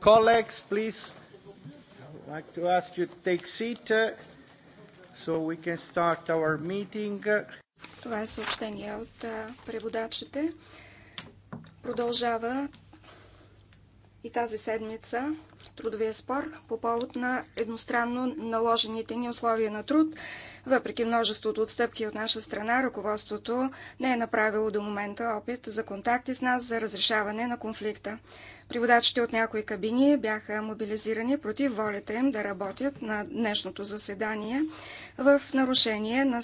colleagues, please, I'd like to ask you to take seat so we can start our meeting. Това е съобщение от преводачите. Продължава и тази седмица трудовия спор по повод на едностранно наложените ни условия на труд. Въпреки множеството отстъпки от наша страна, ръководството не е направило до момента опит за контакти с нас за разрешаване на конфликта. Приводачите от някои кабини бяха мобилизирани против волята им да работят на днешното заседание в нарушение на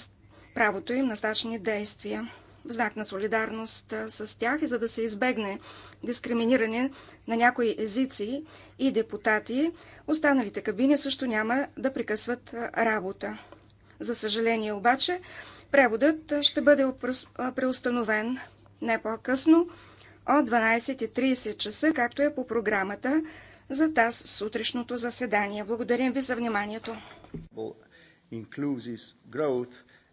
правото им на стачни действия в знак на солидарност с тях и за да се избегне дискриминиране на някои езици и депутати, останалите кабини също няма да прекъсват работа. За съжаление обаче, преводът ще бъде преустановен не по-късно от 12.30 часа, както е по програмата за таз сутрешното заседание. Благодарим ви за вниманието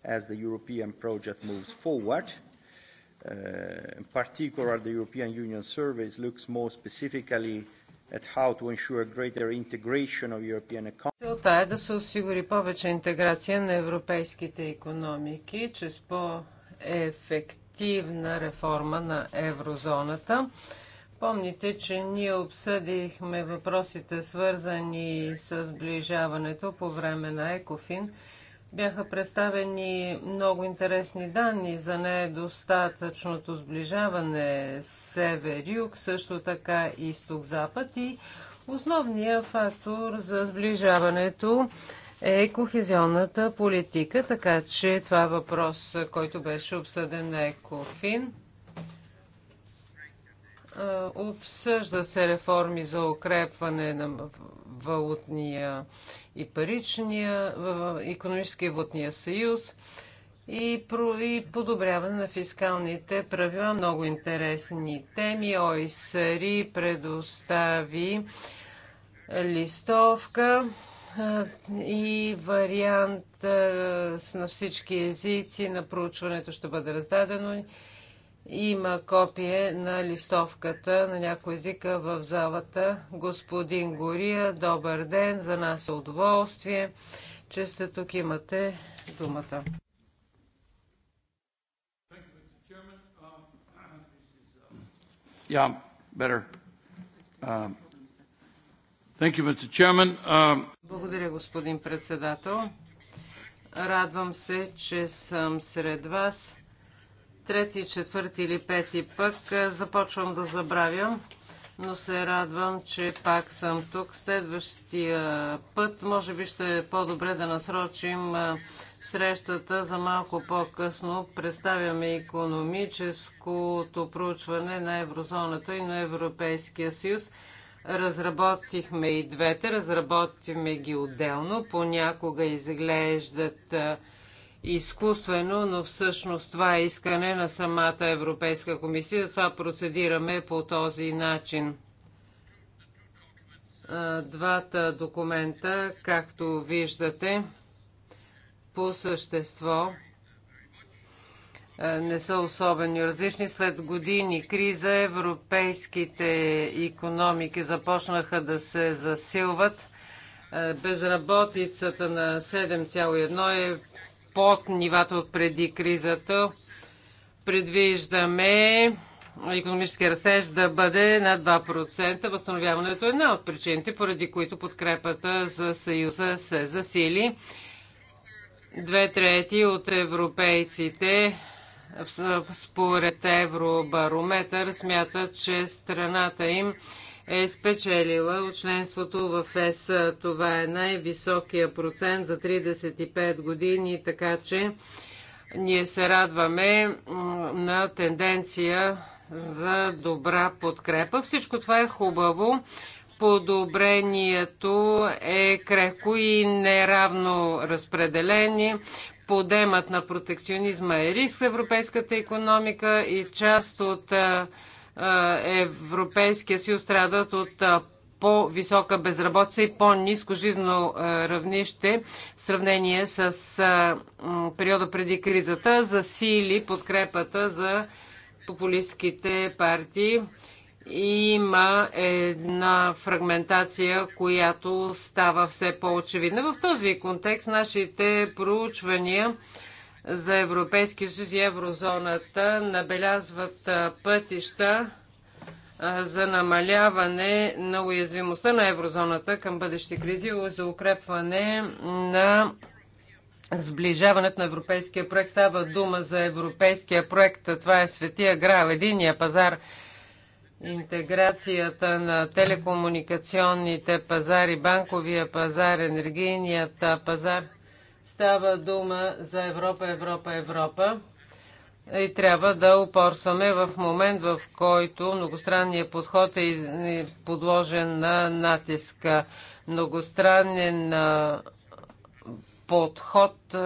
as the European project moves forward. Uh, In particular, the European Union surveys looks more specifically at how to ensure greater integration of European economy. Целта е да се осигури повече интеграция на европейските економики чрез по-ефективна реформа на еврозоната. Помните, че ние обсъдихме въпросите свързани с сближаването по време на ЕКОФИН – бяха представени много интересни данни за недостатъчното сближаване север-юг, също така изток-запад и основният фактор за сближаването е кохезионната политика, така че това е въпрос, който беше обсъден на Екофин. Е, Обсъждат се реформи за укрепване на валутния и паричния, економически и валутния съюз и, про, и подобряване на фискалните правила. Много интересни теми. ОИСРИ предостави листовка е, и вариант е, на всички езици на проучването ще бъде раздадено. Има копие на листовката на някой езика в залата. Господин Гория, добър ден, за нас е удоволствие, че сте тук, имате думата. Uh, uh, Благодаря, господин председател. Радвам се, че съм сред вас трети, четвърти или пети пък е, започвам да забравям, но се радвам, че пак съм тук. Следващия път може би ще е по-добре да насрочим е, срещата за малко по-късно. Представяме економическото проучване на еврозоната и на Европейския съюз. Разработихме и двете, разработихме ги отделно. Понякога изглеждат е, изкуствено, но всъщност това е искане на самата Европейска комисия. Затова процедираме по този начин. Двата документа, както виждате, по същество не са особено различни. След години криза европейските економики започнаха да се засилват. Безработицата на 7,1 е под нивата от преди кризата. Предвиждаме економическия растеж да бъде на 2%. Възстановяването е една от причините, поради които подкрепата за Съюза се засили. Две трети от европейците според Евробарометър смятат, че страната им е спечелила от членството в ЕС. Това е най-високия процент за 35 години, така че ние се радваме на тенденция за добра подкрепа. Всичко това е хубаво. Подобрението е крехко и неравно разпределение. Подемът на протекционизма е риск в европейската економика и част от Европейския съюз страдат от по-висока безработица и по-низко жизнено равнище в сравнение с периода преди кризата, засили подкрепата за популистските партии. Има една фрагментация, която става все по-очевидна. В този контекст нашите проучвания за Европейския съюз и еврозоната набелязват пътища за намаляване на уязвимостта на еврозоната към бъдещи кризи за укрепване на сближаването на европейския проект. Става дума за европейския проект. Това е светия грал, единия пазар, интеграцията на телекомуникационните пазари, банковия пазар, енергийният пазар – Става дума за Европа, Европа, Европа. И трябва да упорстваме в момент, в който многостранният подход е, е подложен на натиска. Многостранен подход,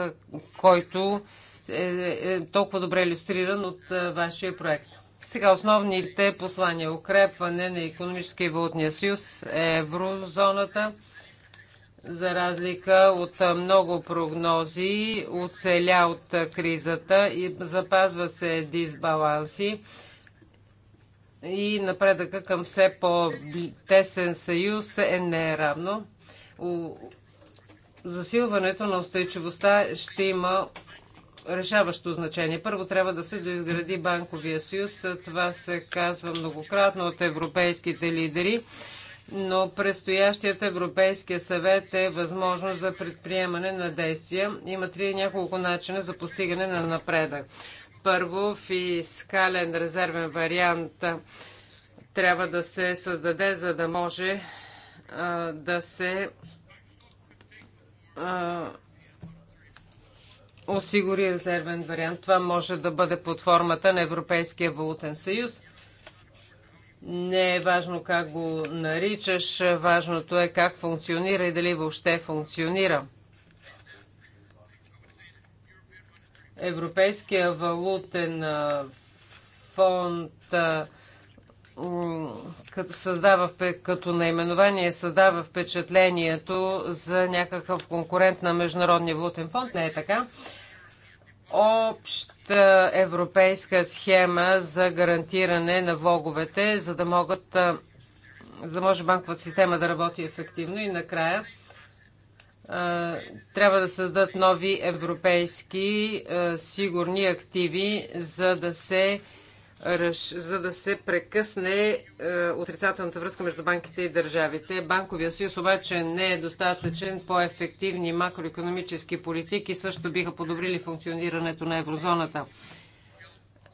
който е, е толкова добре иллюстриран от вашия проект. Сега основните послания. Укрепване на економически и валутния съюз, еврозоната – за разлика от много прогнози, оцеля от кризата и запазват се дисбаланси и напредъка към все по-тесен съюз е неравно. Засилването на устойчивостта ще има решаващо значение. Първо трябва да се доизгради банковия съюз. Това се казва многократно от европейските лидери но предстоящият Европейския съвет е възможност за предприемане на действия. Има три няколко начина за постигане на напредък. Първо, фискален резервен вариант трябва да се създаде, за да може а, да се а, осигури резервен вариант. Това може да бъде под формата на Европейския валутен съюз не е важно как го наричаш, важното е как функционира и дали въобще функционира. Европейския валутен фонд като, създава, като наименование създава впечатлението за някакъв конкурент на Международния валутен фонд. Не е така обща европейска схема за гарантиране на влоговете, за да могат за да може банковата система да работи ефективно и накрая трябва да създадат нови европейски сигурни активи, за да се за да се прекъсне е, отрицателната връзка между банките и държавите. Банковия съюз обаче не е достатъчен. По-ефективни макроекономически политики също биха подобрили функционирането на еврозоната.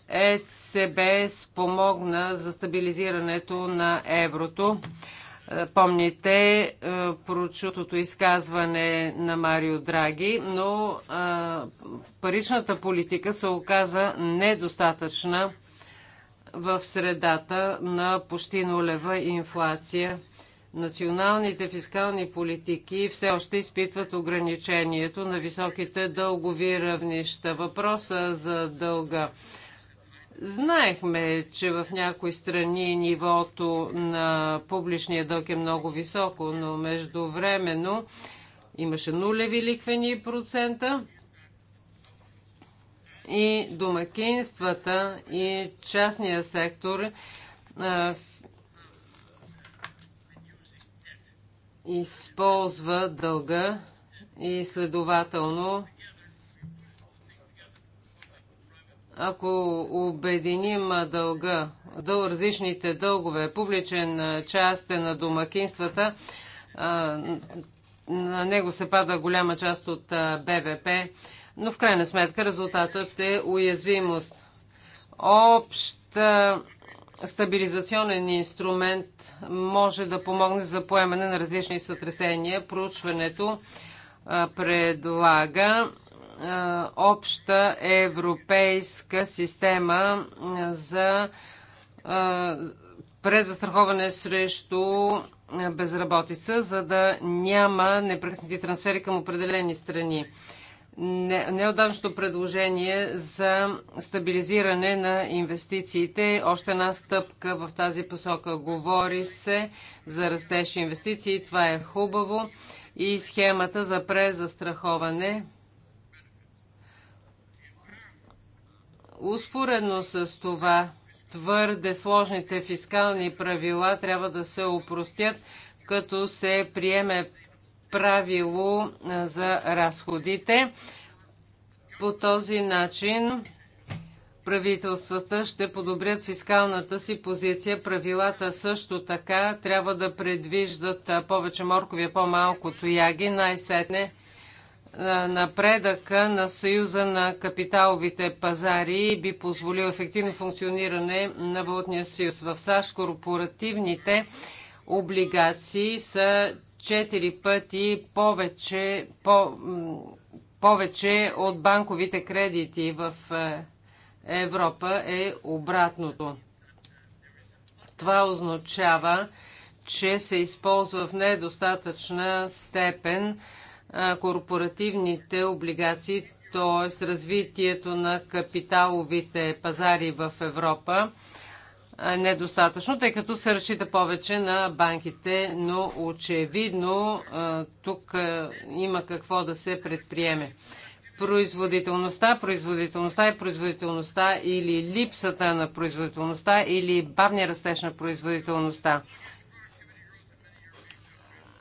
ЕЦБ спомогна за стабилизирането на еврото. Е, помните е, прочутото изказване на Марио Драги, но паричната политика се оказа недостатъчна в средата на почти нулева инфлация. Националните фискални политики все още изпитват ограничението на високите дългови равнища. Въпроса за дълга. Знаехме, че в някои страни нивото на публичния дълг е много високо, но междувременно имаше нулеви лихвени процента и домакинствата и частния сектор използва дълга и следователно ако обединим дълга, дъл, различните дългове, публичен част е на домакинствата, на него се пада голяма част от БВП но в крайна сметка резултатът е уязвимост. Общ стабилизационен инструмент може да помогне за поемане на различни сътресения. Проучването предлага обща европейска система за презастраховане срещу безработица, за да няма непрекъснати трансфери към определени страни неодавнашното предложение за стабилизиране на инвестициите. Още една стъпка в тази посока. Говори се за растеж инвестиции. Това е хубаво. И схемата за презастраховане. Успоредно с това, твърде сложните фискални правила трябва да се опростят, като се приеме правило за разходите. По този начин правителствата ще подобрят фискалната си позиция. Правилата също така трябва да предвиждат повече моркови, по-малко тояги. Най-сетне напредъка на Съюза на капиталовите пазари би позволил ефективно функциониране на валутния съюз. В САЩ корпоративните облигации са Четири пъти повече, по, повече от банковите кредити в е, Европа е обратното. Това означава, че се използва в недостатъчна степен е, корпоративните облигации, т.е. развитието на капиталовите пазари в Европа недостатъчно, тъй като се разчита повече на банките, но очевидно тук има какво да се предприеме. Производителността, производителността и производителността или липсата на производителността или бавния растеж на производителността.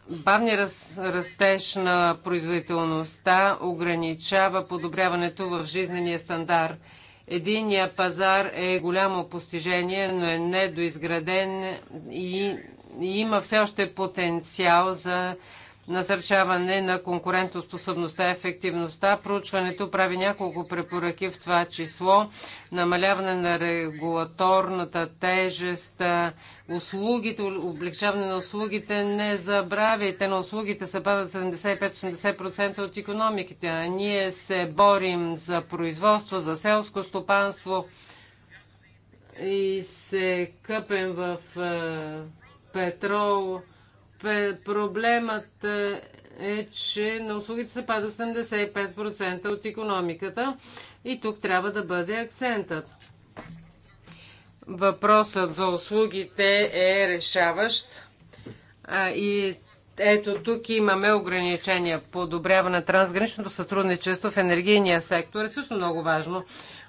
Бавния раз, растеж на производителността ограничава подобряването в жизнения стандарт Единия пазар е голямо постижение, но е недоизграден и има все още потенциал за насърчаване на конкурентоспособността и ефективността. Проучването прави няколко препоръки в това число намаляване на регулаторната тежест, услугите, облегчаване на услугите. Не забравяйте, на услугите се падат 75-80% от економиките. А ние се борим за производство, за селско стопанство и се къпем в петрол Проблемът е, е, че на услугите се пада 75% от економиката и тук трябва да бъде акцентът. Въпросът за услугите е решаващ а, и ето тук имаме ограничения. Подобряване на трансграничното сътрудничество в енергийния сектор е също много важно.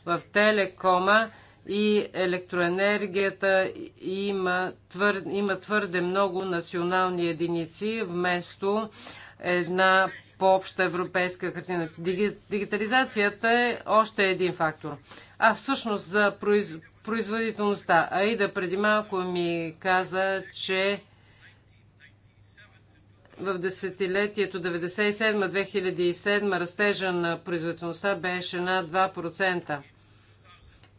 В Телекома и електроенергията има твърде, има твърде много национални единици вместо една по-обща европейска картина. Дигитализацията е още един фактор. А всъщност за произ... производителността. Аида преди малко ми каза, че в десетилетието 97-2007 растежа на производителността беше над 2%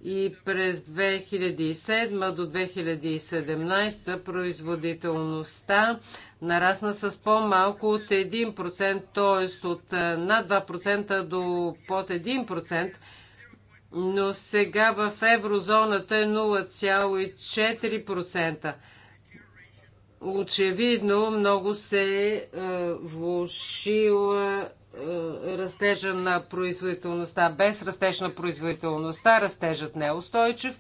и през 2007 до 2017 производителността нарасна с по-малко от 1%, т.е. от над 2% до под 1%, но сега в еврозоната е 0,4%. Очевидно много се е влушила е, растежа на производителността. Без растеж на производителността растежът не е устойчив,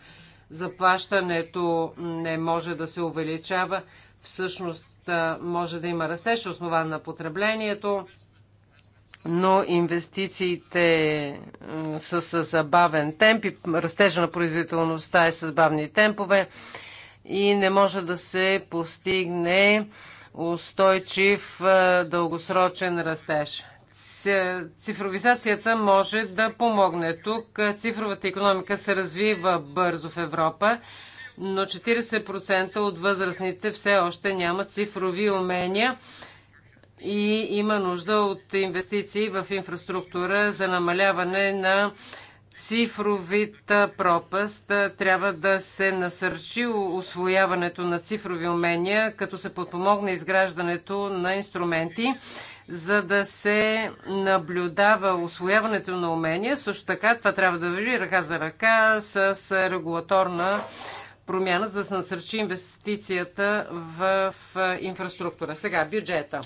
заплащането не може да се увеличава, всъщност е, може да има растеж, основан на потреблението, но инвестициите е, са с забавен темп и растежа на производителността е с бавни темпове и не може да се постигне устойчив дългосрочен растеж цифровизацията може да помогне. Тук цифровата економика се развива бързо в Европа, но 40% от възрастните все още нямат цифрови умения и има нужда от инвестиции в инфраструктура за намаляване на цифровита пропаст. Трябва да се насърчи освояването на цифрови умения, като се подпомогне изграждането на инструменти, за да се наблюдава освояването на умения. Също така това трябва да върви ръка за ръка с регулаторна промяна, за да се насърчи инвестицията в инфраструктура. Сега бюджета.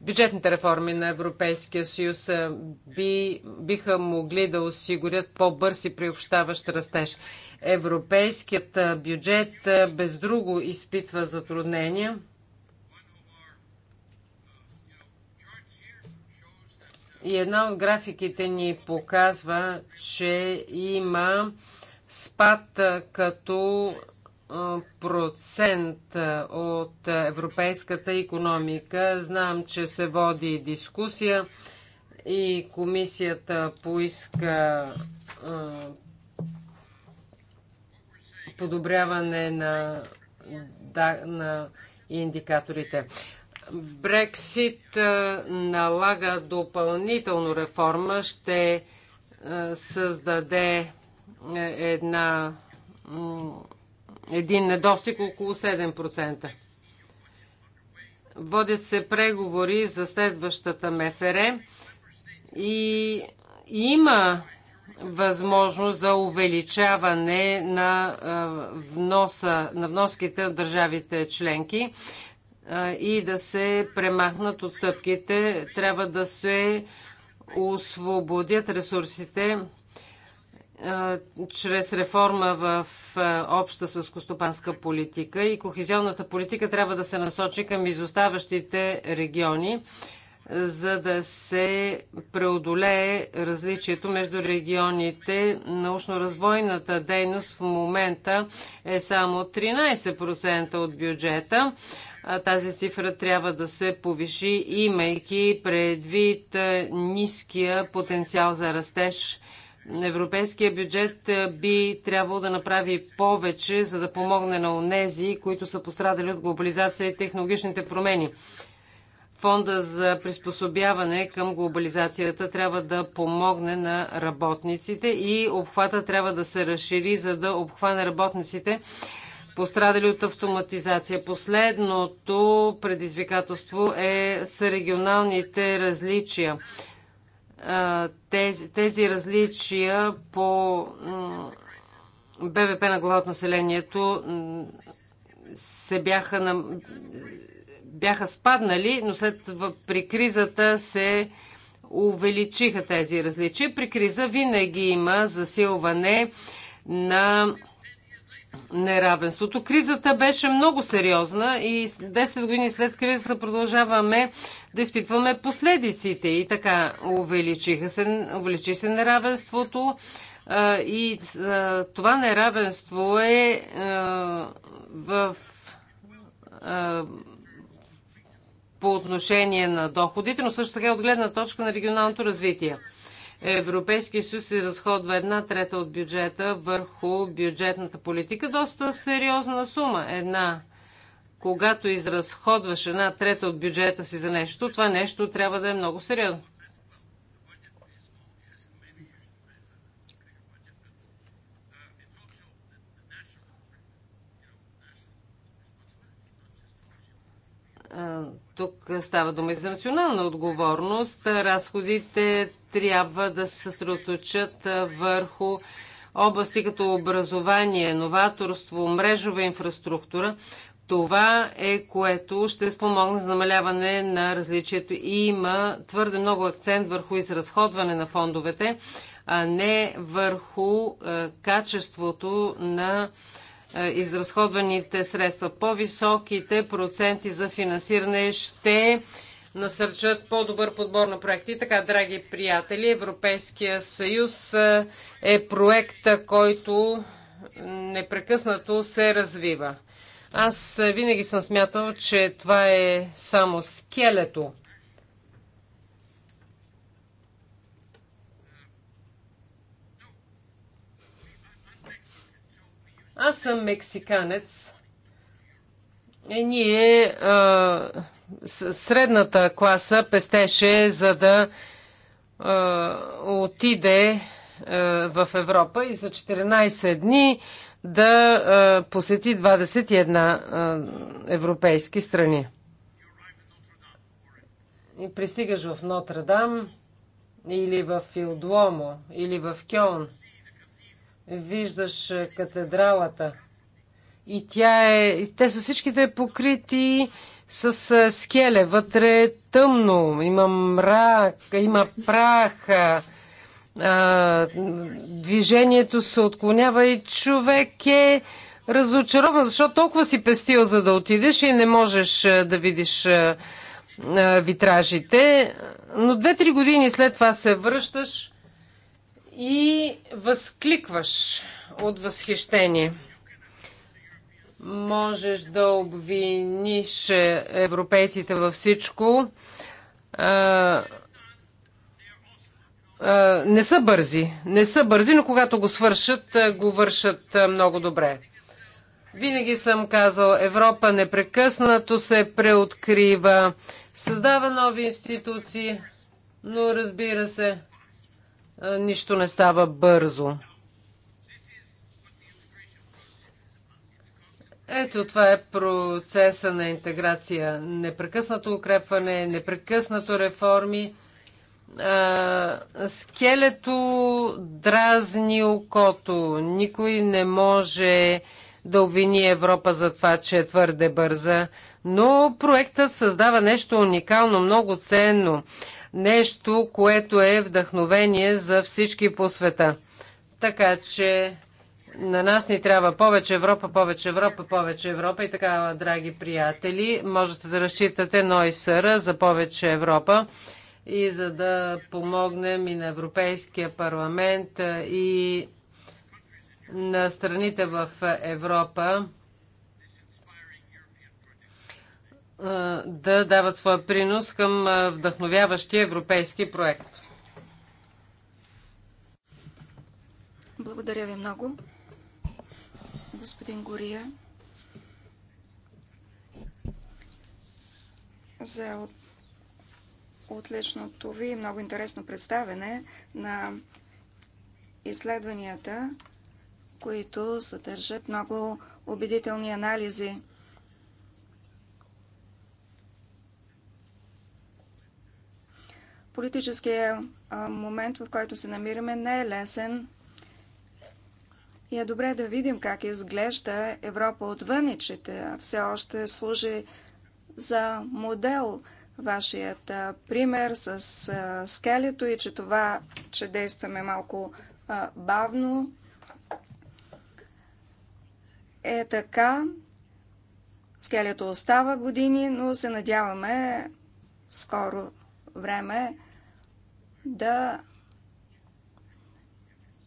Бюджетните реформи на Европейския съюз би, биха могли да осигурят по-бърз и приобщаващ растеж. Европейският бюджет без друго изпитва затруднения И една от графиките ни показва, че има спад като процент от европейската економика. Знам, че се води дискусия и комисията поиска подобряване на, да, на индикаторите. Брексит налага допълнително реформа, ще създаде една, един недостиг около 7%. Водят се преговори за следващата МФР и има възможност за увеличаване на вноса, на вноските от държавите членки и да се премахнат отстъпките. Трябва да се освободят ресурсите чрез реформа в обща сълскостопанска политика и кохезионната политика трябва да се насочи към изоставащите региони, за да се преодолее различието между регионите. Научно-развойната дейност в момента е само 13% от бюджета тази цифра трябва да се повиши, имайки предвид ниския потенциал за растеж. Европейския бюджет би трябвало да направи повече, за да помогне на онези, които са пострадали от глобализация и технологичните промени. Фонда за приспособяване към глобализацията трябва да помогне на работниците и обхвата трябва да се разшири, за да обхване работниците, пострадали от автоматизация. Последното предизвикателство е, са регионалните различия. Тези, тези различия по БВП на глава от населението се бяха, на, бяха спаднали, но след при кризата се увеличиха тези различия. При криза винаги има засилване на неравенството. Кризата беше много сериозна и 10 години след кризата продължаваме да изпитваме последиците и така увеличиха се, увеличи се неравенството и това неравенство е в по отношение на доходите, но също така е от гледна точка на регионалното развитие. Европейския съюз се разходва една трета от бюджета върху бюджетната политика. Доста сериозна сума. Една когато изразходваш една трета от бюджета си за нещо, това нещо трябва да е много сериозно. Тук става дума и за национална отговорност. Разходите трябва да се съсредоточат върху области като образование, новаторство, мрежова инфраструктура. Това е което ще спомогне за намаляване на различието. И има твърде много акцент върху изразходване на фондовете, а не върху качеството на изразходваните средства. По-високите проценти за финансиране ще насърчат по-добър подбор на проекти. така, драги приятели, Европейския съюз е, е проект, който непрекъснато се развива. Аз винаги съм смятал, че това е само скелето. Аз съм мексиканец. Е, ние а, средната класа пестеше, за да е, отиде е, в Европа и за 14 дни да е, посети 21 е, европейски страни. И пристигаш в Нотр-Дам или в Филдломо, или в Кьон. Виждаш катедралата. И тя е... Те са всичките покрити с скеле. Вътре е тъмно, има мрак, има прах. А, движението се отклонява и човек е разочарован, защото толкова си пестил, за да отидеш и не можеш да видиш а, витражите. Но две-три години след това се връщаш и възкликваш от възхищение можеш да обвиниш европейците във всичко. А, а, не са бързи. Не са бързи, но когато го свършат, го вършат много добре. Винаги съм казал, Европа непрекъснато се преоткрива, създава нови институции, но разбира се, нищо не става бързо. Ето това е процеса на интеграция. Непрекъснато укрепване, непрекъснато реформи. А, скелето дразни окото. Никой не може да обвини Европа за това, че е твърде бърза. Но проектът създава нещо уникално, много ценно. Нещо, което е вдъхновение за всички по света. Така че на нас ни трябва повече Европа, повече Европа, повече Европа и така, драги приятели, можете да разчитате НОИСР за повече Европа и за да помогнем и на Европейския парламент и на страните в Европа да дават своя принос към вдъхновяващия европейски проект. Благодаря ви много господин Гория за отличното ви и много интересно представене на изследванията, които съдържат много убедителни анализи. Политическия момент, в който се намираме, не е лесен. И е добре да видим как изглежда Европа отвън и че все още служи за модел вашият пример с скелето и че това, че действаме малко бавно, е така. Скелето остава години, но се надяваме скоро време да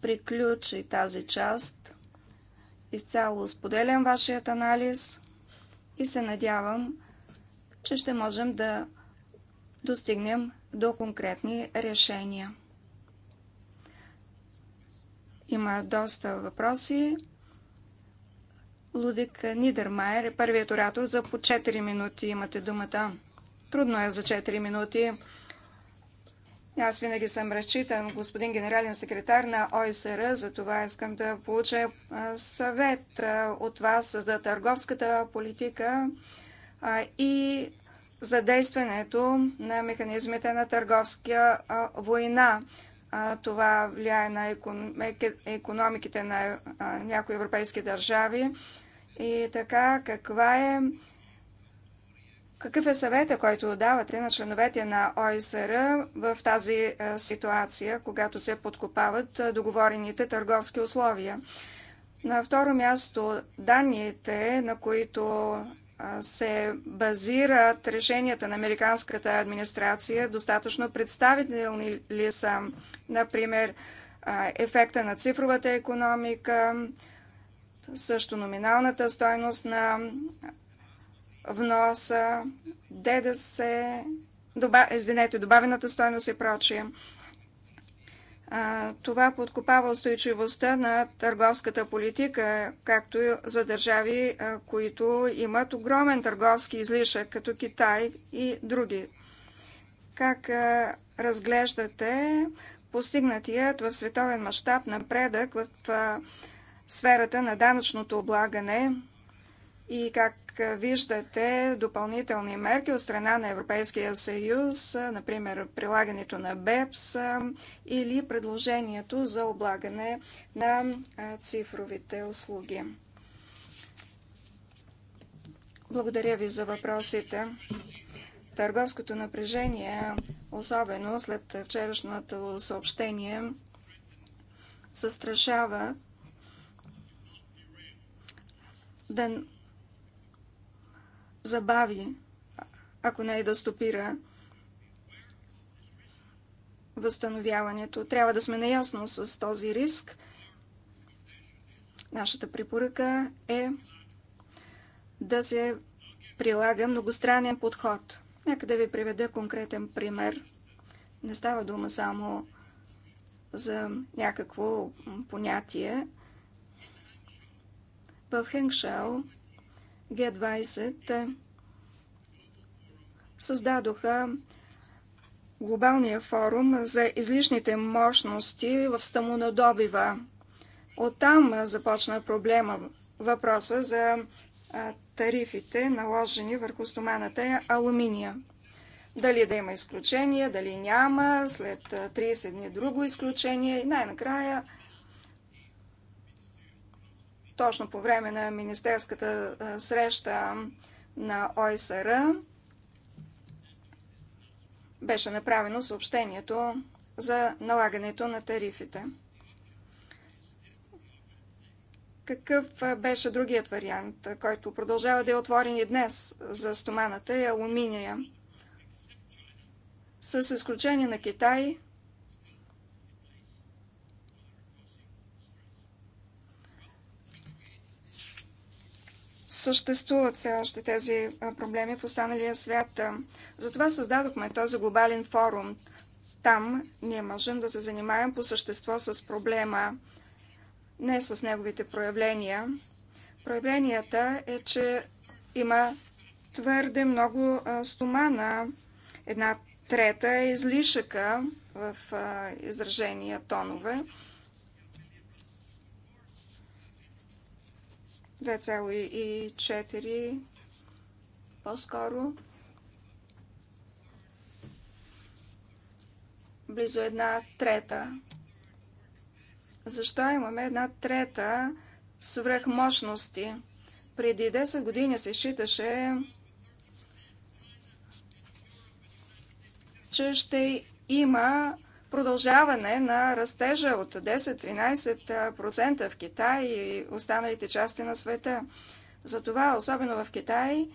приключи тази част. Изцяло споделям вашият анализ и се надявам, че ще можем да достигнем до конкретни решения. Има доста въпроси. Лудик Нидермайер е първият оратор за по 4 минути. Имате думата. Трудно е за 4 минути аз винаги съм разчитан, господин генерален секретар на ОСР, за това искам да получа съвет от вас за търговската политика и за действането на механизмите на търговска война. Това влияе на економиките на някои европейски държави. И така, каква е какъв е съветът, който давате на членовете на ОСР в тази е, ситуация, когато се подкопават е, договорените търговски условия? На второ място, данните, на които е, се базират решенията на американската администрация, достатъчно представителни ли са, например, ефекта на цифровата економика, също номиналната стойност на вноса, ДДС, доба, извинете, добавената стойност и прочие. Това подкопава устойчивостта на търговската политика, както и за държави, които имат огромен търговски излишък, като Китай и други. Как разглеждате постигнатият в световен мащаб напредък в сферата на данъчното облагане? и как виждате допълнителни мерки от страна на Европейския съюз, например прилагането на БЕПС или предложението за облагане на цифровите услуги. Благодаря ви за въпросите. Търговското напрежение, особено след вчерашното съобщение, състрашава да забави, ако не е да стопира възстановяването. Трябва да сме наясно с този риск. Нашата препоръка е да се прилага многостранен подход. Нека да ви приведа конкретен пример. Не става дума само за някакво понятие. В Хенгшел г-20 създадоха глобалния форум за излишните мощности в стамонодобива. Оттам започна проблема въпроса за тарифите, наложени върху стоманата е алуминия. Дали да има изключение, дали няма, след 30 дни друго изключение и най-накрая точно по време на министерската среща на ОСР беше направено съобщението за налагането на тарифите. Какъв беше другият вариант, който продължава да е отворен и днес за стоманата и е алуминия? С изключение на Китай, съществуват все още тези проблеми в останалия свят. Затова създадохме този глобален форум. Там ние можем да се занимаем по същество с проблема, не с неговите проявления. Проявленията е, че има твърде много стомана. Една трета е излишъка в изражения тонове. 2,4 по-скоро. Близо една трета. Защо имаме една трета свръхмощности? Преди 10 години се считаше, че ще има продължаване на растежа от 10-13% в Китай и останалите части на света. Затова, особено в Китай,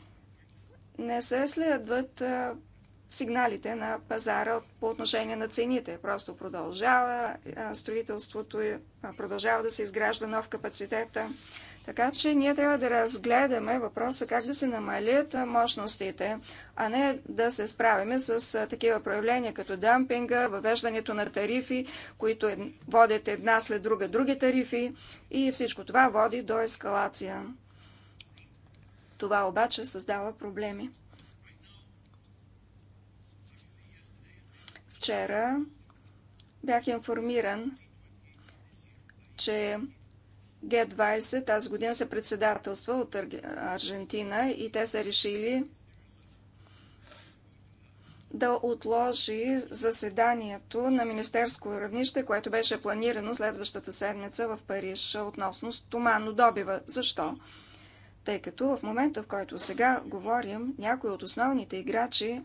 не се следват сигналите на пазара по отношение на цените. Просто продължава строителството, продължава да се изгражда нов капацитет. Така че ние трябва да разгледаме въпроса как да се намалят мощностите, а не да се справиме с такива проявления като дампинга, въвеждането на тарифи, които е, водят една след друга други тарифи и всичко това води до ескалация. Това обаче създава проблеми. Вчера бях информиран, че г-20 тази година се председателства от Аржентина и те са решили да отложи заседанието на Министерско равнище, което беше планирано следващата седмица в Париж относно стоманно добива. Защо? Тъй като в момента, в който сега говорим, някои от основните играчи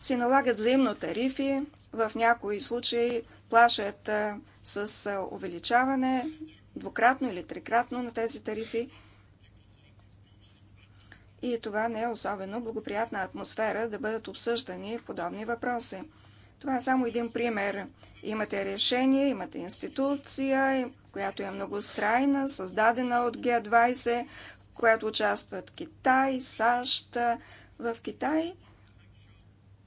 си налагат взаимно тарифи, в някои случаи плашат с увеличаване двукратно или трикратно на тези тарифи. И това не е особено благоприятна атмосфера да бъдат обсъждани подобни въпроси. Това е само един пример. Имате решение, имате институция, която е многострайна, създадена от Г20, в която участват Китай, САЩ. В Китай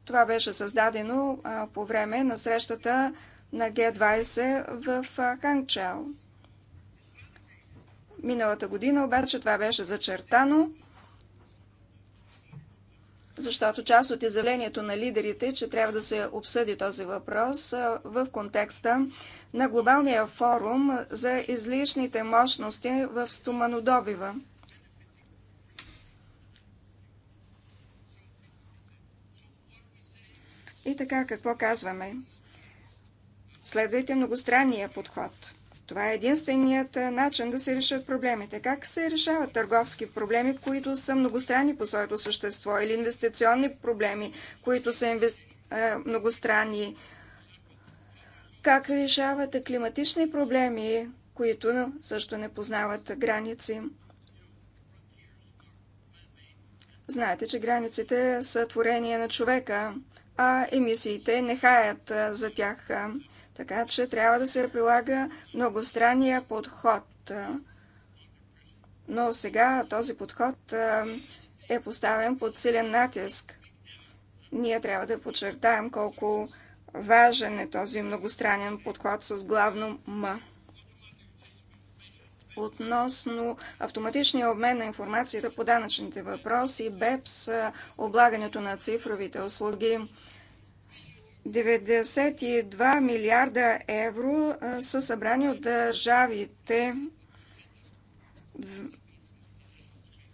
това беше създадено по време на срещата на Г-20 в Ханчао. Миналата година обаче това беше зачертано, защото част от изявлението на лидерите, че трябва да се обсъди този въпрос в контекста на глобалния форум за излишните мощности в стоманодобива. И така, какво казваме? Следвайте многостранния подход. Това е единственият е, начин да се решат проблемите. Как се решават търговски проблеми, които са многостранни по своето същество, или инвестиционни проблеми, които са инвес... Е, многостранни? Как решавате климатични проблеми, които също не познават граници? Знаете, че границите са творение на човека, а емисиите не хаят е, за тях. Така че трябва да се прилага многостранния подход. Но сега този подход е поставен под силен натиск. Ние трябва да подчертаем колко важен е този многостранен подход с главно М. Относно автоматичния обмен на информацията по данъчните въпроси, БЕПС, облагането на цифровите услуги, 92 милиарда евро са събрани от държавите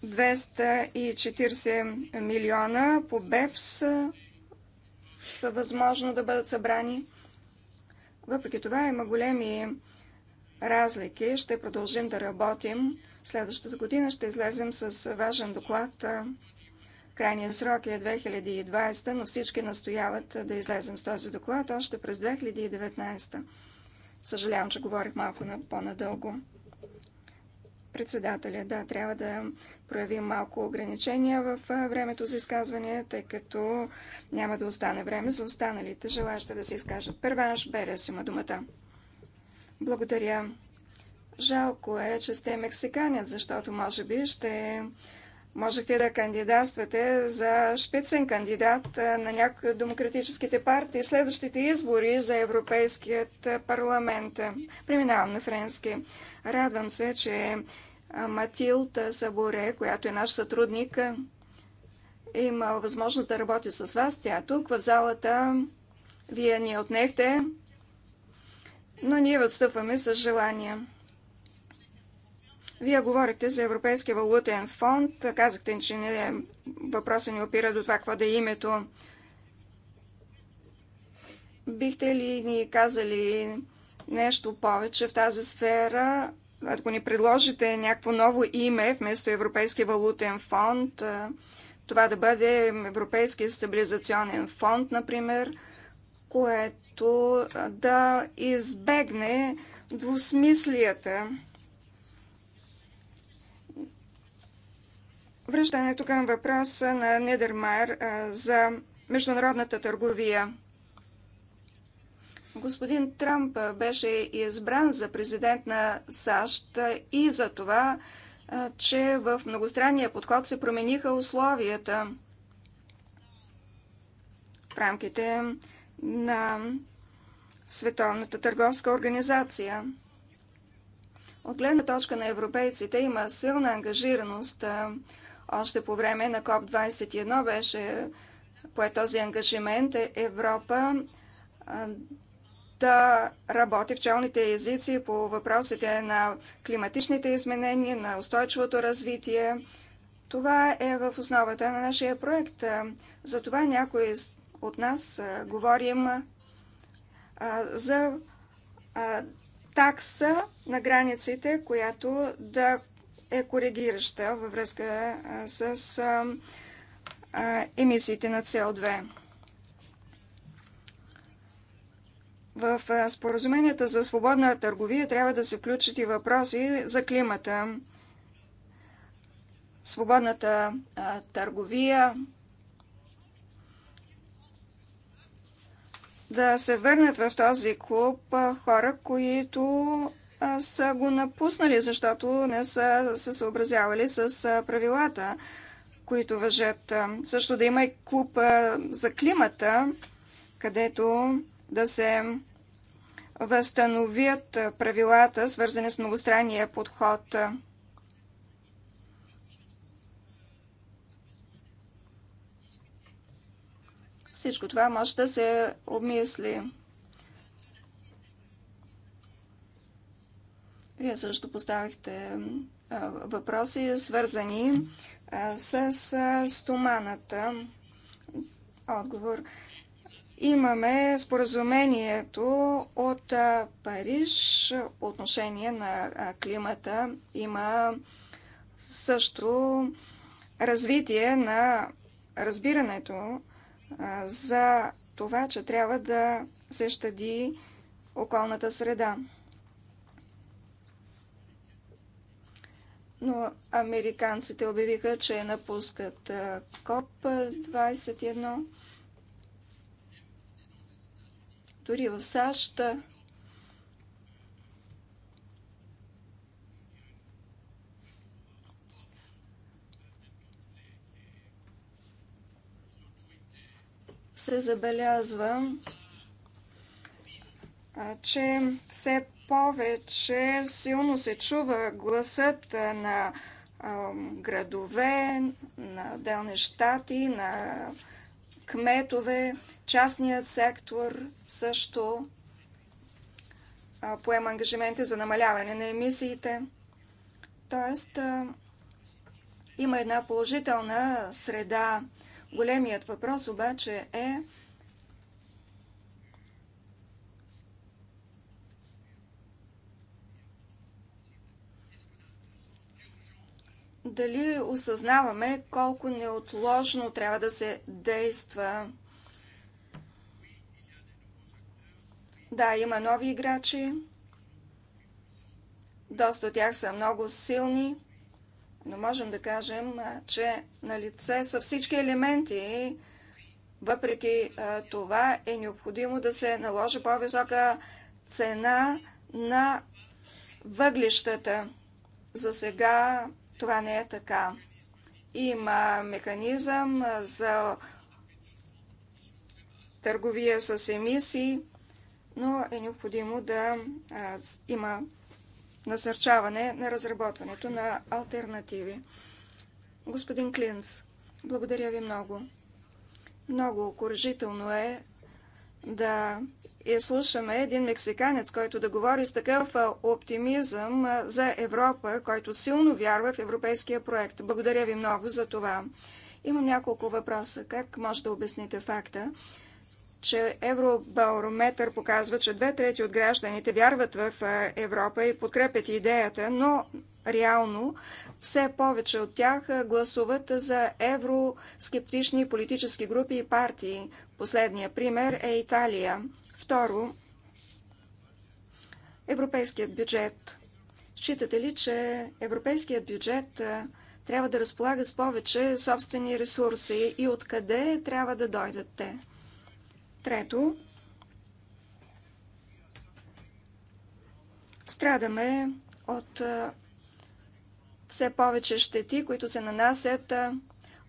240 милиона по БЕПС са възможно да бъдат събрани. Въпреки това има големи разлики. Ще продължим да работим. Следващата година ще излезем с важен доклад Крайният срок е 2020, но всички настояват да излезем с този доклад още през 2019. Съжалявам, че говорих малко на по-надълго. Председателя, да, трябва да проявим малко ограничения в времето за изказване, тъй като няма да остане време за останалите желаящи да се изкажат. Първанш Берес има думата. Благодаря. Жалко е, че сте мексиканец, защото може би ще Можете да кандидатствате за шпицен кандидат на някои от демократическите партии в следващите избори за Европейският парламент. Преминавам на френски. Радвам се, че Матилд Саборе, която е наш сътрудник, е имал възможност да работи с вас. Тя е тук в залата. Вие ни отнехте, но ние отстъпваме с желание. Вие говорихте за Европейския валутен фонд. Казахте, че не, въпроса ни опира до това, какво да е името. Бихте ли ни казали нещо повече в тази сфера? Ако ни предложите някакво ново име вместо Европейския валутен фонд, това да бъде Европейския стабилизационен фонд, например, което да избегне двусмислията. Връщането към въпроса на Недермайер за международната търговия. Господин Трамп беше избран за президент на САЩ и за това, че в многостранния подход се промениха условията в рамките на Световната търговска организация. От гледна точка на европейците има силна ангажираност още по време на КОП-21 беше пое този ангажимент Европа да работи в челните езици по въпросите на климатичните изменения, на устойчивото развитие. Това е в основата на нашия проект. Затова някои от нас говорим за такса на границите, която да е коригираща във връзка с емисиите на СО2. В споразуменията за свободна търговия трябва да се включат и въпроси за климата. Свободната търговия, да се върнат в този клуб хора, които са го напуснали, защото не са се съобразявали с правилата, които въжат. Също да има и клуб за климата, където да се възстановят правилата, свързани с многостранния подход. Всичко това може да се обмисли. Вие също поставихте въпроси, свързани с стоманата. Отговор. Имаме споразумението от Париж отношение на климата. Има също развитие на разбирането за това, че трябва да се щади околната среда. но американците обявиха, че напускат КОП-21. Дори в САЩ се забелязва, че все повече силно се чува гласът на градове, на отделни щати, на кметове, частният сектор също поема ангажименти за намаляване на емисиите. Тоест, има една положителна среда. Големият въпрос обаче е дали осъзнаваме колко неотложно трябва да се действа. Да, има нови играчи. Доста от тях са много силни, но можем да кажем, че на лице са всички елементи. Въпреки това е необходимо да се наложи по-висока цена на въглищата. За сега това не е така. Има механизъм за търговия с емисии, но е необходимо да има насърчаване на разработването на альтернативи. Господин Клинц, благодаря ви много. Много окоръжително е да и слушаме един мексиканец, който да говори с такъв оптимизъм за Европа, който силно вярва в европейския проект. Благодаря ви много за това. Имам няколко въпроса. Как може да обясните факта, че Евробарометър показва, че две трети от гражданите вярват в Европа и подкрепят идеята, но реално все повече от тях гласуват за евроскептични политически групи и партии. Последния пример е Италия. Второ, европейският бюджет. Считате ли, че европейският бюджет трябва да разполага с повече собствени ресурси и откъде трябва да дойдат те? Трето, страдаме от все повече щети, които се нанасят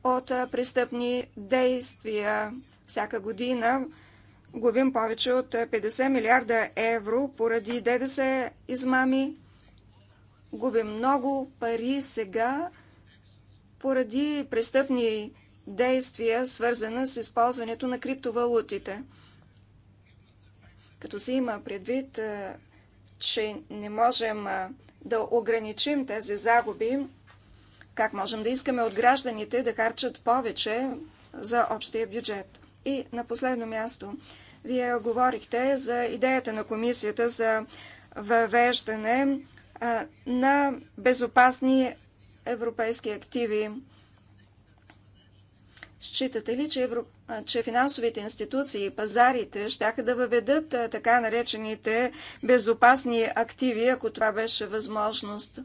от престъпни действия. Всяка година губим повече от 50 милиарда евро поради ДДС измами. Губим много пари сега поради престъпни действия, свързана с използването на криптовалутите. Като се има предвид, че не можем да ограничим тези загуби, как можем да искаме от гражданите да харчат повече за общия бюджет? И на последно място, вие говорихте за идеята на комисията за въвеждане на безопасни европейски активи. Считате ли, че, евро... че финансовите институции и пазарите ще да въведат така наречените безопасни активи, ако това беше възможност?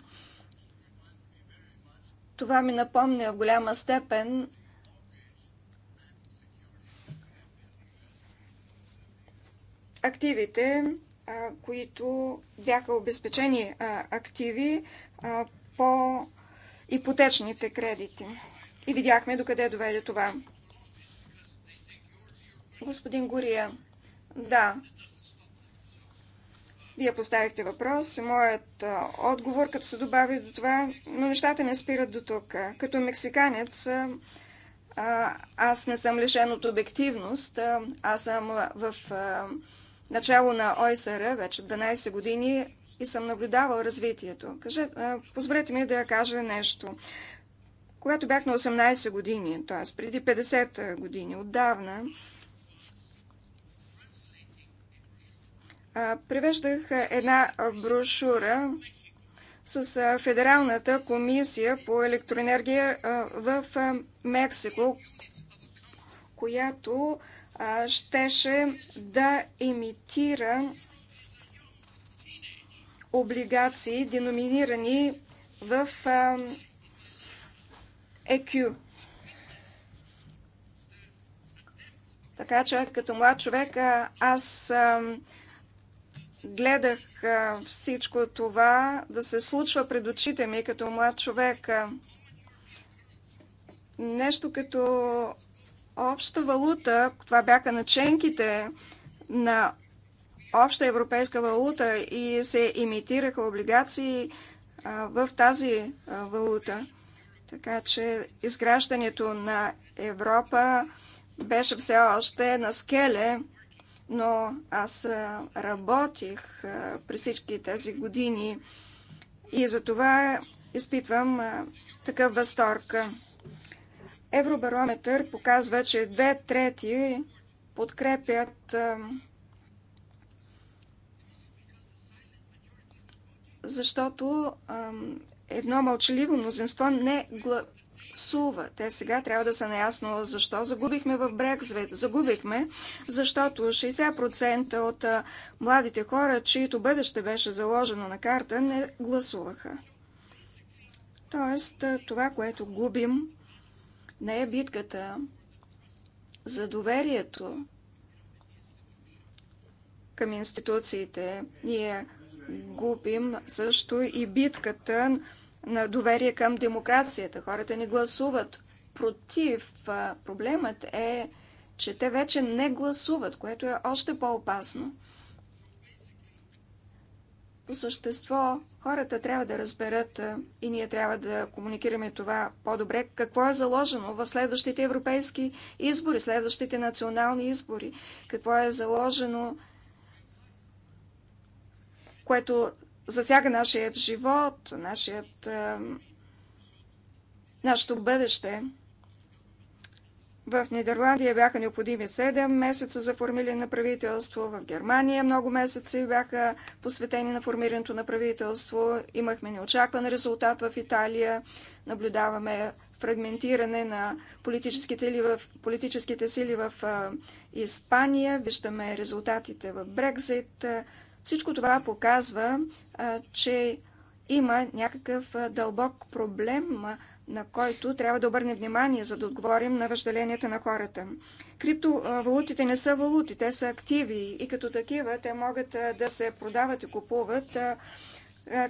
Това ми напомня в голяма степен активите, които бяха обезпечени активи по ипотечните кредити. И видяхме докъде доведе това. Господин Гория, да, вие поставихте въпрос. Моят отговор, като се добави до това, но нещата не спират до тук. Като мексиканец, аз не съм лишен от обективност. Аз съм в начало на ОСР вече 12 години и съм наблюдавал развитието. Каже, позволете ми да кажа нещо. Когато бях на 18 години, т.е. преди 50 години, отдавна, превеждах една брошура с Федералната комисия по електроенергия в Мексико, която щеше да емитира облигации, деноминирани в ЕКЮ. Така че като млад човек аз гледах всичко това да се случва пред очите ми като млад човек. Нещо като обща валута, това бяха наченките на обща европейска валута и се имитираха облигации в тази валута. Така че изграждането на Европа беше все още на скеле, но аз работих при всички тези години и за това изпитвам такъв възторг. Евробарометър показва, че две трети подкрепят защото едно мълчаливо мнозинство не гласува. Те сега трябва да са наясно защо загубихме в Брекзвет. Загубихме, защото 60% от младите хора, чието бъдеще беше заложено на карта, не гласуваха. Тоест, това, което губим не е битката за доверието към институциите. Ние губим също и битката на доверие към демокрацията. Хората не гласуват против. Проблемът е, че те вече не гласуват, което е още по-опасно по същество хората трябва да разберат и ние трябва да комуникираме това по-добре, какво е заложено в следващите европейски избори, следващите национални избори, какво е заложено, което засяга нашият живот, нашият, нашето бъдеще. В Нидерландия бяха необходими 7 месеца за формиране на правителство. В Германия много месеци бяха посветени на формирането на правителство. Имахме неочакван резултат в Италия. Наблюдаваме фрагментиране на политическите, в, политическите сили в Испания. Виждаме резултатите в Брекзит. Всичко това показва, че има някакъв дълбок проблем на който трябва да обърнем внимание, за да отговорим на въжделенията на хората. Криптовалутите не са валути, те са активи и като такива те могат да се продават и купуват,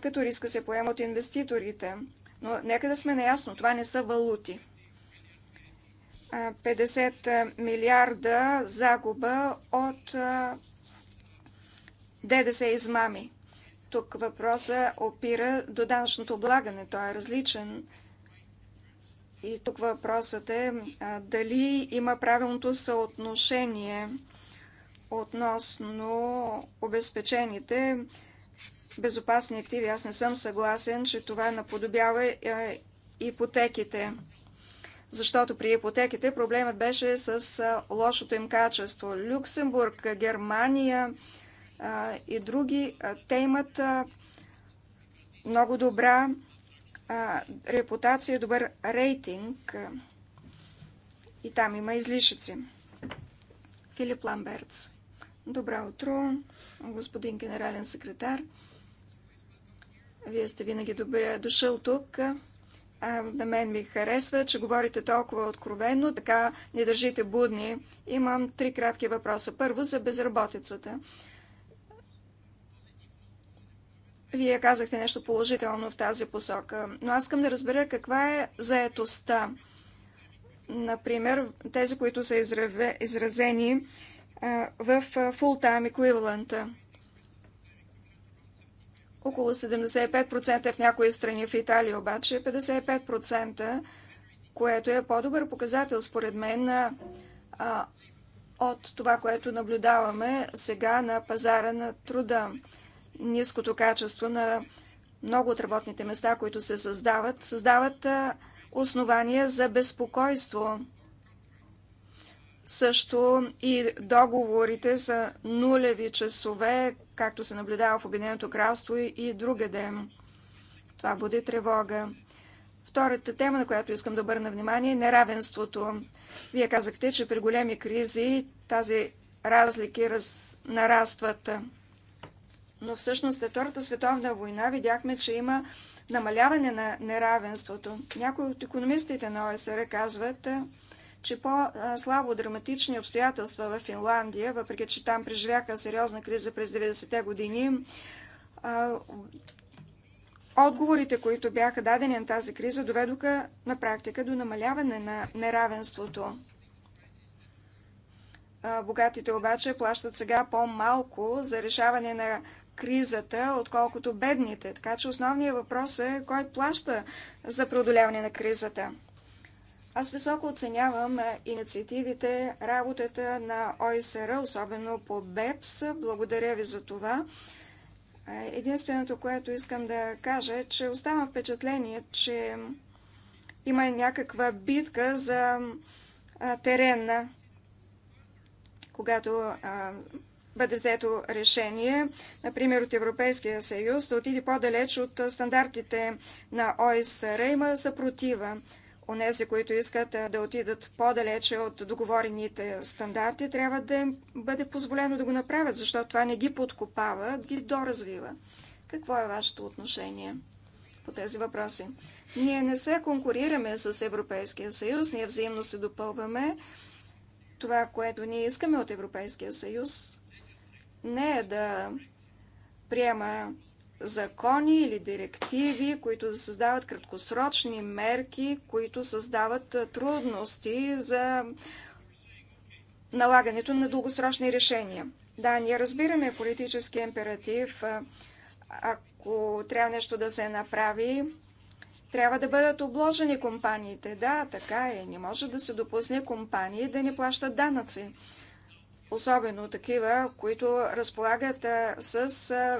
като риска се поема от инвеститорите. Но нека да сме наясно, това не са валути. 50 милиарда загуба от ДДС измами. Тук въпроса опира до данъчното облагане. Той е различен. И тук въпросът е дали има правилното съотношение относно обезпечените безопасни активи. Аз не съм съгласен, че това наподобява е, е, ипотеките. Защото при ипотеките проблемът беше с лошото им качество. Люксембург, Германия и други, те имат много добра репутация, е добър рейтинг и там има излишъци. Филип Ламберц. Добро утро, господин генерален секретар. Вие сте винаги добре дошъл тук. А, на мен ми харесва, че говорите толкова откровенно, така не държите будни. Имам три кратки въпроса. Първо за безработицата. Вие казахте нещо положително в тази посока, но аз искам да разбера каква е заетостта. Например, тези, които са изразени в full-time equivalent. Около 75% е в някои страни, в Италия обаче 55%, е което е по-добър показател според мен от това, което наблюдаваме сега на пазара на труда ниското качество на много от работните места, които се създават, създават основания за безпокойство. Също и договорите за нулеви часове, както се наблюдава в Обединеното кралство и другаде. Това бъде тревога. Втората тема, на която искам да обърна внимание, е неравенството. Вие казахте, че при големи кризи тази разлики раз... нарастват но всъщност след Втората световна война видяхме, че има намаляване на неравенството. Някои от економистите на ОСР казват, че по-слабо драматични обстоятелства в Финландия, въпреки че там преживяха сериозна криза през 90-те години, отговорите, които бяха дадени на тази криза, доведоха на практика до намаляване на неравенството. Богатите обаче плащат сега по-малко за решаване на кризата, отколкото бедните. Така че основният въпрос е кой плаща за преодоляване на кризата. Аз високо оценявам инициативите, работата на ОСР, особено по БЕПС. Благодаря ви за това. Единственото, което искам да кажа, е, че оставам впечатление, че има някаква битка за теренна. когато бъде взето решение, например от Европейския съюз, да отиде по-далеч от стандартите на ОСР. Има съпротива. Онези, които искат да отидат по-далече от договорените стандарти, трябва да им бъде позволено да го направят, защото това не ги подкопава, ги доразвива. Какво е вашето отношение по тези въпроси? Ние не се конкурираме с Европейския съюз, ние взаимно се допълваме. Това, което ние искаме от Европейския съюз, не е да приема закони или директиви, които да създават краткосрочни мерки, които създават трудности за налагането на дългосрочни решения. Да, ние разбираме политически императив. Ако трябва нещо да се направи, трябва да бъдат обложени компаниите. Да, така е. Не може да се допусне компании да не плащат данъци особено такива, които разполагат с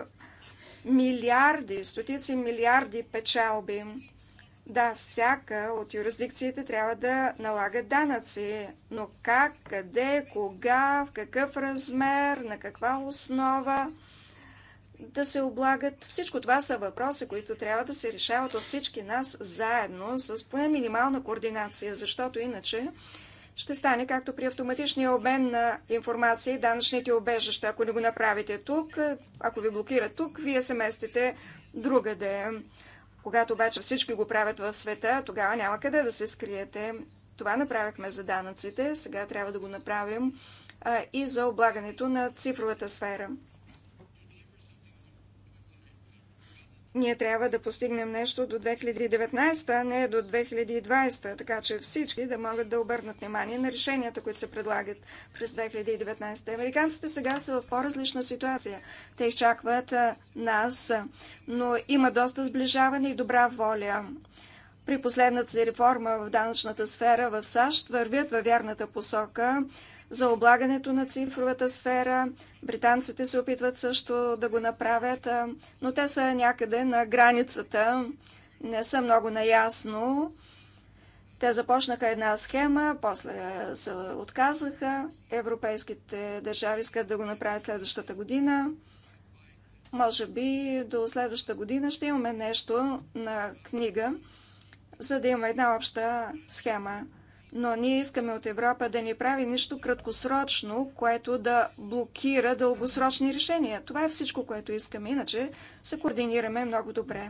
милиарди, стотици милиарди печалби. Да, всяка от юрисдикциите трябва да налага данъци, но как, къде, кога, в какъв размер, на каква основа да се облагат. Всичко това са въпроси, които трябва да се решават от всички нас заедно с поне минимална координация, защото иначе ще стане както при автоматичния обмен на информация и данъчните обежища. Ако не го направите тук, ако ви блокират тук, вие се местите другаде. Когато обаче всички го правят в света, тогава няма къде да се скриете. Това направихме за данъците, сега трябва да го направим а, и за облагането на цифровата сфера. ние трябва да постигнем нещо до 2019, а не до 2020, така че всички да могат да обърнат внимание на решенията, които се предлагат през 2019. Американците сега са в по-различна ситуация. Те изчакват нас, но има доста сближаване и добра воля. При последната си реформа в данъчната сфера в САЩ вървят във вярната посока за облагането на цифровата сфера. Британците се опитват също да го направят, но те са някъде на границата. Не са много наясно. Те започнаха една схема, после се отказаха. Европейските държави искат да го направят следващата година. Може би до следващата година ще имаме нещо на книга, за да има една обща схема но ние искаме от Европа да не прави нищо краткосрочно, което да блокира дългосрочни решения. Това е всичко, което искаме, иначе се координираме много добре.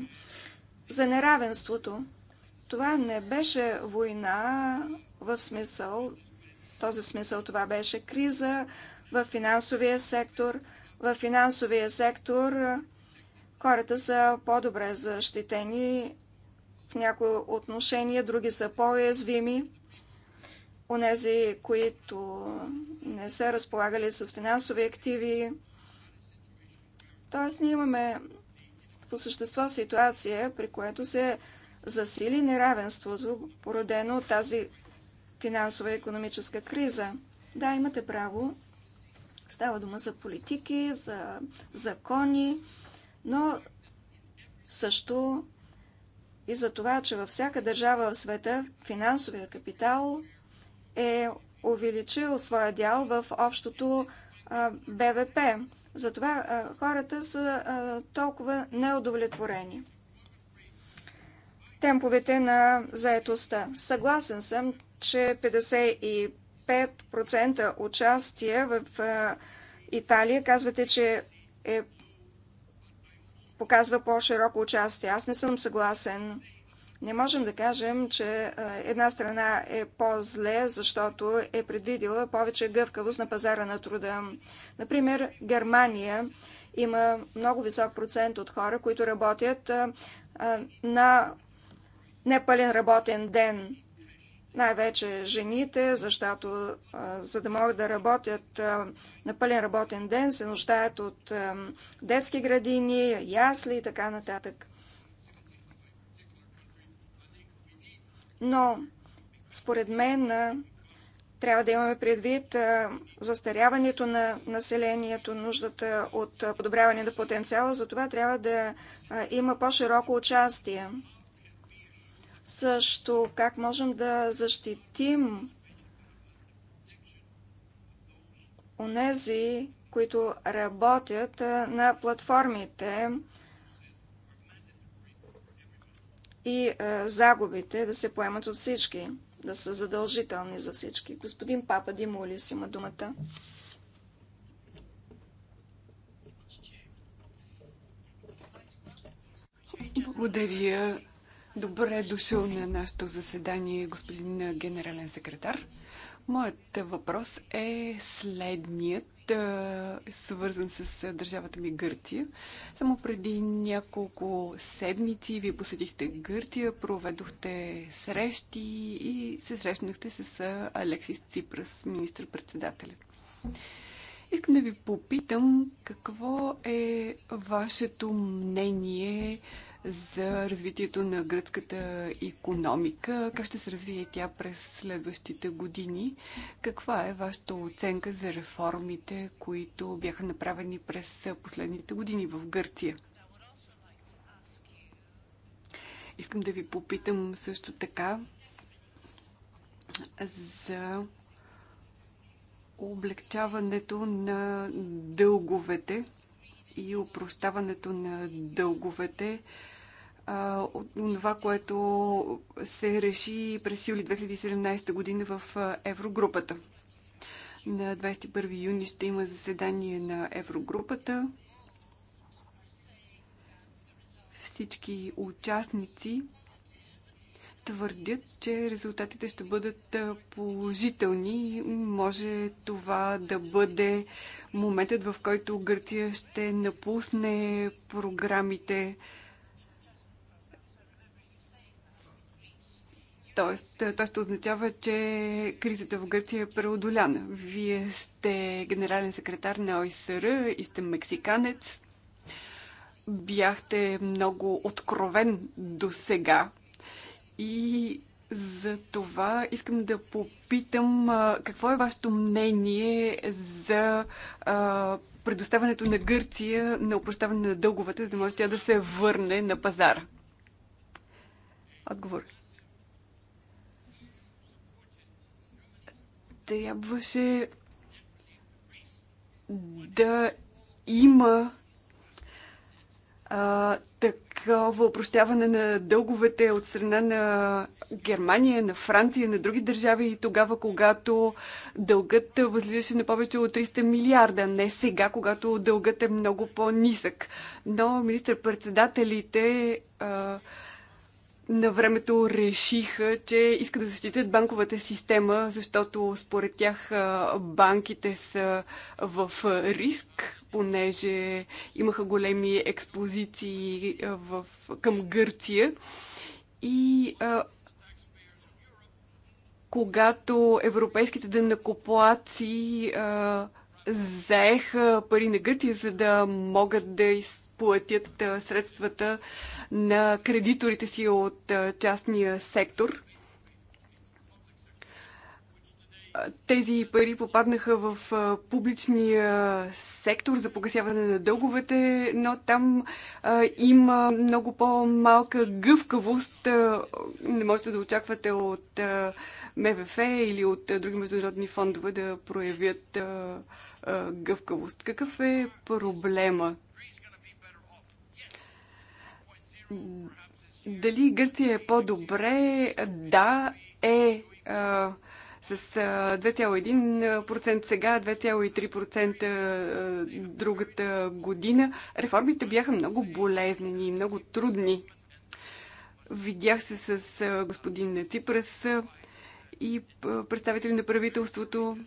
За неравенството. Това не беше война в смисъл, този смисъл това беше криза в финансовия сектор. В финансовия сектор хората са по-добре защитени в някои отношения, други са по-уязвими онези, които не са разполагали с финансови активи. Тоест, ние имаме по същество ситуация, при което се засили неравенството, породено от тази финансова и економическа криза. Да, имате право. Става дума за политики, за закони, но също и за това, че във всяка държава в света финансовия капитал е увеличил своя дял в общото БВП. Затова хората са толкова неудовлетворени. Темповете на заетостта. Съгласен съм, че 55% участие в Италия казвате, че е показва по-широко участие. Аз не съм съгласен. Не можем да кажем, че една страна е по-зле, защото е предвидила повече гъвкавост на пазара на труда. Например, Германия има много висок процент от хора, които работят на непълен работен ден. Най-вече жените, защото за да могат да работят на пълен работен ден, се нуждаят от детски градини, ясли и така нататък. Но, според мен, трябва да имаме предвид застаряването на населението, нуждата от подобряване на потенциала, за това трябва да има по-широко участие. Също как можем да защитим онези, които работят на платформите, и е, загубите да се поемат от всички, да са задължителни за всички. Господин Папа Димулис има думата. Благодаря. Добре дошъл на нашето заседание, господин генерален секретар. Моят въпрос е следният е свързан с държавата ми Гърция. Само преди няколко седмици вие посетихте Гърция, проведохте срещи и се срещнахте с Алексис Ципрас, министр-председателя. Искам да ви попитам какво е вашето мнение за развитието на гръцката економика. Как ще се развие тя през следващите години? Каква е вашата оценка за реформите, които бяха направени през последните години в Гърция? Искам да ви попитам също така за облегчаването на дълговете и упрощаването на дълговете. От това, което се реши през юли 2017 година в Еврогрупата. На 21 юни ще има заседание на Еврогрупата. Всички участници твърдят, че резултатите ще бъдат положителни. Може това да бъде моментът, в който Гърция ще напусне програмите. Тоест, това ще означава, че кризата в Гърция е преодоляна. Вие сте генерален секретар на ОИСР и сте мексиканец. Бяхте много откровен до сега и за това искам да попитам какво е вашето мнение за предоставянето на Гърция на упрощаване на дълговата, за да може тя да се върне на пазара? Отговор. Трябваше да има а, такова упрощаване на дълговете от страна на Германия, на Франция, на други държави и тогава, когато дългът възлизаше на повече от 300 милиарда, не сега, когато дългът е много по-нисък. Но министър-председателите на времето решиха, че искат да защитят банковата система, защото според тях банките са в риск, понеже имаха големи експозиции в, към Гърция. И а, когато европейските дънакоплаци заеха пари на Гърция, за да могат да изтърват платят средствата на кредиторите си от частния сектор. Тези пари попаднаха в публичния сектор за погасяване на дълговете, но там а, има много по-малка гъвкавост. Не можете да очаквате от а, МВФ или от а, други международни фондове да проявят а, а, гъвкавост. Какъв е проблема дали Гърция е по-добре? Да, е. А, с 2,1% сега, 2,3% другата година. Реформите бяха много болезнени и много трудни. Видях се с господин Ципрес и представители на правителството.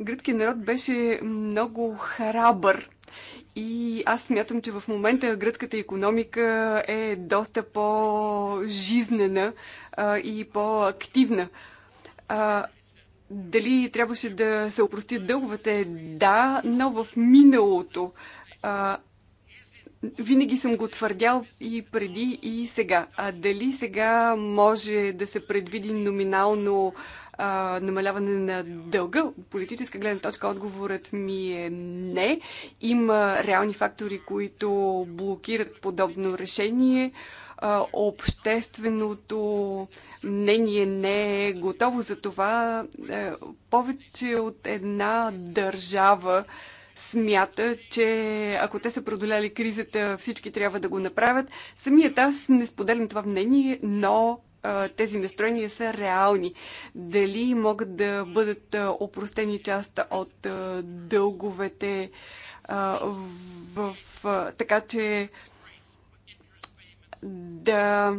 Гръцкият народ беше много храбър и аз смятам, че в момента гръцката економика е доста по-жизнена и по-активна. дали трябваше да се опростят дълговете? Да, но в миналото. А, винаги съм го твърдял и преди, и сега. А дали сега може да се предвиди номинално а, намаляване на дълга. Политическа гледна точка отговорът ми е не. Има реални фактори, които блокират подобно решение. А, общественото мнение не е готово за това. Е, повече от една държава смята, че ако те са продоляли кризата, всички трябва да го направят. Самият аз не споделям това мнение, но тези настроения са реални. Дали могат да бъдат опростени част от дълговете в, така че да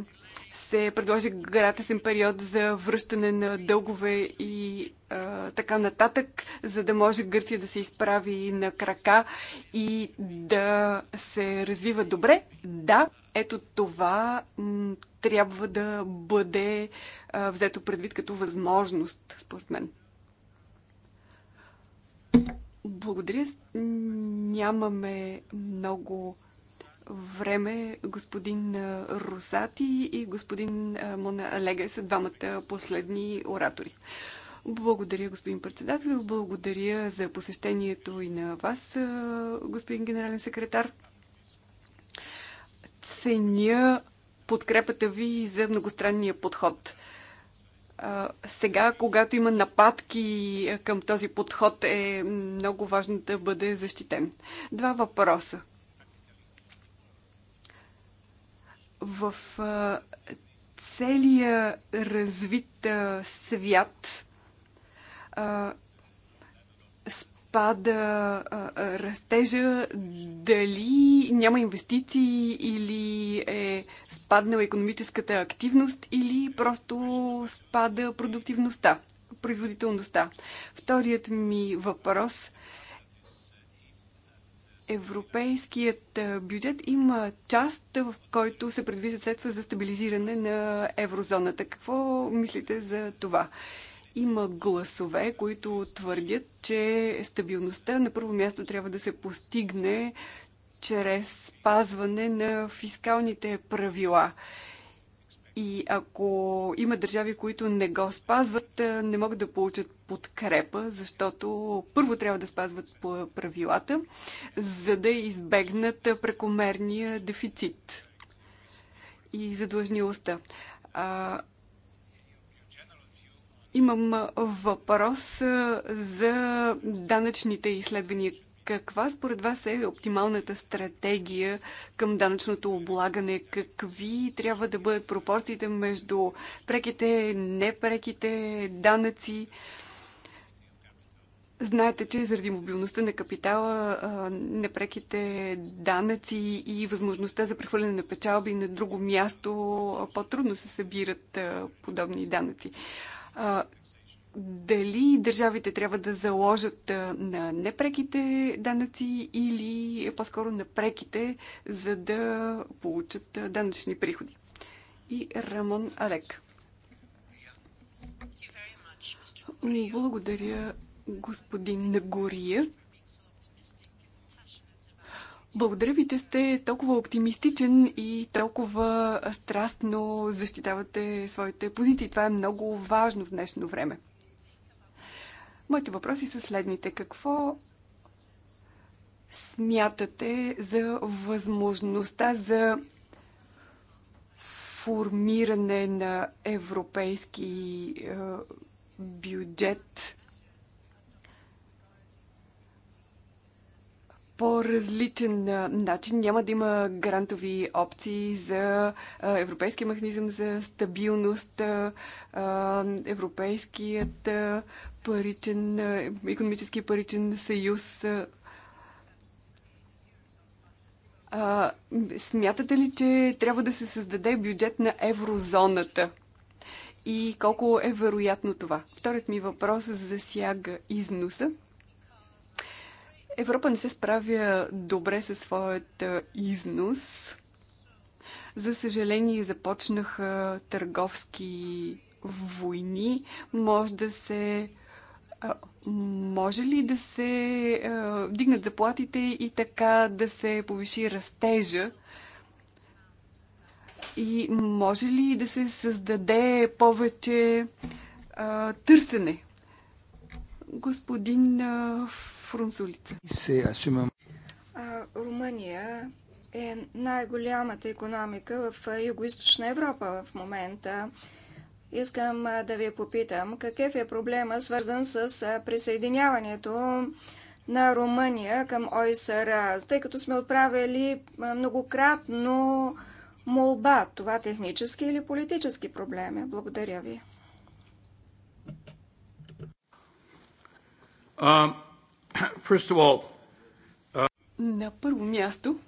се предложи гратесен период за връщане на дългове и а, така нататък, за да може Гърция да се изправи на крака и да се развива добре. Да, ето това трябва да бъде а, взето предвид като възможност, според мен. Благодаря. Нямаме много време господин Русати и господин Мона Алега са двамата последни оратори. Благодаря, господин председател. Благодаря за посещението и на вас, господин генерален секретар. Ценя подкрепата ви за многостранния подход. Сега, когато има нападки към този подход, е много важно да бъде защитен. Два въпроса. в а, целия развит а, свят а, спада а, растежа, дали няма инвестиции или е спаднала економическата активност или просто спада продуктивността, производителността. Вторият ми въпрос е европейският бюджет има част, в който се предвижда средства за стабилизиране на еврозоната. Какво мислите за това? Има гласове, които твърдят, че стабилността на първо място трябва да се постигне чрез спазване на фискалните правила. И ако има държави, които не го спазват, е, не могат да получат подкрепа, защото първо трябва да спазват правилата, за да избегнат прекомерния дефицит и задлъжнилостта. Имам въпрос е, за данъчните изследвания. Каква според вас е оптималната стратегия към данъчното облагане? Какви трябва да бъдат пропорциите между преките, непреките данъци? Знаете, че заради мобилността на капитала, непреките данъци и възможността за прехвърляне на печалби на друго място по-трудно се събират подобни данъци дали държавите трябва да заложат на непреките данъци или по-скоро на преките, за да получат данъчни приходи. И Рамон Алек. Благодаря, господин Нагория. Благодаря ви, че сте толкова оптимистичен и толкова страстно защитавате своите позиции. Това е много важно в днешно време. Моите въпроси са следните. Какво смятате за възможността за формиране на европейски е, бюджет по различен начин. Няма да има грантови опции за Европейския механизъм за стабилност, Европейският паричен, економически паричен съюз. Смятате ли, че трябва да се създаде бюджет на еврозоната? И колко е вероятно това? Вторият ми въпрос засяга износа. Европа не се справя добре със своят износ. За съжаление, започнаха търговски войни. Може да се. Може ли да се дигнат заплатите и така да се повиши растежа? И може ли да се създаде повече а, търсене? Господин а, Фрунзулица. Румъния е най-голямата економика в Юго-Источна Европа в момента. Искам да ви попитам, какъв е проблема свързан с присъединяването на Румъния към ОИСР, тъй като сме отправили многократно молба. Това технически или политически проблеми. Е? Благодаря ви. А... First of all, uh... На първо място,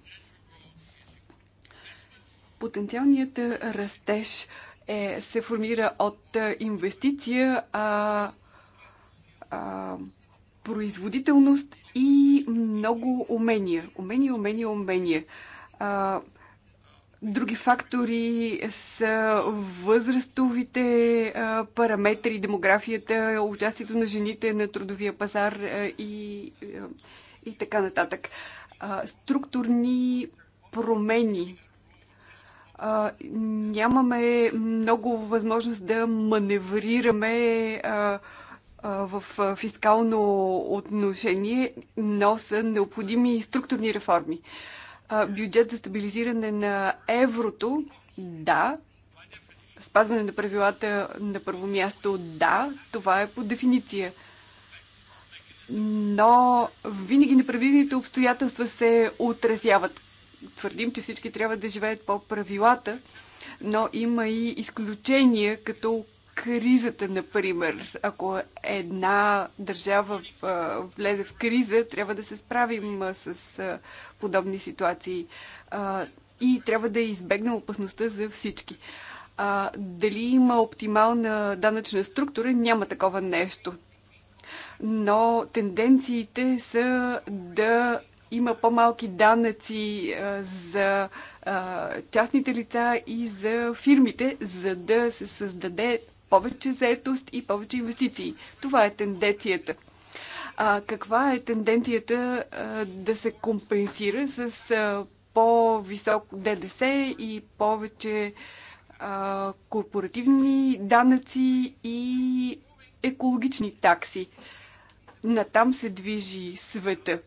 потенциалният растеж е, се формира от инвестиция, а, а, производителност и много умения. Умения, умения, умения. А, Други фактори са възрастовите параметри, демографията, участието на жените на трудовия пазар и, и така нататък. Структурни промени. Нямаме много възможност да маневрираме в фискално отношение, но са необходими структурни реформи бюджет за стабилизиране на еврото, да. Спазване на правилата на първо място, да. Това е по дефиниция. Но винаги непредвидените обстоятелства се отразяват. Твърдим, че всички трябва да живеят по правилата, но има и изключения, като кризата, например. Ако една държава влезе в криза, трябва да се справим с подобни ситуации и трябва да избегнем опасността за всички. Дали има оптимална данъчна структура, няма такова нещо. Но тенденциите са да има по-малки данъци за частните лица и за фирмите, за да се създаде повече заетост и повече инвестиции. Това е тенденцията. А, каква е тенденцията а, да се компенсира с а, по-високо ДДС и повече а, корпоративни данъци и екологични такси? Натам се движи света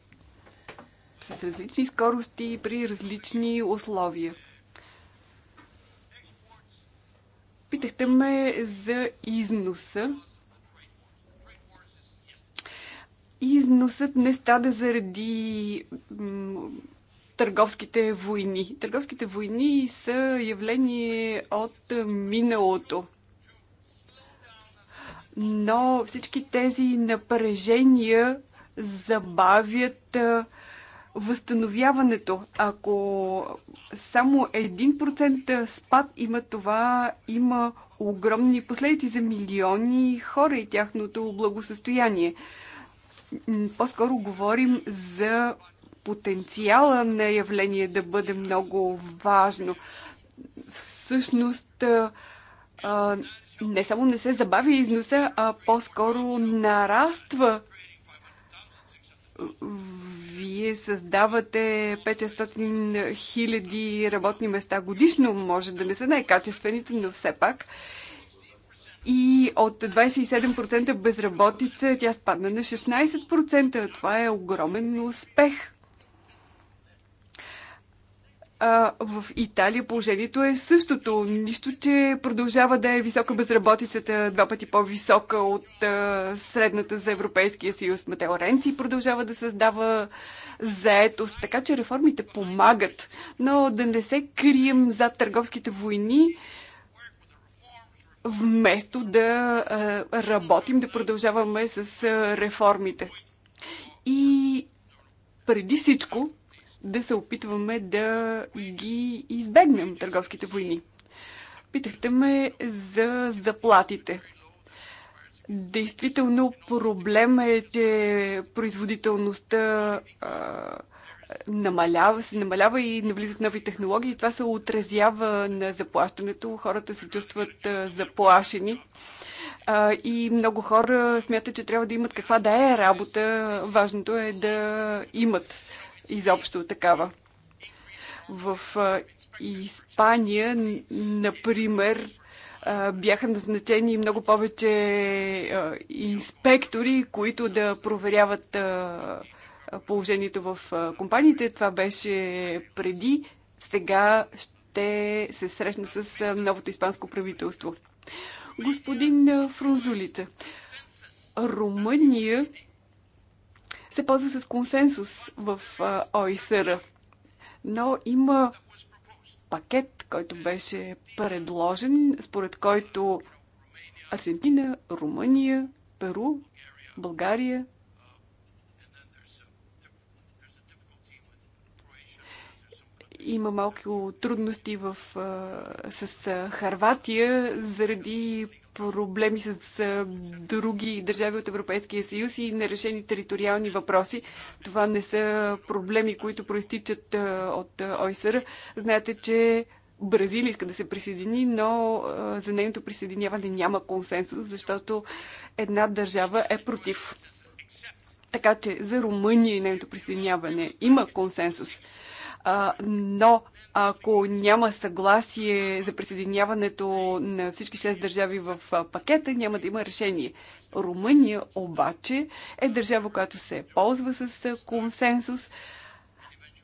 с различни скорости и при различни условия. Питахте ме за износа. Износът не стада заради търговските войни. Търговските войни са явление от миналото. Но всички тези напрежения забавят възстановяването. Ако само 1% спад има това, има огромни последици за милиони хора и тяхното благосъстояние. По-скоро говорим за потенциала на явление да бъде много важно. Всъщност, не само не се забави износа, а по-скоро нараства вие създавате 500 хиляди работни места годишно, може да не са най-качествените, но все пак. И от 27% безработица тя спадна на 16%. Това е огромен успех. А, в Италия положението е същото. Нищо, че продължава да е висока безработицата, два пъти по-висока от а, средната за Европейския съюз. Матео Ренци продължава да създава заетост. Така че реформите помагат. Но да не се крием зад търговските войни, вместо да а, работим, да продължаваме с а, реформите. И преди всичко да се опитваме да ги избегнем търговските войни. Питахте ме за заплатите. Действително проблем е, че производителността а, намалява, се намалява и навлизат нови технологии. Това се отразява на заплащането. Хората се чувстват а, заплашени. А, и много хора смятат, че трябва да имат каква да е работа. Важното е да имат изобщо такава. В Испания, например, бяха назначени много повече инспектори, които да проверяват положението в компаниите. Това беше преди. Сега ще се срещна с новото испанско правителство. Господин Фрунзулица, Румъния се ползва с консенсус в ОИСР. Но има пакет, който беше предложен, според който Аржентина, Румъния, Перу, България. Има малко трудности в, с Харватия заради проблеми с други държави от Европейския съюз и нерешени териториални въпроси. Това не са проблеми, които проистичат от ОИСР. Знаете, че Бразилия иска да се присъедини, но за нейното присъединяване няма консенсус, защото една държава е против. Така че за Румъния и нейното присъединяване има консенсус. но ако няма съгласие за присъединяването на всички 6 държави в пакета, няма да има решение. Румъния обаче е държава, която се ползва с консенсус.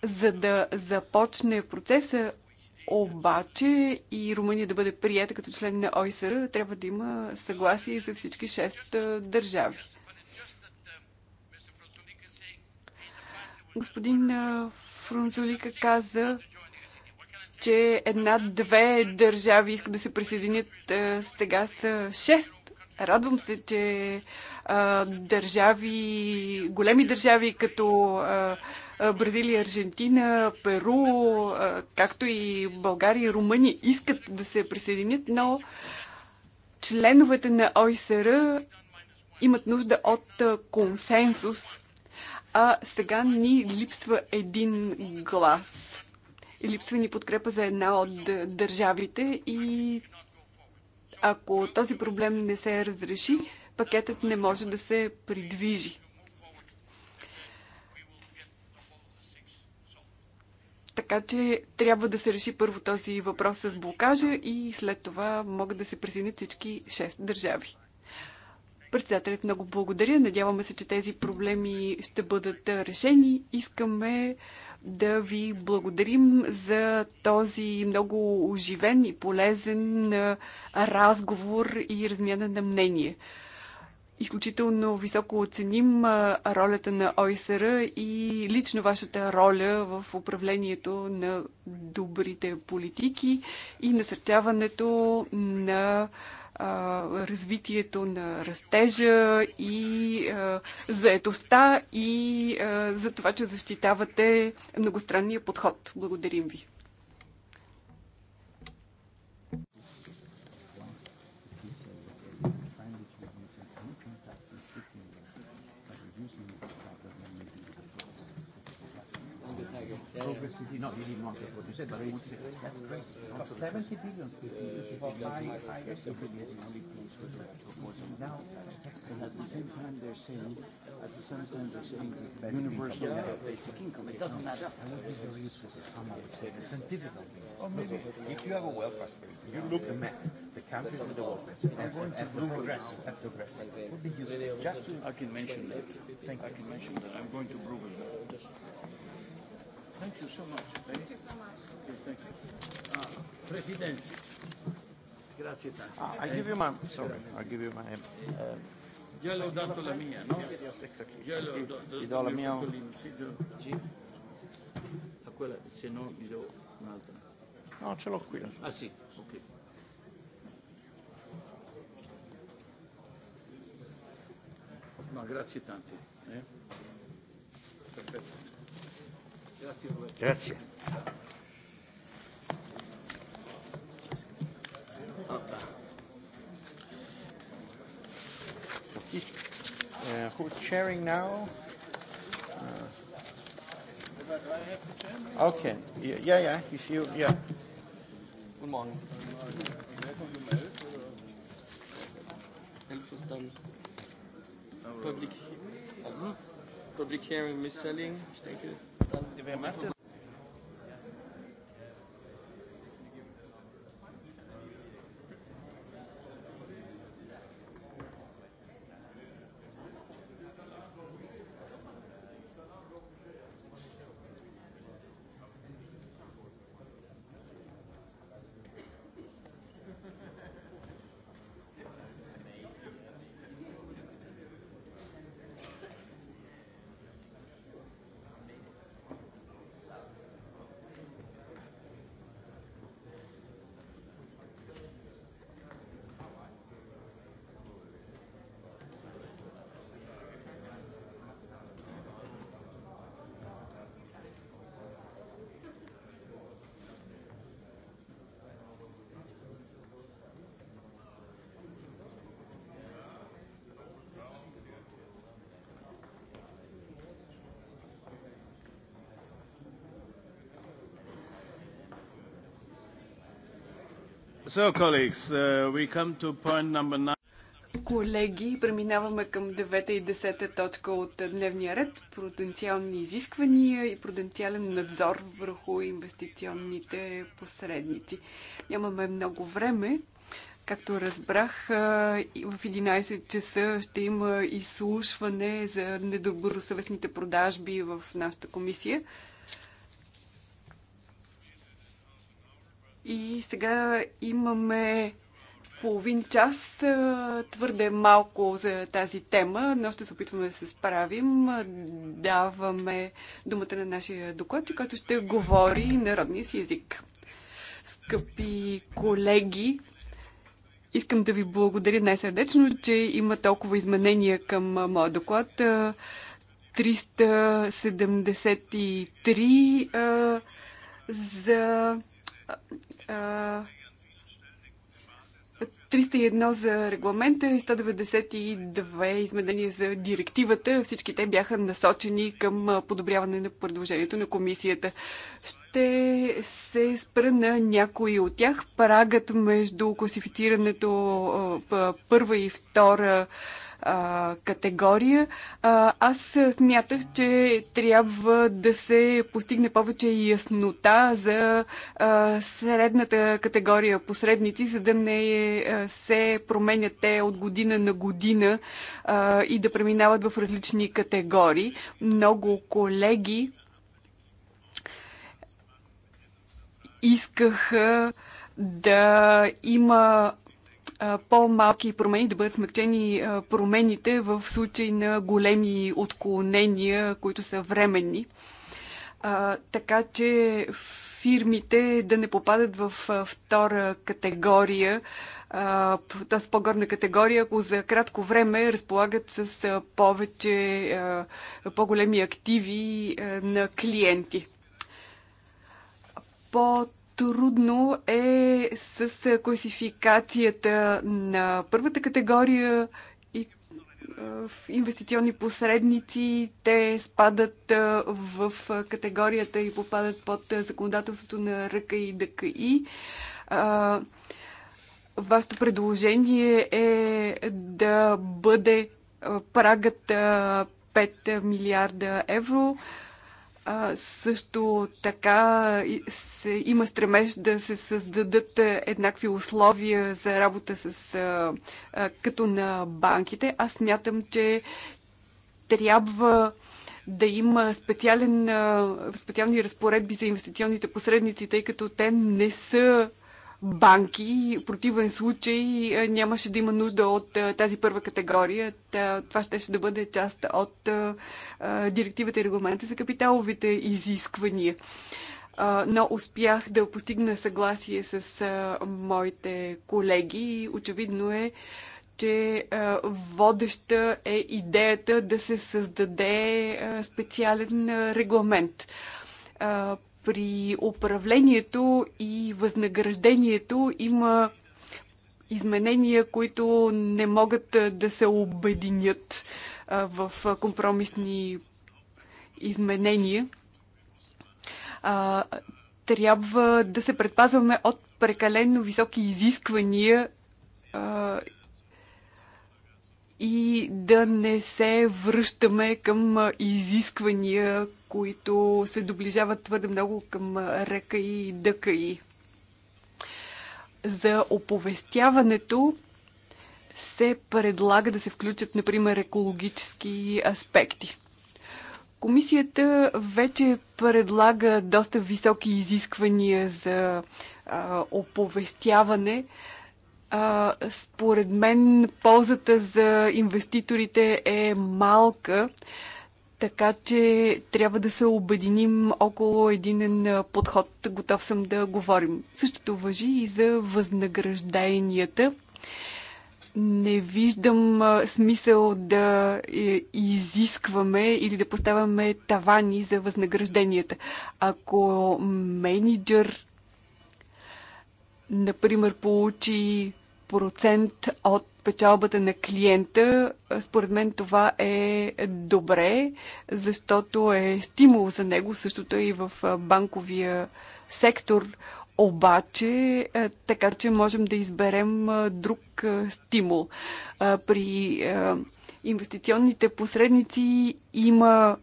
За да започне процеса, обаче и Румъния да бъде прията като член на ОИСР, трябва да има съгласие за всички 6 държави. Господин Фрунзолика каза, че една-две държави искат да се присъединят. Сега са шест. Радвам се, че държави, големи държави като Бразилия, Аржентина, Перу, както и България и Румъния искат да се присъединят, но членовете на ОИСР имат нужда от консенсус, а сега ни липсва един глас липсва ни подкрепа за една от държавите и ако този проблем не се разреши, пакетът не може да се придвижи. Така че трябва да се реши първо този въпрос с блокажа и след това могат да се присъединят всички 6 държави. Председателят много благодаря. Надяваме се, че тези проблеми ще бъдат решени. Искаме да ви благодарим за този много оживен и полезен разговор и размяна на мнение. Изключително високо оценим ролята на ОИСР и лично вашата роля в управлението на добрите политики и насърчаването на развитието на растежа и заедостта и за това, че защитавате многостранния подход. Благодарим ви. you No, you didn't want to put you said, but I want to say, that's great. Of 70 billion people have five, five five, five, five, five, five, five, five, five, five, five, And at the same time, they're saying, at the same time, they're saying universal basic income. It doesn't matter. I would be very useful for someone to say the scientific Or maybe if you have a welfare state, you look at the map, the countries of the welfare state, and, and progress, and progress. would be useful. Just to, I can mention that. Thank you. I can mention that. I'm going to Bruegel. Thank you so much. Thank President. Grazie tanto. Ah, I give you my, sorry, I give you my... Uh, Io le ho dato la mia, no? Yes, Io le ho dato, ti do la mia... Sì. A quella, se no, gli do un'altra. No, ce l'ho qui. Ah sì, ok. No, grazie tante. Eh? Perfetto. Grazie. Uh, who's sharing now? Uh, okay. Yeah, yeah. If you, yeah. Good morning. Elf ist dann Public public hearing mis Selling. Ich denke, dann Uh, Колеги, преминаваме към девета и десета точка от дневния ред. потенциални изисквания и потенциален надзор върху инвестиционните посредници. Нямаме много време. Както разбрах, в 11 часа ще има изслушване за недобросъвестните продажби в нашата комисия. И сега имаме половин час, твърде малко за тази тема, но ще се опитваме да се справим. Даваме думата на нашия доклад, който ще говори народния си език. Скъпи колеги, искам да ви благодаря най-сърдечно, че има толкова изменения към моя доклад. 373 за 301 за регламента и 192 изменения за директивата. Всички те бяха насочени към подобряване на предложението на комисията. Ще се спра на някои от тях. Парагът между класифицирането първа и втора а, категория. А, аз смятах, че трябва да се постигне повече яснота за а, средната категория посредници, за да не е, се променят те от година на година а, и да преминават в различни категории. Много колеги искаха да има по-малки промени, да бъдат смъкчени промените в случай на големи отклонения, които са временни. Така че фирмите да не попадат в втора категория, т.е. по-горна категория, ако за кратко време разполагат с повече, по-големи активи на клиенти. По трудно е с класификацията на първата категория и в инвестиционни посредници. Те спадат в категорията и попадат под законодателството на ръка и ДКИ. Вашето предложение е да бъде прагът 5 милиарда евро. А, също така се, има стремеж да се създадат еднакви условия за работа с, а, а, като на банките. Аз смятам, че трябва да има специален, специални разпоредби за инвестиционните посредници, тъй като те не са банки. В противен случай нямаше да има нужда от тази първа категория. Това ще да бъде част от директивата и регламента за капиталовите изисквания. Но успях да постигна съгласие с моите колеги. Очевидно е, че водеща е идеята да се създаде специален регламент при управлението и възнаграждението има изменения, които не могат да се обединят в компромисни изменения. Трябва да се предпазваме от прекалено високи изисквания и да не се връщаме към изисквания, които се доближават твърде много към река и дъка и. За оповестяването се предлага да се включат, например, екологически аспекти. Комисията вече предлага доста високи изисквания за а, оповестяване, а, според мен ползата за инвеститорите е малка, така че трябва да се обединим около един подход. Готов съм да говорим. Същото въжи и за възнагражденията. Не виждам смисъл да е, изискваме или да поставяме тавани за възнагражденията. Ако менеджер например, получи процент от печалбата на клиента. Според мен това е добре, защото е стимул за него. Същото е и в банковия сектор. Обаче, така че можем да изберем друг стимул. При инвестиционните посредници има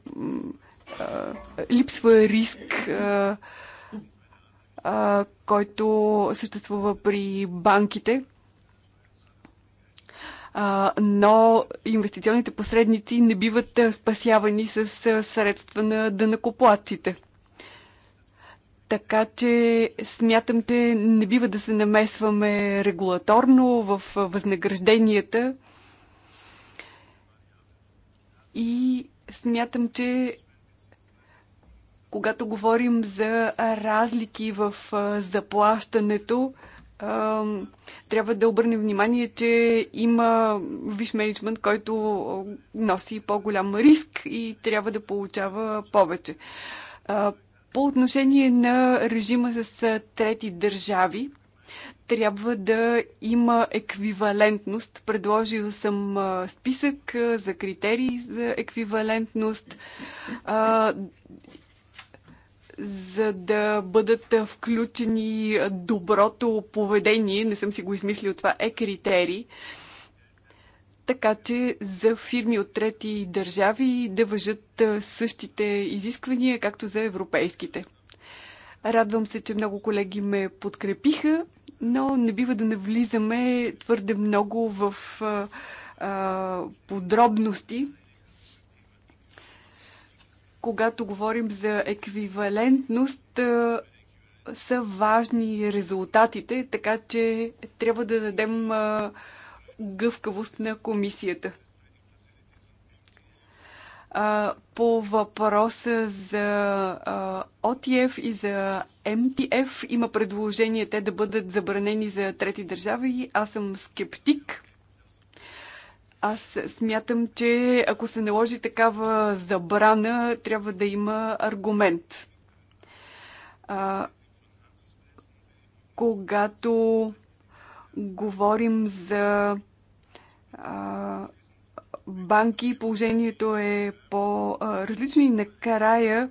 липсва риск, който съществува при банките но инвестиционните посредници не биват спасявани с средства на дънакоплатците. Така че смятам, че не бива да се намесваме регулаторно в възнагражденията. И смятам, че когато говорим за разлики в заплащането, трябва да обърнем внимание, че има виш менеджмент, който носи по-голям риск и трябва да получава повече. По отношение на режима с трети държави, трябва да има еквивалентност. Предложил съм списък за критерии за еквивалентност за да бъдат включени доброто поведение, не съм си го измислил, това е критерий, така че за фирми от трети държави да въжат същите изисквания, както за европейските. Радвам се, че много колеги ме подкрепиха, но не бива да навлизаме твърде много в а, подробности, когато говорим за еквивалентност, са важни резултатите, така че трябва да дадем гъвкавост на комисията. По въпроса за ОТФ и за МТФ има предложение те да бъдат забранени за трети държави. Аз съм скептик аз смятам, че ако се наложи такава забрана, трябва да има аргумент. А, когато говорим за а, банки, положението е по-различно и накрая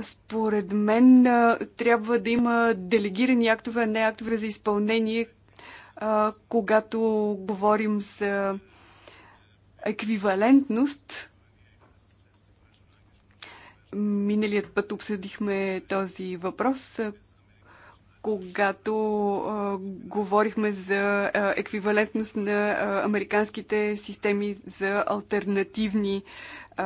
според мен трябва да има делегирани актове, а не актове за изпълнение, а, когато говорим за еквивалентност. Миналият път обсъдихме този въпрос, когато а, говорихме за а, еквивалентност на а, американските системи за альтернативни, а,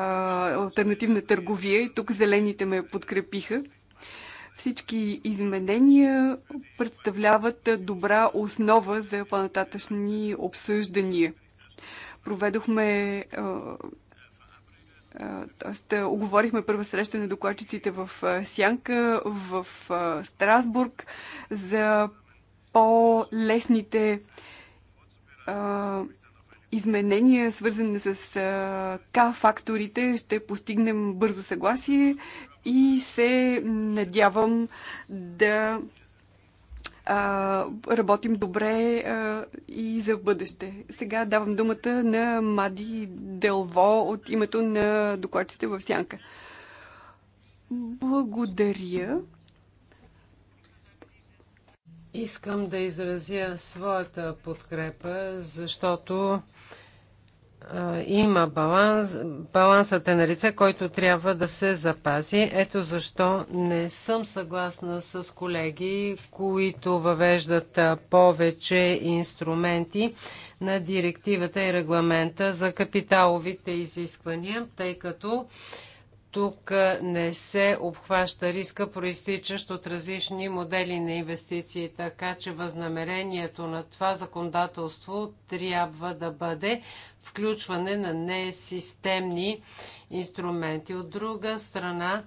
альтернативна търговия. И тук зелените ме подкрепиха. Всички изменения представляват добра основа за по-нататъчни обсъждания. Проведохме Тоест, оговорихме първа среща на докладчиците в Сянка, в Страсбург, за по-лесните изменения, свързани с К-факторите. Ще постигнем бързо съгласие и се надявам да а, работим добре а, и за в бъдеще. Сега давам думата на Мади Делво от името на докладците в Сянка. Благодаря. Искам да изразя своята подкрепа, защото има баланс, балансът е на лице, който трябва да се запази. Ето защо не съм съгласна с колеги, които въвеждат повече инструменти на директивата и регламента за капиталовите изисквания, тъй като тук не се обхваща риска, проистичащ от различни модели на инвестиции, така че възнамерението на това законодателство трябва да бъде включване на несистемни инструменти. От друга страна,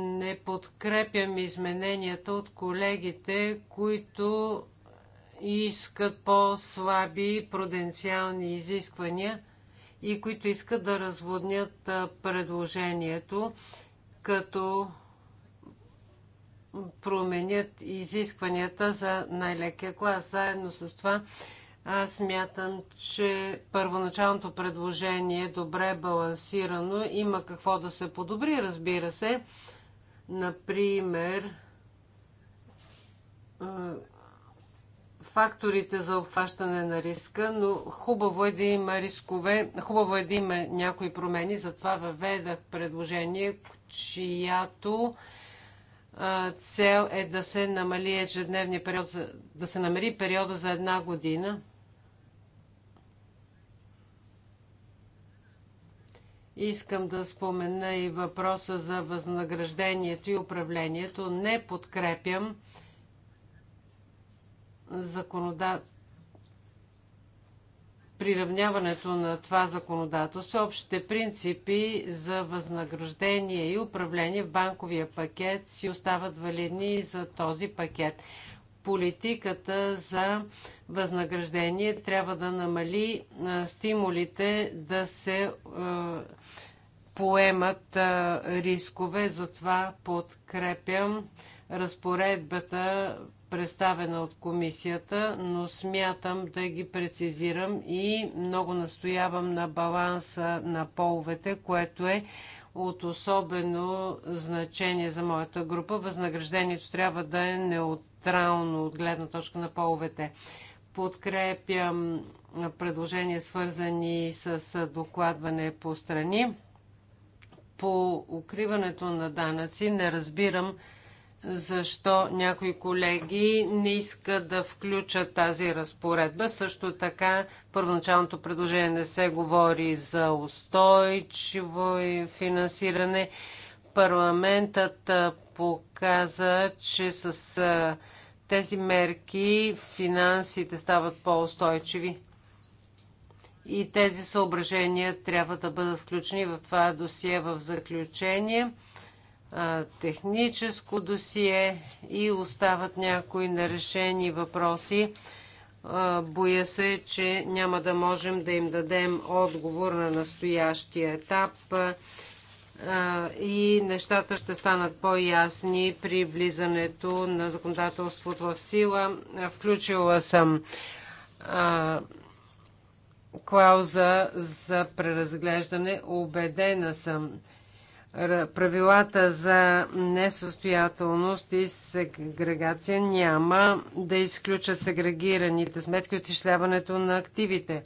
не подкрепям измененията от колегите, които искат по-слаби пруденциални изисквания и които искат да разводнят предложението, като променят изискванията за най-лекия клас. Заедно с това аз смятам, че първоначалното предложение е добре балансирано. Има какво да се подобри, разбира се. Например, факторите за обхващане на риска, но хубаво е да има рискове, хубаво е да има някои промени, затова въведах предложение, чиято цел е да се намали ежедневния период, да се намери периода за една година. Искам да спомена и въпроса за възнаграждението и управлението. Не подкрепям законода... приравняването на това законодателство. Общите принципи за възнаграждение и управление в банковия пакет си остават валидни и за този пакет политиката за възнаграждение трябва да намали стимулите да се поемат рискове. Затова подкрепям разпоредбата, представена от комисията, но смятам да ги прецизирам и много настоявам на баланса на половете, което е от особено значение за моята група. Възнаграждението трябва да е неот неутрално от гледна точка на половете. Подкрепям предложения, свързани с докладване по страни. По укриването на данъци не разбирам защо някои колеги не искат да включат тази разпоредба. Също така, първоначалното предложение не се говори за устойчиво финансиране. Парламентът показа, че с тези мерки финансите стават по-устойчиви. И тези съображения трябва да бъдат включени в това досие в заключение. Техническо досие и остават някои нарешени въпроси. Боя се, че няма да можем да им дадем отговор на настоящия етап и нещата ще станат по-ясни при влизането на законодателството в сила. Включила съм клауза за преразглеждане. Обедена съм. Правилата за несъстоятелност и сегрегация няма да изключат сегрегираните сметки от изчисляването на активите.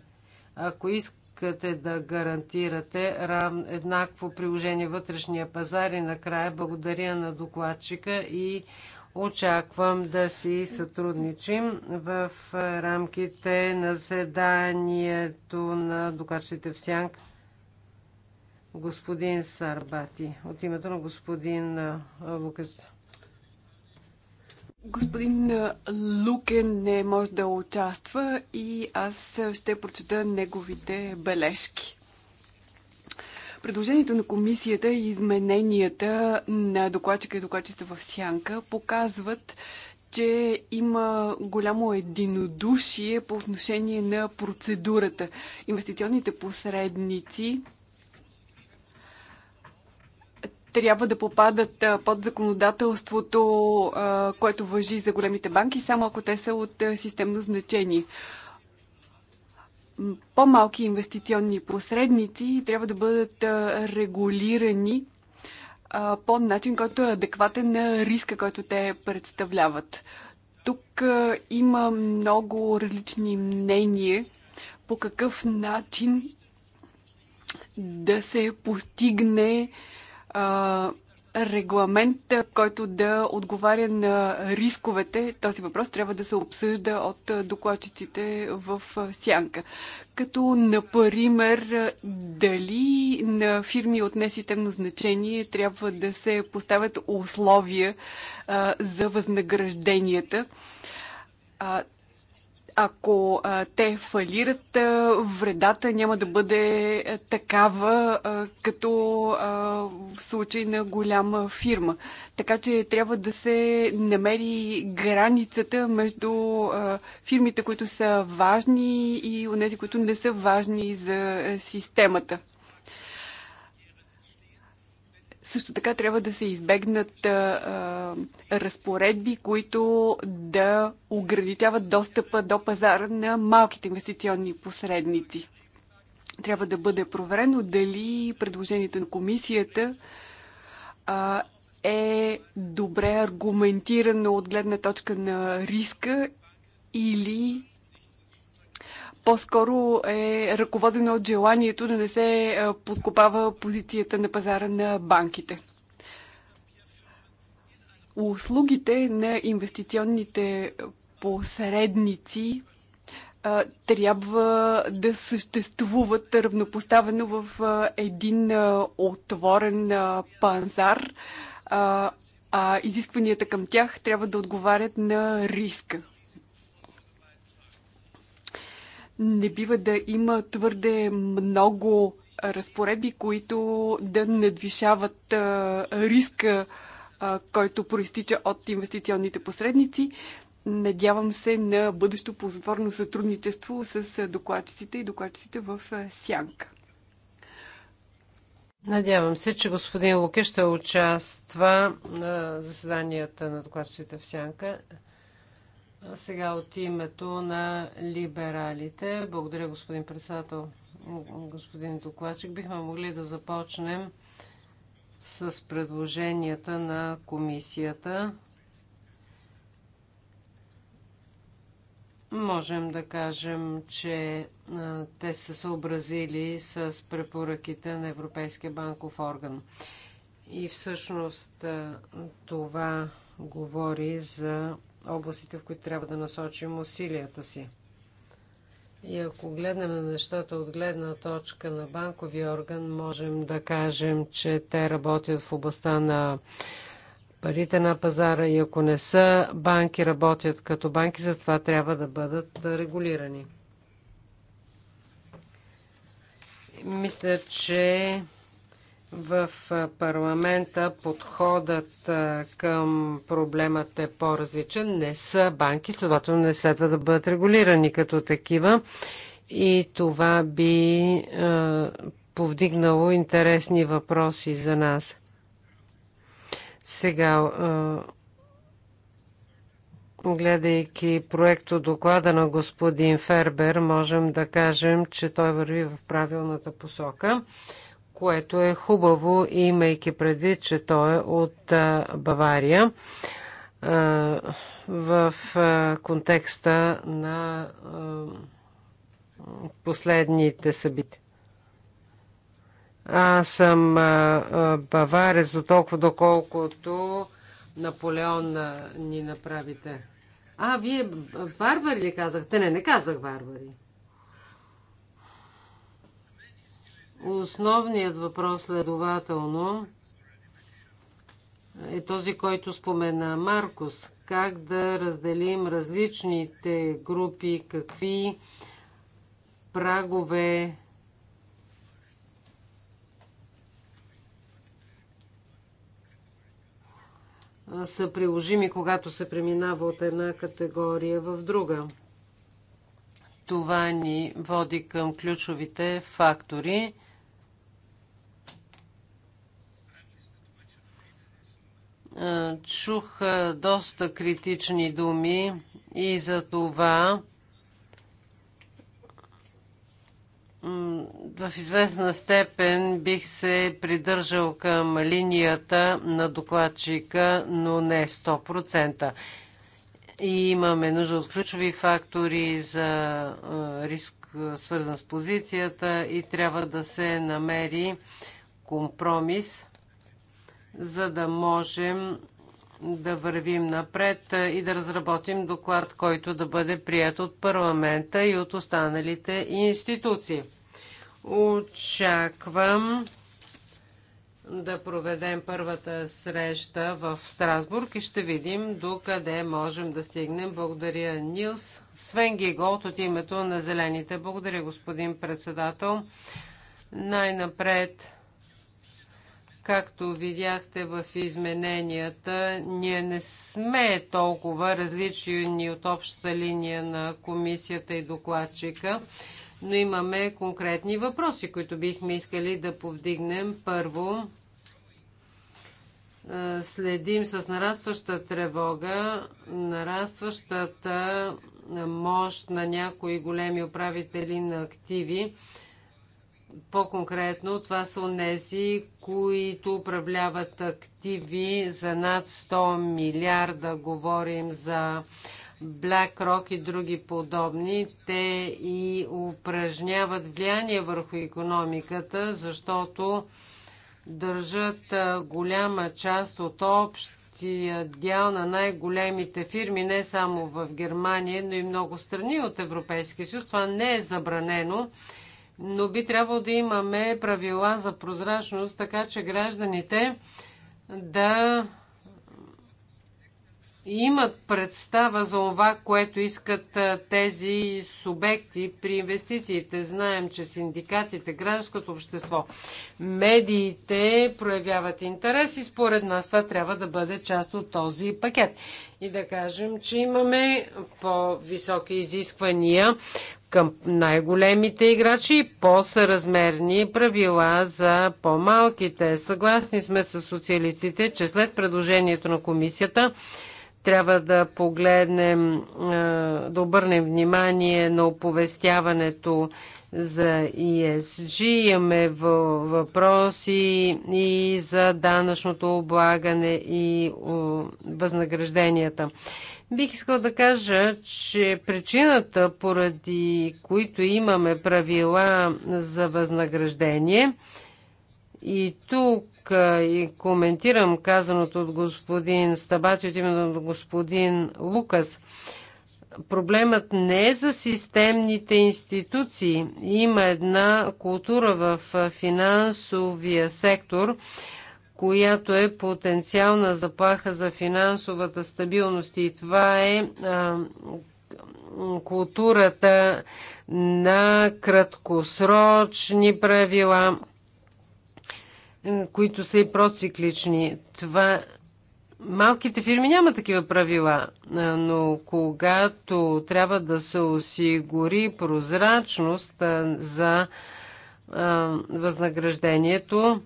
Ако искате искате да гарантирате рав... еднакво приложение вътрешния пазар и накрая благодаря на докладчика и очаквам да си сътрудничим в рамките на заседанието на докладчите в Сянк, господин Сарбати. От името на господин Лукас. Господин Лукен не може да участва и аз ще прочета неговите бележки. Предложението на комисията и измененията на докладчика и докладчица в Сянка показват, че има голямо единодушие по отношение на процедурата. Инвестиционните посредници трябва да попадат под законодателството, което въжи за големите банки, само ако те са от системно значение. По-малки инвестиционни посредници трябва да бъдат регулирани по начин, който е адекватен на риска, който те представляват. Тук има много различни мнения по какъв начин да се постигне а, регламент, който да отговаря на рисковете, този въпрос трябва да се обсъжда от докладчиците в сянка. Като, например, дали на фирми от несистемно значение трябва да се поставят условия а, за възнагражденията. А, ако а, те фалират, а, вредата няма да бъде а, такава, а, като а, в случай на голяма фирма. Така че трябва да се намери границата между а, фирмите, които са важни и онези, които не са важни за системата. Също така трябва да се избегнат а, разпоредби, които да ограничават достъпа до пазара на малките инвестиционни посредници. Трябва да бъде проверено дали предложението на комисията а, е добре аргументирано от гледна точка на риска или по-скоро е ръководено от желанието да не се е, подкопава позицията на пазара на банките. Услугите на инвестиционните посредници е, трябва да съществуват равнопоставено в е, един отворен пазар, а изискванията към тях трябва да отговарят на риска не бива да има твърде много разпоредби, които да надвишават риска, който проистича от инвестиционните посредници. Надявам се на бъдещо ползотворно сътрудничество с докладчиците и докладчиците в Сянка. Надявам се, че господин Луке ще участва на заседанията на докладчиците в Сянка. Сега от името на либералите. Благодаря, господин председател, господин докладчик. Бихме могли да започнем с предложенията на комисията. Можем да кажем, че те са съобразили с препоръките на Европейския банков орган. И всъщност това говори за областите, в които трябва да насочим усилията си. И ако гледнем на нещата от гледна точка на банковия орган, можем да кажем, че те работят в областта на парите на пазара и ако не са банки, работят като банки, затова трябва да бъдат регулирани. Мисля, че в парламента подходът към проблемът е по-различен. Не са банки, следователно не следва да бъдат регулирани като такива. И това би повдигнало интересни въпроси за нас. Сега, гледайки проекто доклада на господин Фербер, можем да кажем, че той върви в правилната посока което е хубаво, имайки предвид, че той е от Бавария в контекста на последните събития. Аз съм баварец до толкова доколкото Наполеон ни направите. А, вие варвари ли казахте? Не, не казах варвари. Основният въпрос следователно е този, който спомена Маркус. Как да разделим различните групи, какви прагове са приложими, когато се преминава от една категория в друга. Това ни води към ключовите фактори – Е, чух е, доста критични думи и за това в известна степен бих се придържал към линията на докладчика, но не 100%. И имаме нужда от ключови фактори за е, риск, свързан с позицията и трябва да се намери компромис за да можем да вървим напред и да разработим доклад, който да бъде прият от парламента и от останалите институции. Очаквам да проведем първата среща в Страсбург и ще видим докъде можем да стигнем. Благодаря, Нилс. Свен Гиголт от името на Зелените. Благодаря, господин председател. Най-напред Както видяхте в измененията, ние не сме толкова различни от общата линия на комисията и докладчика, но имаме конкретни въпроси, които бихме искали да повдигнем. Първо, е, следим с нарастваща тревога, нарастващата мощ на някои големи управители на активи, по-конкретно това са онези, които управляват активи за над 100 милиарда. Говорим за BlackRock и други подобни. Те и упражняват влияние върху економиката, защото държат голяма част от общия дял на най-големите фирми, не само в Германия, но и много страни от Европейския съюз. Това не е забранено но би трябвало да имаме правила за прозрачност, така че гражданите да имат представа за това, което искат тези субекти при инвестициите. Знаем, че синдикатите, гражданското общество, медиите проявяват интерес и според нас това трябва да бъде част от този пакет. И да кажем, че имаме по-високи изисквания към най-големите играчи и по-съразмерни правила за по-малките. Съгласни сме с социалистите, че след предложението на комисията трябва да погледнем, да обърнем внимание на оповестяването за ESG. Имаме въпроси и за данъчното облагане и възнагражденията. Бих искал да кажа, че причината, поради които имаме правила за възнаграждение, и тук тук и коментирам казаното от господин Стабати от името на господин Лукас. Проблемът не е за системните институции. Има една култура в финансовия сектор, която е потенциална заплаха за финансовата стабилност. И това е а, културата на краткосрочни правила които са и проциклични. Това Малките фирми няма такива правила, но когато трябва да се осигури прозрачност за възнаграждението,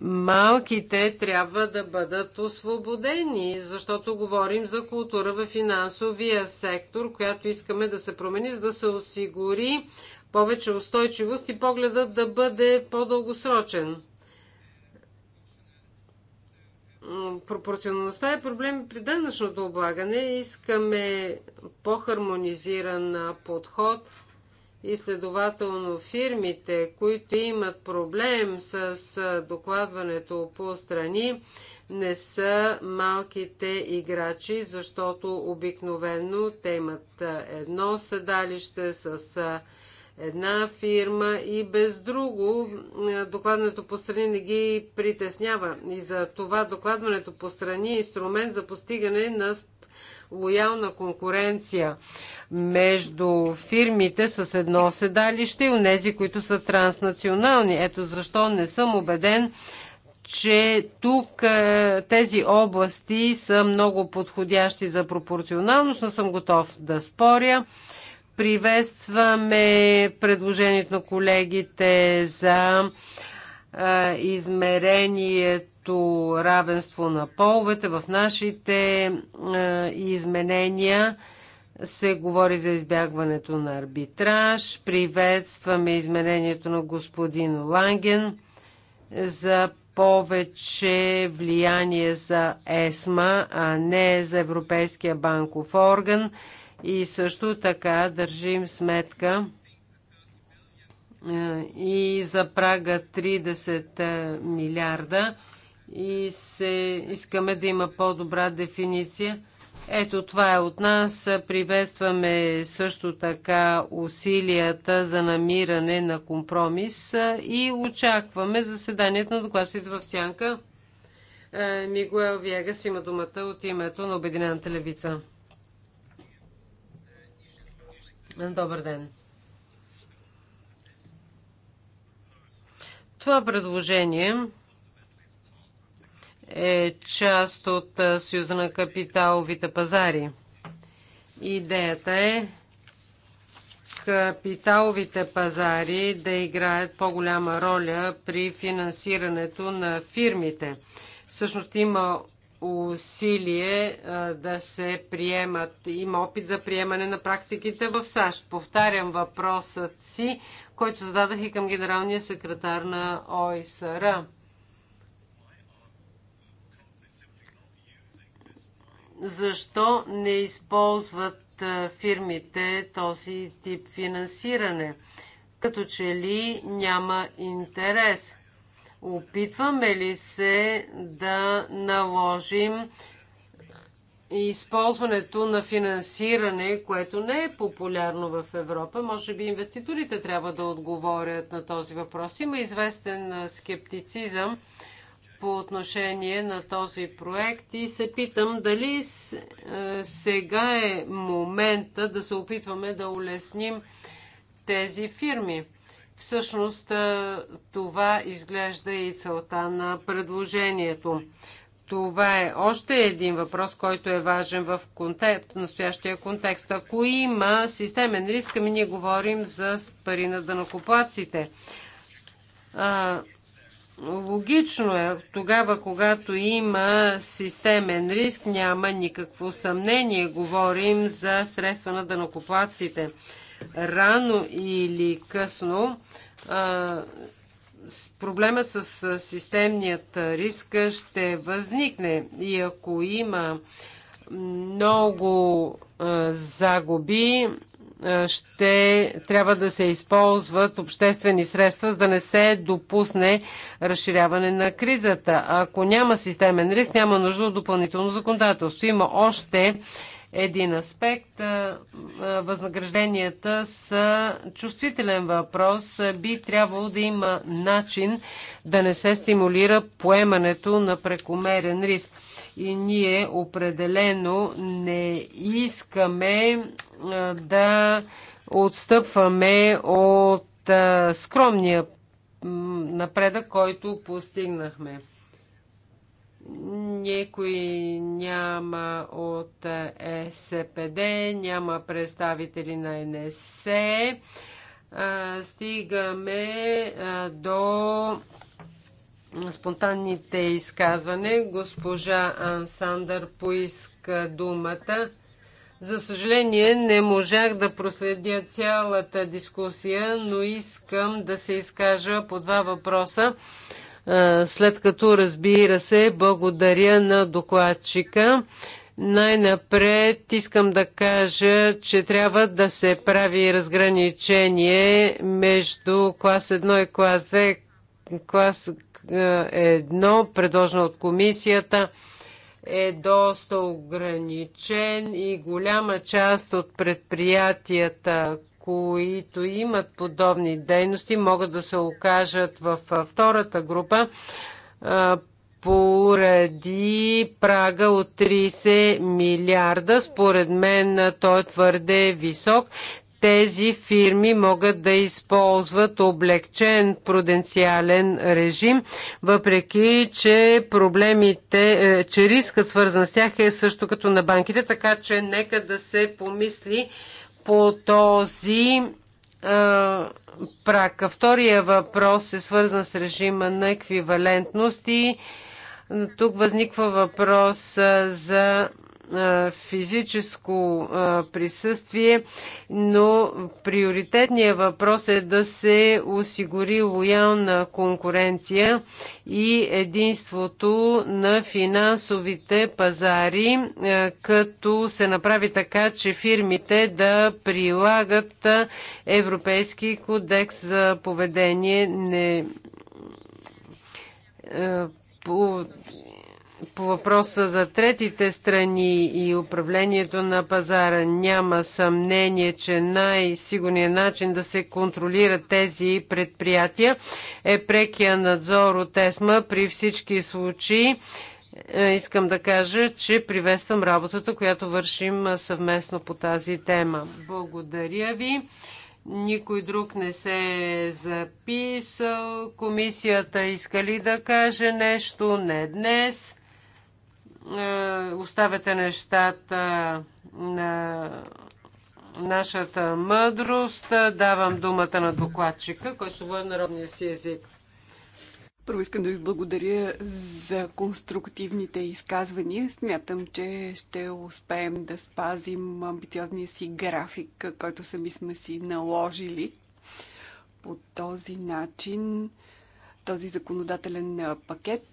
малките трябва да бъдат освободени, защото говорим за култура в финансовия сектор, която искаме да се промени, за да се осигури повече устойчивост и погледът да бъде по-дългосрочен. пропорционалността е проблем при данъчното облагане. Искаме по-хармонизиран подход и следователно фирмите, които имат проблем с докладването по страни, не са малките играчи, защото обикновено те имат едно седалище с една фирма и без друго е, докладването по страни не ги притеснява. И за това докладването по страни е инструмент за постигане на лоялна конкуренция между фирмите с едно седалище и онези, които са транснационални. Ето защо не съм убеден, че тук е, тези области са много подходящи за пропорционалност, но съм готов да споря. Приветстваме предложението на колегите за измерението равенство на половете. В нашите изменения се говори за избягването на арбитраж. Приветстваме изменението на господин Ланген за повече влияние за ЕСМА, а не за Европейския банков орган. И също така държим сметка е, и за прага 30 е, милиарда и се искаме да има по-добра дефиниция. Ето това е от нас. Приветстваме също така усилията за намиране на компромис е, и очакваме заседанието на докладците в Сянка. Мигуел Вегас има думата от името на Обединената левица добър ден. Това предложение е част от Съюза на капиталовите пазари. Идеята е капиталовите пазари да играят по-голяма роля при финансирането на фирмите. Всъщност има усилие да се приемат. Има опит за приемане на практиките в САЩ. Повтарям въпросът си, който зададах и към генералния секретар на ОИСР. Защо не използват фирмите този тип финансиране? Като че ли няма интерес – Опитваме ли се да наложим използването на финансиране, което не е популярно в Европа? Може би инвеститорите трябва да отговорят на този въпрос. Има известен скептицизъм по отношение на този проект и се питам дали сега е момента да се опитваме да улесним тези фирми. Всъщност това изглежда и целта на предложението. Това е още един въпрос, който е важен в контекст, настоящия контекст. Ако има системен риск, ми ние говорим за пари на данокоплаците. Логично е, тогава, когато има системен риск, няма никакво съмнение. Говорим за средства на данокоплаците. Рано или късно проблема с системният риск ще възникне и ако има много загуби, ще трябва да се използват обществени средства, за да не се допусне разширяване на кризата. Ако няма системен риск, няма нужда от допълнително законодателство. Има още един аспект. Възнагражденията са чувствителен въпрос. Би трябвало да има начин да не се стимулира поемането на прекомерен риск. И ние определено не искаме да отстъпваме от скромния напредък, който постигнахме. Никой няма от е СПД, няма представители на НС. Стигаме до спонтанните изказване. Госпожа Ансандър поиска думата. За съжаление, не можах да проследя цялата дискусия, но искам да се изкажа по два въпроса, след като разбира се, благодаря на докладчика. Най-напред искам да кажа, че трябва да се прави разграничение между клас 1 и клас 2. Клас 1, предложено от комисията, е доста ограничен и голяма част от предприятията, които имат подобни дейности, могат да се окажат в втората група поради прага от 30 милиарда. Според мен той е твърде висок. Тези фирми могат да използват облегчен пруденциален режим, въпреки че проблемите, е, че рискът свързан с тях е също като на банките, така че нека да се помисли по този а, прак. Втория въпрос е свързан с режима на еквивалентност и тук възниква въпрос за е, физическо е, присъствие, но приоритетният въпрос е да се осигури лоялна конкуренция и единството на финансовите пазари, е, като се направи така, че фирмите да прилагат Европейски кодекс за поведение. Не, по по въпроса за третите страни и управлението на пазара няма съмнение, че най-сигурният начин да се контролират тези предприятия е прекия надзор от ЕСМА. При всички случаи е, искам да кажа, че приветствам работата, която вършим съвместно по тази тема. Благодаря ви. Никой друг не се е записал. Комисията иска ли да каже нещо? Не днес. Е, оставяте нещата на нашата мъдрост. Давам думата на докладчика, който говори народния си език. Първо искам да ви благодаря за конструктивните изказвания. Смятам, че ще успеем да спазим амбициозния си график, който сами сме си наложили. По този начин този законодателен пакет,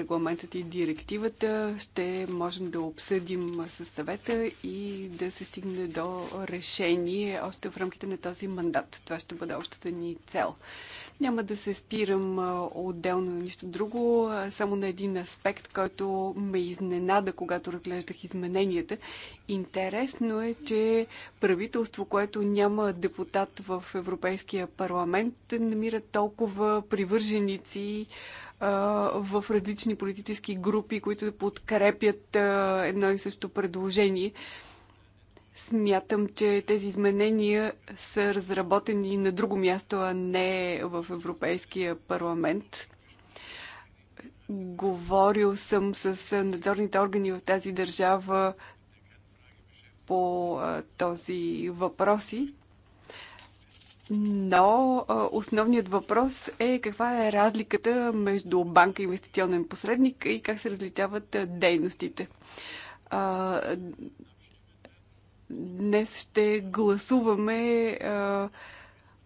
регламентът и директивата ще можем да обсъдим с съвета и да се стигне до решение още в рамките на този мандат. Това ще бъде общата ни цел. Няма да се спирам отделно на нищо друго, само на един аспект, който ме изненада, когато разглеждах измененията. Интересно е, че правителство, което няма депутат в Европейския парламент, намира толкова привърженици в различни политически групи, които подкрепят едно и също предложение. Смятам, че тези изменения са разработени на друго място, а не в Европейския парламент. Говорил съм с надзорните органи в тази държава по този въпроси. Но основният въпрос е каква е разликата между банка и инвестиционен посредник и как се различават дейностите Днес ще гласуваме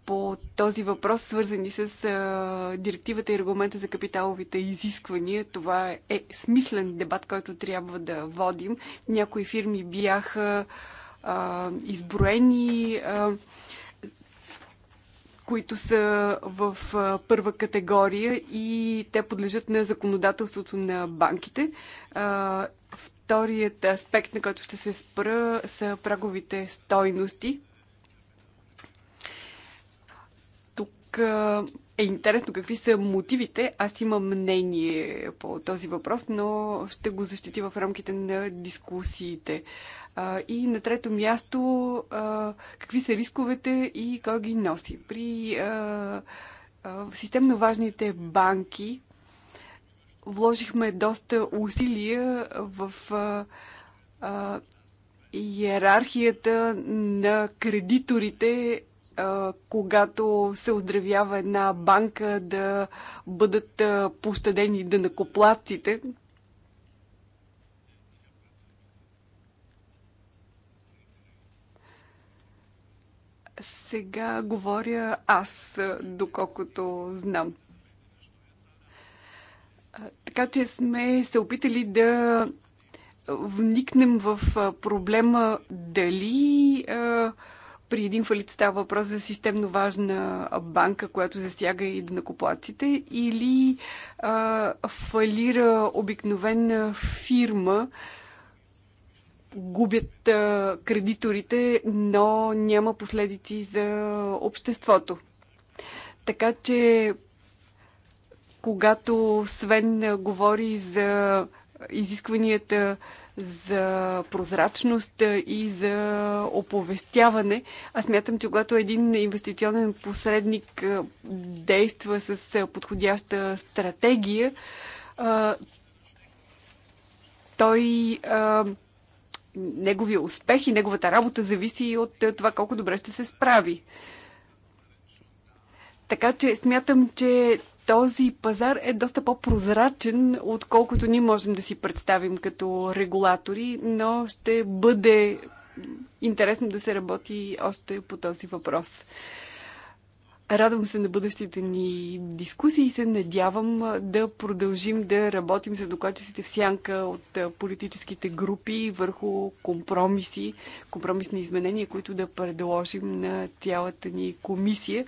по този въпрос, свързани с а, директивата и регламента за капиталовите изисквания. Това е смислен дебат, който трябва да водим. Някои фирми бяха а, изброени, а, които са в а, първа категория и те подлежат на законодателството на банките. А, Вторият аспект, на който ще се спра, са праговите стойности. Тук е интересно какви са мотивите. Аз имам мнение по този въпрос, но ще го защити в рамките на дискусиите. И на трето място, какви са рисковете и кой ги носи. При системно важните банки, вложихме доста усилия в а, а, иерархията на кредиторите, а, когато се оздравява една банка да бъдат а, пощадени дънакоплатците. Сега говоря аз, доколкото знам. Така че сме се опитали да вникнем в проблема дали при един фалит става въпрос за системно важна банка, която засяга и накоплаците, или а, фалира обикновена фирма, губят а, кредиторите, но няма последици за обществото. Така че когато Свен е, говори за изискванията за прозрачност е, и за оповестяване. Аз мятам, че когато един инвестиционен посредник е, действа с подходяща стратегия, той неговия успех и неговата работа зависи от това колко добре ще се справи. Така че смятам, че този пазар е доста по-прозрачен, отколкото ние можем да си представим като регулатори, но ще бъде интересно да се работи още по този въпрос. Радвам се на бъдещите ни дискусии и се надявам да продължим да работим с докладчиците в сянка от политическите групи върху компромиси, компромисни изменения, които да предложим на цялата ни комисия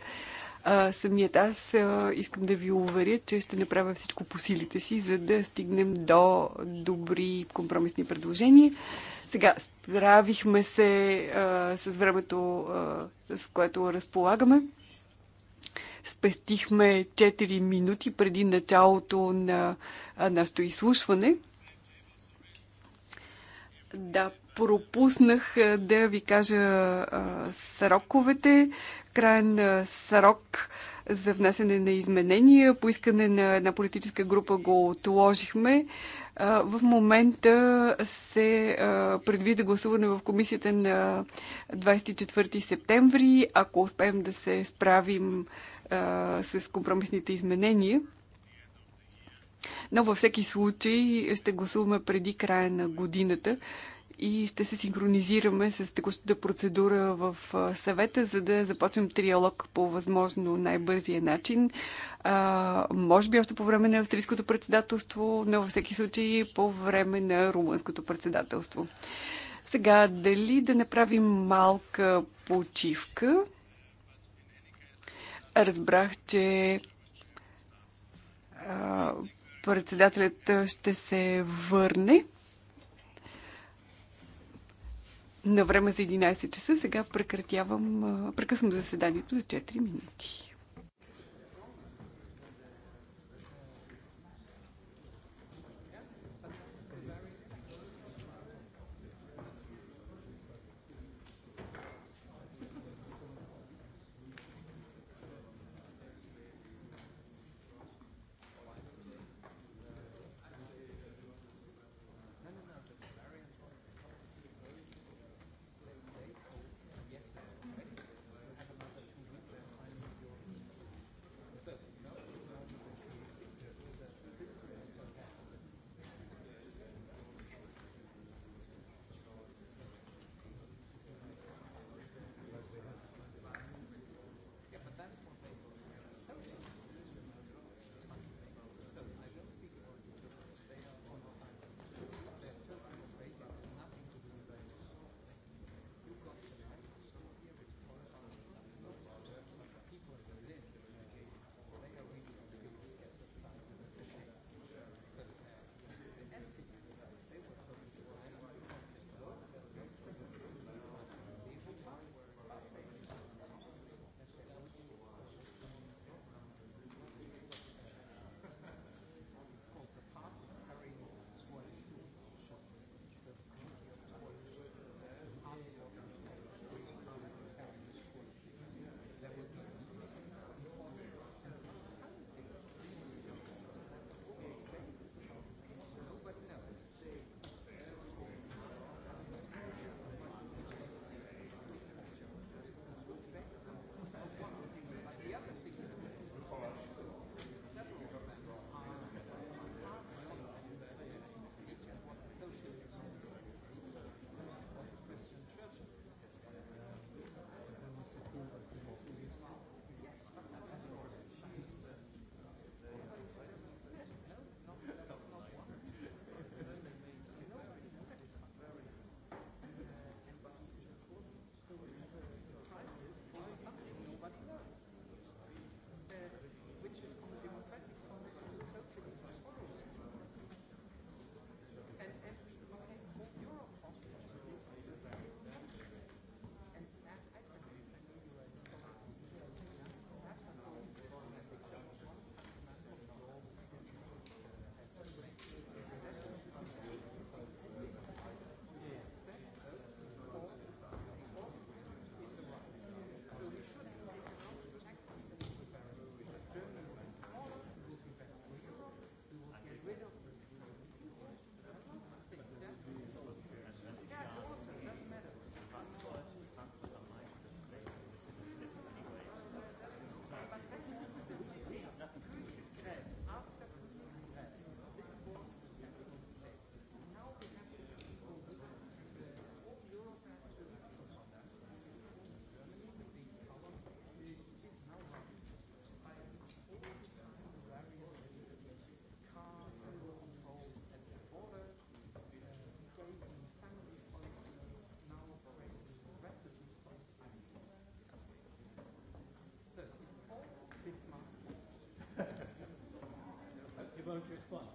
а, самият аз а, искам да ви уверя, че ще направя всичко по силите си, за да стигнем до добри компромисни предложения. Сега, справихме се а, с времето, а, с което разполагаме. Спестихме 4 минути преди началото на нашето изслушване. Да, пропуснах да ви кажа сроковете. Крайен срок за внасяне на изменения. По искане на една политическа група го отложихме. В момента се предвижда гласуване в комисията на 24 септември, ако успеем да се справим с компромисните изменения. Но във всеки случай ще гласуваме преди края на годината, и ще се синхронизираме с текущата процедура в съвета, за да започнем триалог по възможно най-бързия начин. А, може би още по време на австрийското председателство, но във всеки случай по време на румънското председателство. Сега, дали да направим малка почивка? Разбрах, че а, председателят ще се върне. на време за 11 часа. Сега прекратявам, прекъсвам заседанието за 4 минути. like to respond.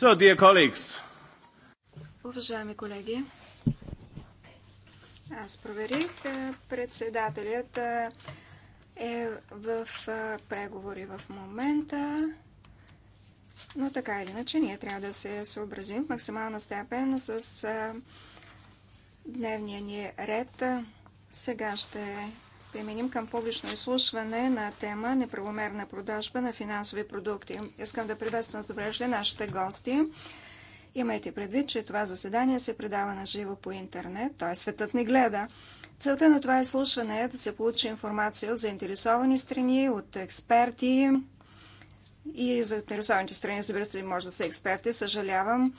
So, dear colleagues. Уважаеми колеги, аз проверих. Е, председателят е, е в е, преговори в момента, но така или иначе ние трябва да се съобразим в максимална степен с дневния ни ред. Сега ще преминем към публично изслушване на тема неправомерна продажба на финансови продукти. Искам да приветствам с добре дошли нашите гости. Имайте предвид, че това заседание се предава на живо по интернет, т.е. светът ни гледа. Целта на това изслушване е да се получи информация от заинтересовани страни, от експерти и заинтересованите страни, разбира се, може да са експерти, съжалявам,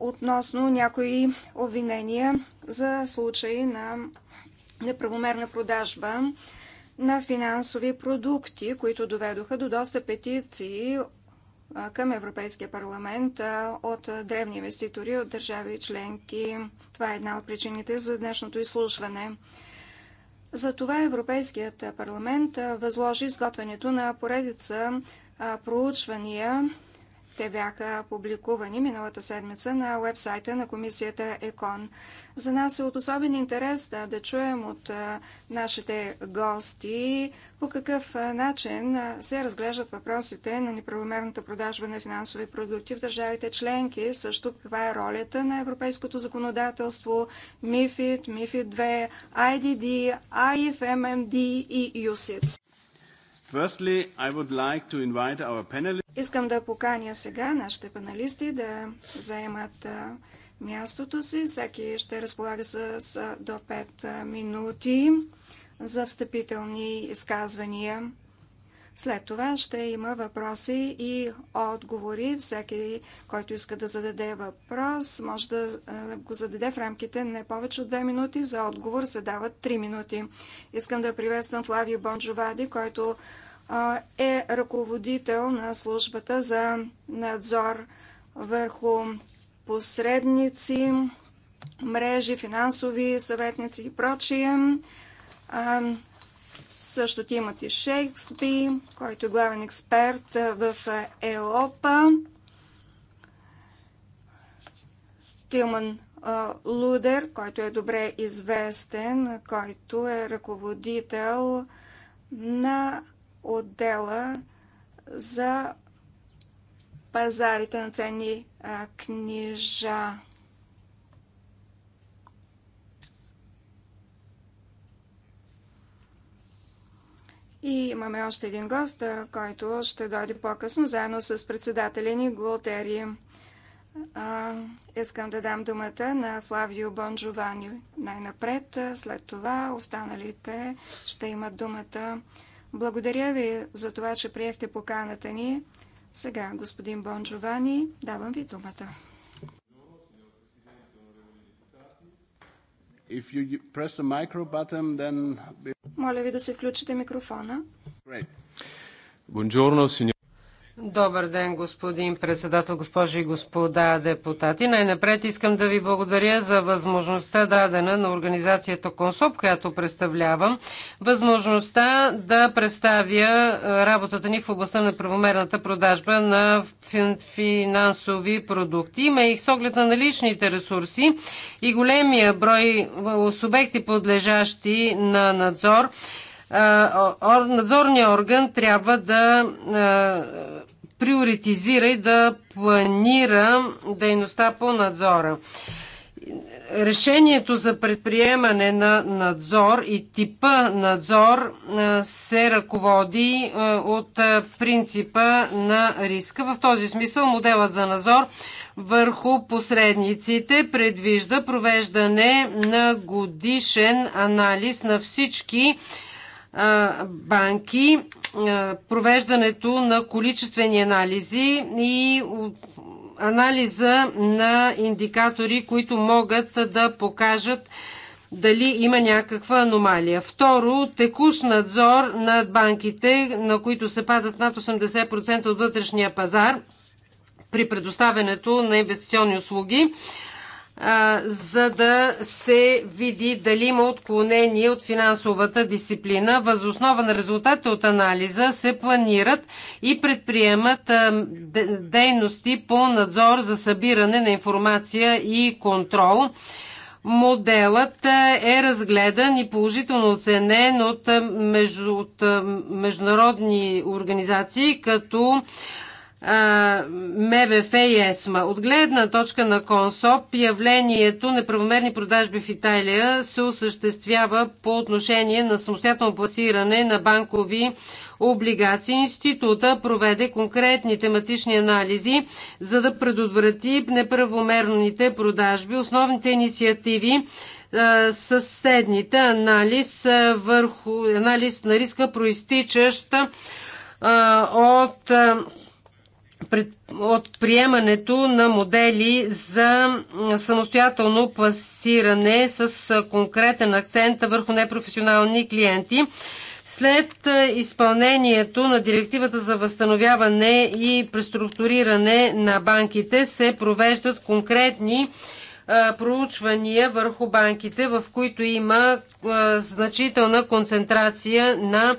относно някои обвинения за случаи на неправомерна продажба на финансови продукти, които доведоха до доста петиции към Европейския парламент от древни инвеститори от държави членки. Това е една от причините за днешното изслушване. Затова Европейският парламент възложи изготвянето на поредица проучвания те бяха публикувани миналата седмица на вебсайта на комисията ЕКОН. За нас е от особен интерес да, да чуем от а, нашите гости по какъв а, начин а, се разглеждат въпросите на неправомерната продажба на финансови продукти в държавите членки, също каква е ролята на европейското законодателство, MIFID, MIFID 2, IDD, IFMMD и USITS. Firstly, I would like to invite our panelists. Искам да поканя сега нашите паналисти да заемат мястото си. Всеки ще разполага с до 5 минути за встъпителни изказвания. След това ще има въпроси и отговори. Всеки, който иска да зададе въпрос, може да го зададе в рамките не повече от 2 минути. За отговор се дават 3 минути. Искам да приветствам Флавио Бонджовади, който е ръководител на службата за надзор върху посредници, мрежи, финансови съветници и прочие също имат и Шейксби, който е главен експерт в ЕОПА, Тилман Лудер, който е добре известен, който е ръководител на отдела за пазарите на ценни книжа. И имаме още един гост, който ще дойде по-късно, заедно с председателя ни Голтери. искам да дам думата на Флавио Бонжовани най-напред. След това останалите ще имат думата. Благодаря ви за това, че приехте поканата ни. Сега, господин Бонжовани, давам ви думата. If you press the micro button, then... Моля ви да се включите микрофона. Great. Buongiorno, signor Добър ден, господин председател, госпожи и господа депутати. Най-напред искам да ви благодаря за възможността дадена на организацията Консоп, която представлявам, възможността да представя работата ни в областта на правомерната продажба на финансови продукти. Има и с оглед на наличните ресурси и големия брой субекти, подлежащи на надзор, надзорният орган трябва да приоритизира и да планира дейността по надзора. Решението за предприемане на надзор и типа надзор се ръководи от принципа на риска. В този смисъл моделът за надзор върху посредниците предвижда провеждане на годишен анализ на всички банки е, провеждането на количествени анализи и анализа на индикатори, които могат да покажат дали има някаква аномалия. Второ, текущ надзор над банките, на които се падат над 80% от вътрешния пазар при предоставянето на инвестиционни услуги за да се види дали има отклонение от финансовата дисциплина. Възоснова на резултата от анализа се планират и предприемат дейности по надзор за събиране на информация и контрол. Моделът е разгледан и положително оценен от, между, от международни организации, като МВФ и ЕСМА. От гледна точка на Консоп, явлението неправомерни продажби в Италия се осъществява по отношение на самостоятелно пласиране на банкови облигации. Института проведе конкретни тематични анализи, за да предотврати неправомерните продажби. Основните инициативи със следните анализ, върху, анализ на риска, проистичащ от от приемането на модели за самостоятелно пласиране с конкретен акцент върху непрофесионални клиенти. След изпълнението на директивата за възстановяване и преструктуриране на банките се провеждат конкретни проучвания върху банките, в които има значителна концентрация на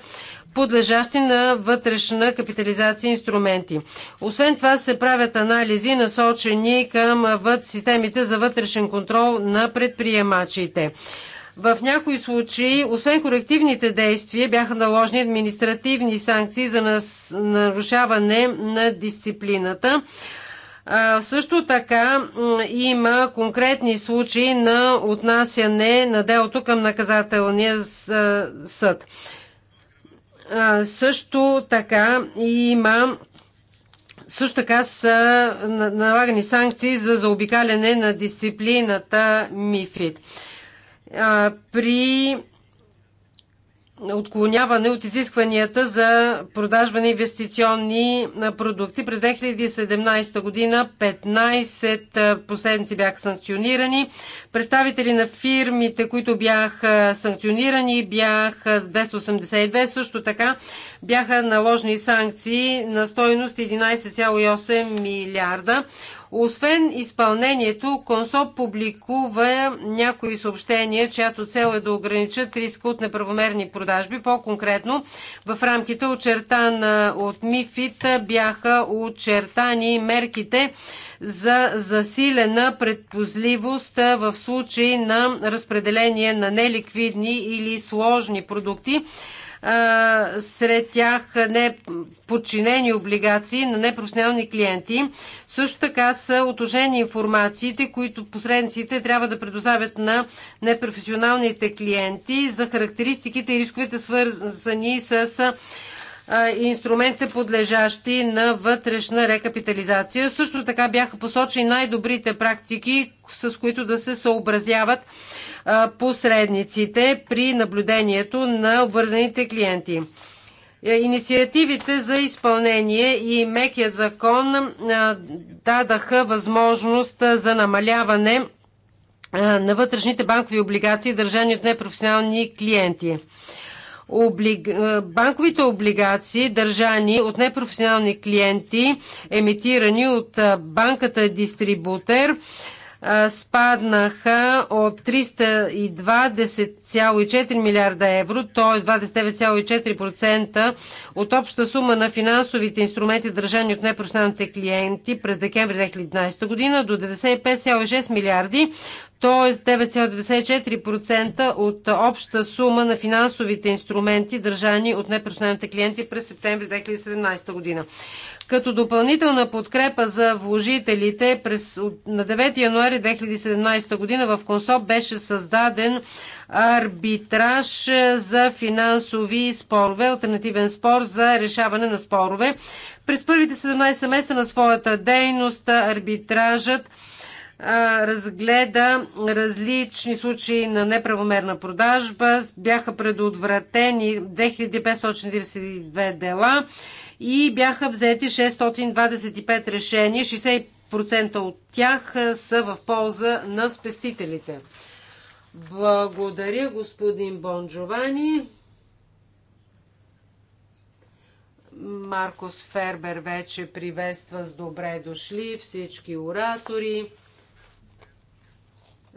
подлежащи на вътрешна капитализация инструменти. Освен това се правят анализи насочени към системите за вътрешен контрол на предприемачите. В някои случаи, освен корективните действия, бяха наложени административни санкции за нарушаване на дисциплината. Също така има конкретни случаи на отнасяне на делото към наказателния съд. Също така има също така са налагани санкции за заобикаляне на дисциплината МИФИД. При отклоняване от изискванията за продажба на инвестиционни продукти. През 2017 година 15 посредници бяха санкционирани. Представители на фирмите, които бяха санкционирани, бяха 282. Също така бяха наложени санкции на стойност 11,8 милиарда. Освен изпълнението, Консо публикува някои съобщения, чиято цел е да ограничат риска от неправомерни продажби. По-конкретно, в рамките очертана от МИФИТ бяха очертани мерките за засилена предпозливост в случай на разпределение на неликвидни или сложни продукти сред тях не подчинени облигации на непрофесионални клиенти. Също така са отложени информациите, които посредниците трябва да предоставят на непрофесионалните клиенти за характеристиките и рисковете свързани с инструментите подлежащи на вътрешна рекапитализация. Също така бяха посочени най-добрите практики, с които да се съобразяват посредниците при наблюдението на обвързаните клиенти. Е, инициативите за изпълнение и мекият закон дадаха възможност за намаляване на вътрешните банкови облигации, държани от непрофесионални клиенти. Банковите облигации, държани от непрофесионални клиенти, емитирани от банката дистрибутер, спаднаха от 320,4 милиарда евро, т.е. 29,4% от обща сума на финансовите инструменти, държани от непрофесионалните клиенти през декември 2011 година до 95,6 милиарди, т.е. 9,94% от обща сума на финансовите инструменти, държани от непрофесионалните клиенти през септември 2017 година като допълнителна подкрепа за вложителите през, на 9 януари 2017 година в Консоп беше създаден арбитраж за финансови спорове, альтернативен спор за решаване на спорове. През първите 17 месеца на своята дейност арбитражът разгледа различни случаи на неправомерна продажба. Бяха предотвратени 2542 дела и бяха взети 625 решения. 60% от тях е, са в полза на спестителите. Благодаря, господин Бонджовани. Маркос Фербер вече приветства с добре дошли всички оратори.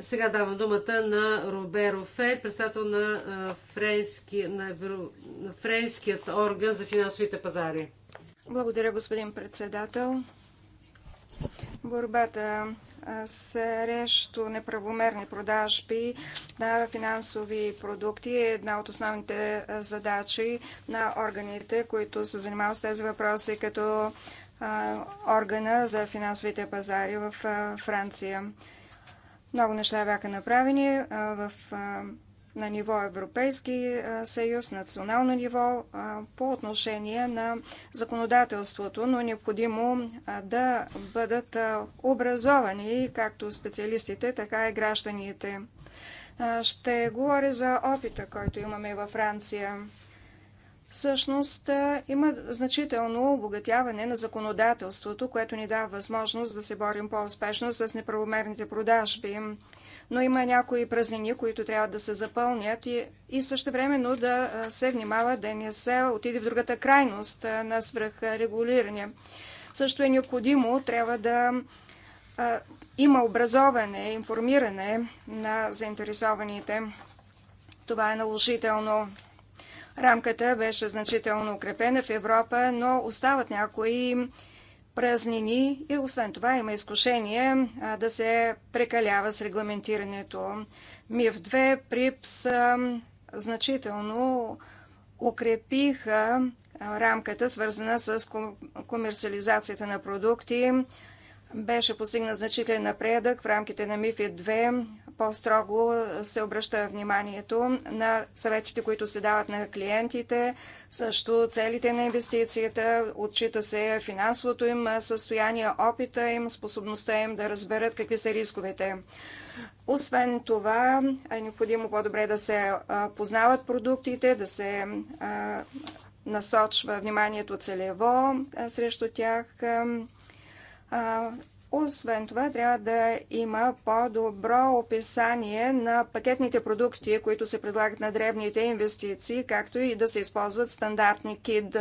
Сега давам думата на Роберо Фей, председател на, френски, на, на френският орган за финансовите пазари. Благодаря, господин председател. Борбата срещу неправомерни продажби на финансови продукти е една от основните задачи на органите, които се занимават с тези въпроси, като органа за финансовите пазари в Франция. Много неща бяха направени в, на ниво Европейски съюз, национално ниво по отношение на законодателството, но е необходимо да бъдат образовани както специалистите, така и гражданите. Ще говоря за опита, който имаме във Франция всъщност има значително обогатяване на законодателството, което ни дава възможност да се борим по-успешно с неправомерните продажби. Но има някои празнини, които трябва да се запълнят и, и също времено да се внимава да не се отиде в другата крайност на свръхрегулиране. Също е необходимо, трябва да а, има образоване, информиране на заинтересованите. Това е наложително. Рамката беше значително укрепена в Европа, но остават някои празнини и освен това има изкушение да се прекалява с регламентирането. МИФ-2, ПРИПС значително укрепиха рамката, свързана с комерциализацията на продукти, беше постигнат значителен напредък в рамките на МИФИД 2. По-строго се обръща вниманието на съветите, които се дават на клиентите, също целите на инвестицията, отчита се финансовото им състояние, опита им, способността им да разберат какви са рисковете. Освен това, е необходимо по-добре да се познават продуктите, да се насочва вниманието целево срещу тях освен това, трябва да има по-добро описание на пакетните продукти, които се предлагат на дребните инвестиции, както и да се използват стандартни кид.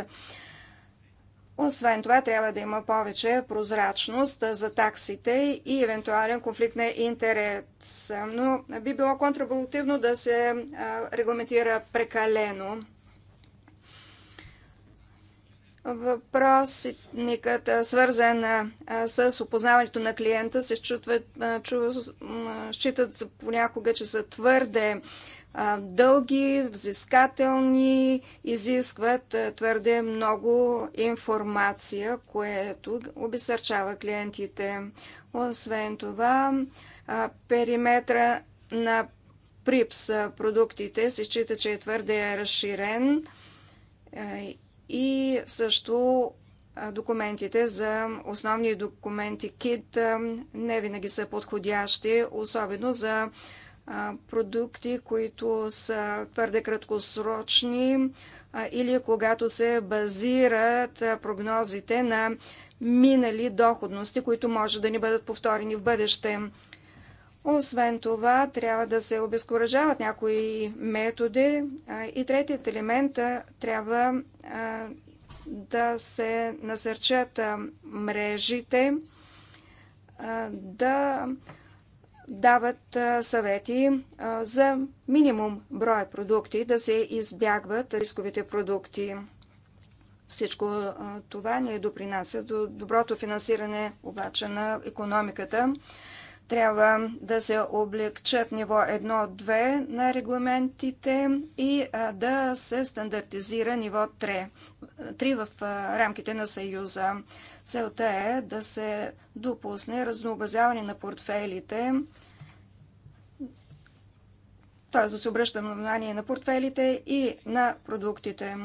Освен това, трябва да има повече прозрачност за таксите и евентуален конфликт на интерес. Но би било контрапродуктивно да се регламентира прекалено. Въпросникът, свързан с опознаването на клиента, се считат понякога, че са твърде дълги, взискателни, изискват твърде много информация, което обесърчава клиентите. Освен това, периметра на ПРИПС продуктите се счита, че е твърде разширен и също документите за основни документи КИД не винаги са подходящи, особено за продукти, които са твърде краткосрочни или когато се базират прогнозите на минали доходности, които може да ни бъдат повторени в бъдеще. Освен това, трябва да се обезкуражават някои методи и третият елемент трябва да се насърчат мрежите да дават съвети за минимум броя продукти, да се избягват рисковите продукти. Всичко това ни допринася до доброто финансиране обаче на економиката трябва да се облегчат ниво 1-2 на регламентите и да се стандартизира ниво 3, 3 в рамките на Съюза. Целта е да се допусне разнообразяване на портфелите, т.е. да се обръща внимание на портфелите и на продуктите.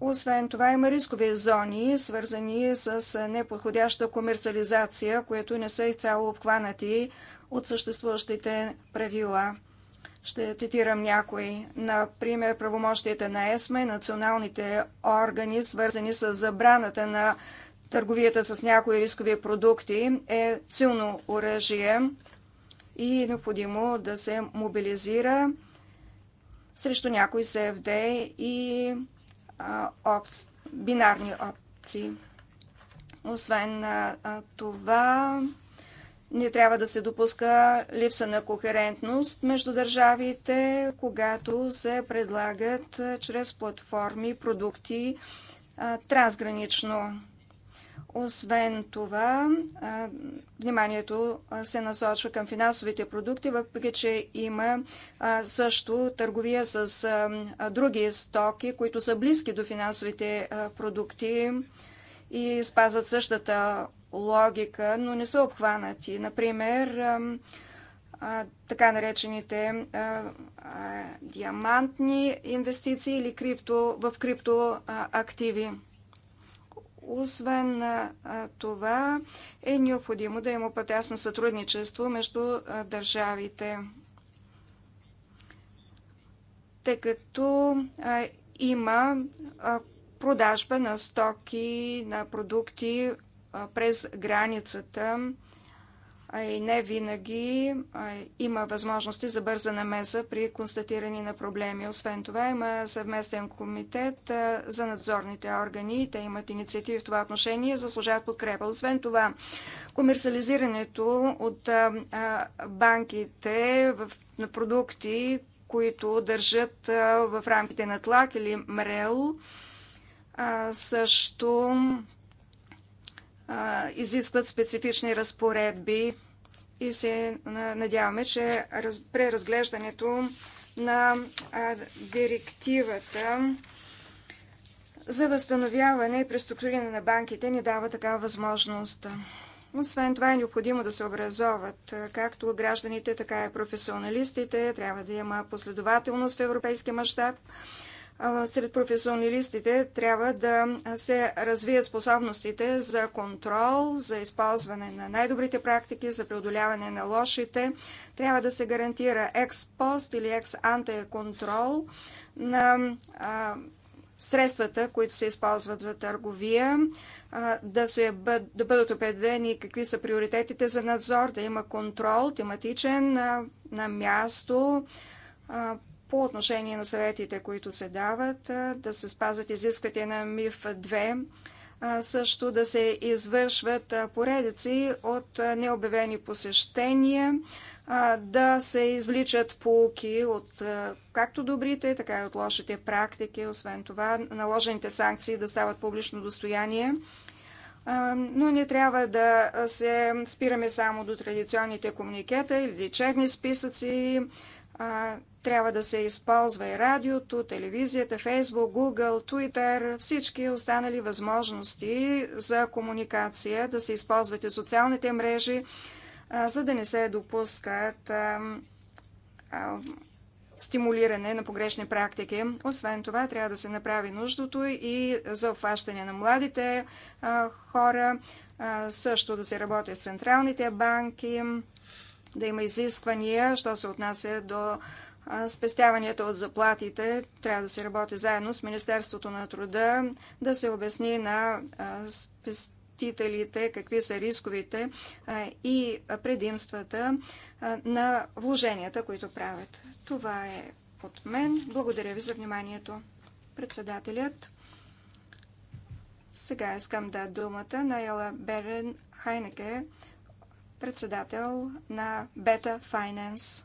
Освен това има рискови зони, свързани с неподходяща комерциализация, които не са изцяло обхванати от съществуващите правила. Ще цитирам някои. Например, правомощията на ЕСМА и националните органи, свързани с забраната на търговията с някои рискови продукти, е силно оръжие и е необходимо да се мобилизира срещу някои СФД и опци, бинарни опции. Освен това, не трябва да се допуска липса на кохерентност между държавите, когато се предлагат чрез платформи продукти трансгранично. Освен това, вниманието се насочва към финансовите продукти, въпреки че има също търговия с други стоки, които са близки до финансовите продукти и спазват същата логика, но не са обхванати. Например, така наречените диамантни инвестиции или крипто, в криптоактиви. Освен това, е необходимо да има по-тясно сътрудничество между държавите, тъй като има продажба на стоки, на продукти през границата и не винаги има възможности за бърза намеса при констатиране на проблеми. Освен това има съвместен комитет за надзорните органи. Те имат инициативи в това отношение и заслужават подкрепа. Освен това, комерциализирането от банките на продукти, които държат в рамките на ТЛАК или МРЕЛ, също изискват специфични разпоредби и се надяваме, че преразглеждането на директивата за възстановяване и преструктуриране на банките ни дава такава възможност. Освен това е необходимо да се образоват както гражданите, така и професионалистите. Трябва да има последователност в европейския мащаб сред професионалистите трябва да се развият способностите за контрол, за използване на най-добрите практики, за преодоляване на лошите. Трябва да се гарантира експост или екс контрол на средствата, които се използват за търговия, да, се бъд, да бъдат определени какви са приоритетите за надзор, да има контрол, тематичен, на място, по отношение на съветите, които се дават, да се спазват изисквате на МИФ 2, също да се извършват поредици от необявени посещения, да се извличат полки от както добрите, така и от лошите практики. Освен това, наложените санкции да стават публично достояние. Но не трябва да се спираме само до традиционните комуникета или черни списъци трябва да се използва и радиото, телевизията, Фейсбук, Google, Twitter, всички останали възможности за комуникация, да се използват и социалните мрежи, за да не се допускат стимулиране на погрешни практики. Освен това, трябва да се направи нуждото и за обхващане на младите хора, също да се работи с централните банки, да има изисквания, що се отнася до спестяванията от заплатите трябва да се работи заедно с Министерството на труда, да се обясни на спестителите какви са рисковете и предимствата на вложенията, които правят. Това е от мен. Благодаря ви за вниманието. Председателят. Сега искам да думата на Ела Берен Хайнеке, председател на Beta Finance.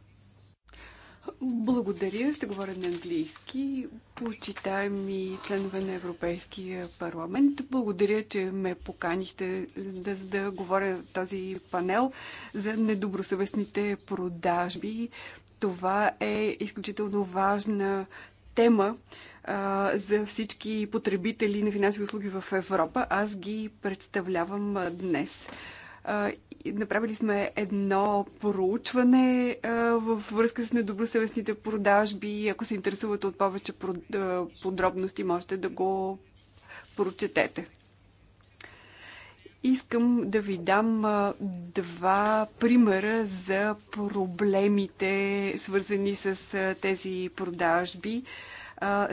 Благодаря. Ще говоря на английски. Почитаеми членове на Европейския парламент, благодаря, че ме поканихте да, да говоря в този панел за недобросъвестните продажби. Това е изключително важна тема а, за всички потребители на финансови услуги в Европа. Аз ги представлявам днес. Направили сме едно проучване във връзка с недобросъвестните продажби. Ако се интересувате от повече подробности, можете да го прочетете. Искам да ви дам два примера за проблемите, свързани с тези продажби.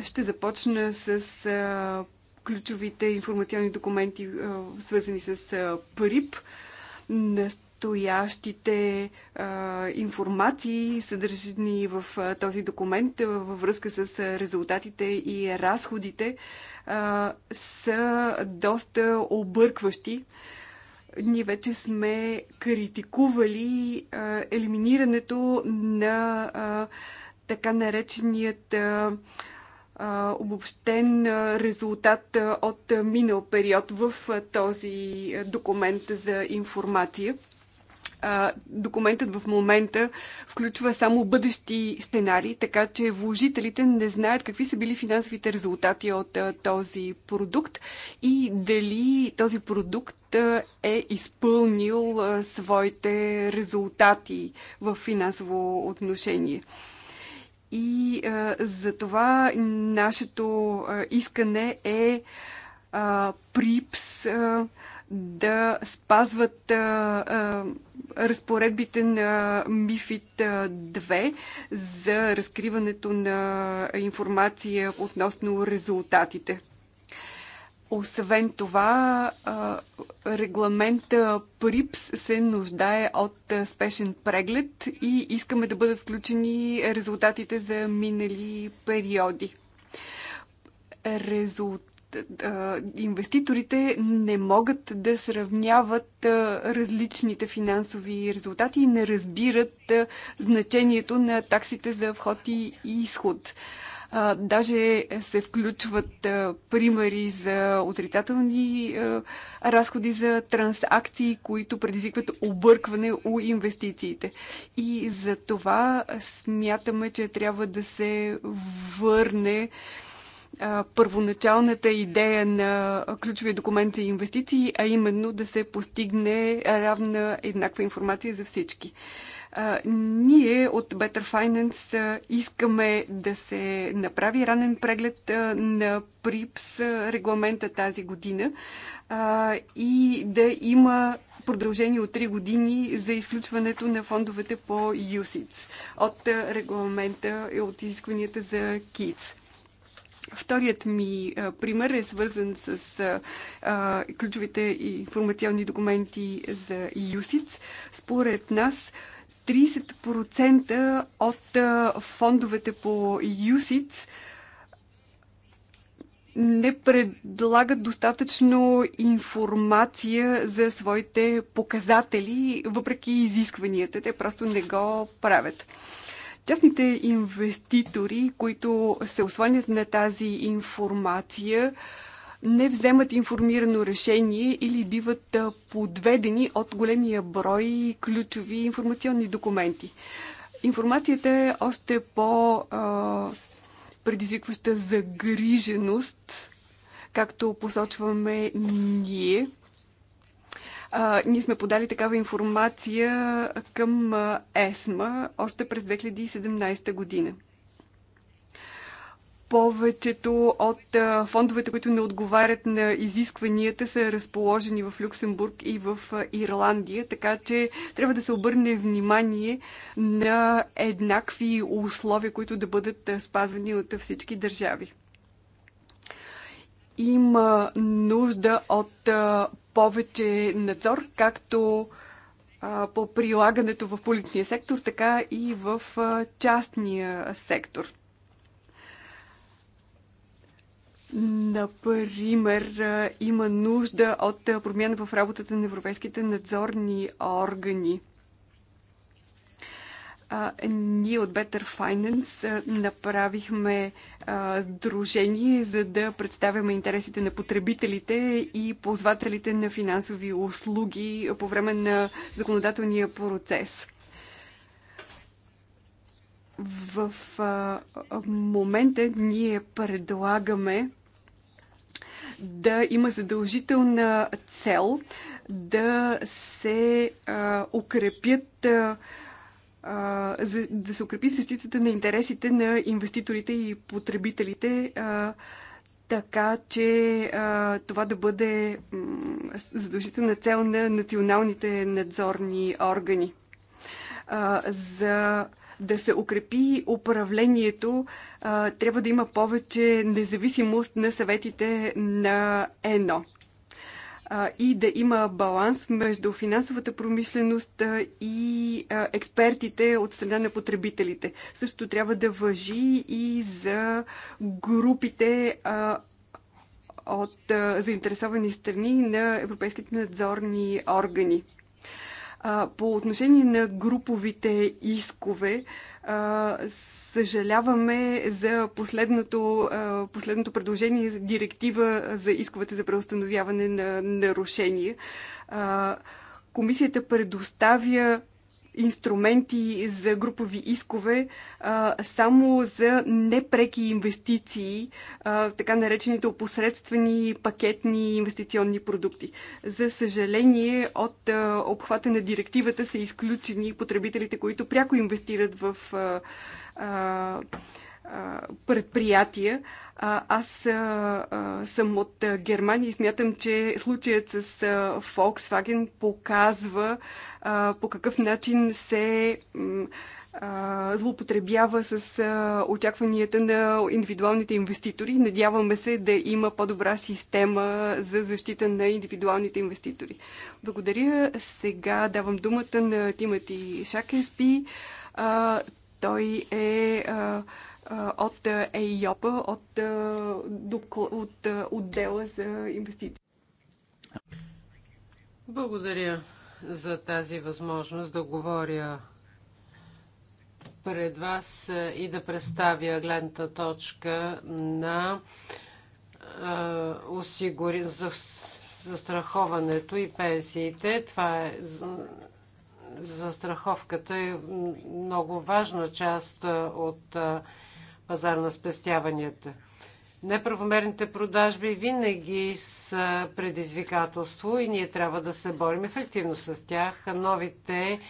Ще започна с ключовите информационни документи, свързани с ПРИП настоящите а, информации, съдържани в а, този документ във връзка с резултатите и разходите, а, са доста объркващи. Ние вече сме критикували а, елиминирането на а, така нареченият а, обобщен резултат от минал период в този документ за информация. Документът в момента включва само бъдещи сценари, така че вложителите не знаят какви са били финансовите резултати от този продукт и дали този продукт е изпълнил своите резултати в финансово отношение. И а, е, за това нашето а, е, искане е а, е, ПРИПС а, да спазват а, а, разпоредбите на МИФИТ 2 за разкриването на информация относно резултатите. Освен това, регламента ПРИПС се нуждае от спешен преглед и искаме да бъдат включени резултатите за минали периоди. Резулт... Инвеститорите не могат да сравняват различните финансови резултати и не разбират значението на таксите за вход и изход. А, даже се включват а, примери за отрицателни а, разходи за трансакции, които предизвикват объркване у инвестициите. И за това смятаме, че трябва да се върне първоначалната идея на ключови документ за инвестиции, а именно да се постигне равна еднаква информация за всички. Ние от Better Finance искаме да се направи ранен преглед на ПРИПС регламента тази година и да има продължение от 3 години за изключването на фондовете по USITS от регламента и от изискванията за КИЦ. Вторият ми а, пример е свързан с а, а, ключовите информационни документи за ЮСИЦ. Според нас 30% от фондовете по ЮСИЦ не предлагат достатъчно информация за своите показатели, въпреки изискванията. Те просто не го правят. Частните инвеститори, които се осланят на тази информация, не вземат информирано решение или биват подведени от големия брой ключови информационни документи. Информацията е още по-предизвикваща загриженост, както посочваме ние. А, ние сме подали такава информация към ЕСМА още през 2017 година повечето от фондовете, които не отговарят на изискванията, са разположени в Люксембург и в Ирландия, така че трябва да се обърне внимание на еднакви условия, които да бъдат спазвани от всички държави. Има нужда от повече надзор, както по прилагането в публичния сектор, така и в частния сектор Например, има нужда от промяна в работата на европейските надзорни органи. Ние от Better Finance направихме сдружение, за да представяме интересите на потребителите и ползвателите на финансови услуги по време на законодателния процес в момента ние предлагаме да има задължителна цел да се а, укрепят а, за, да се укрепи защитата на интересите на инвеститорите и потребителите, а, така че а, това да бъде задължителна цел на националните надзорни органи. А, за да се укрепи управлението, а, трябва да има повече независимост на съветите на ЕНО а, и да има баланс между финансовата промишленост и а, експертите от страна на потребителите. Също трябва да въжи и за групите а, от а, заинтересовани страни на европейските надзорни органи. А, по отношение на груповите искове, а, съжаляваме за последното, а, последното предложение за директива за исковете за преустановяване на нарушения. А, комисията предоставя инструменти за групови искове а, само за непреки инвестиции, а, така наречените опосредствени пакетни инвестиционни продукти. За съжаление, от а, обхвата на директивата са изключени потребителите, които пряко инвестират в а, а, предприятия. Аз съм от Германия и смятам, че случаят с Volkswagen показва по какъв начин се злоупотребява с очакванията на индивидуалните инвеститори. Надяваме се да има по-добра система за защита на индивидуалните инвеститори. Благодаря. Сега давам думата на Тимати Шакеспи. Той е от ЕИОП, от, от отдела за инвестиции. Благодаря за тази възможност да говоря пред вас и да представя гледната точка на осигури... за застраховането и пенсиите. Това е застраховката е много важна част от пазар на спестяванията. Неправомерните продажби винаги са предизвикателство и ние трябва да се борим ефективно с тях. Новите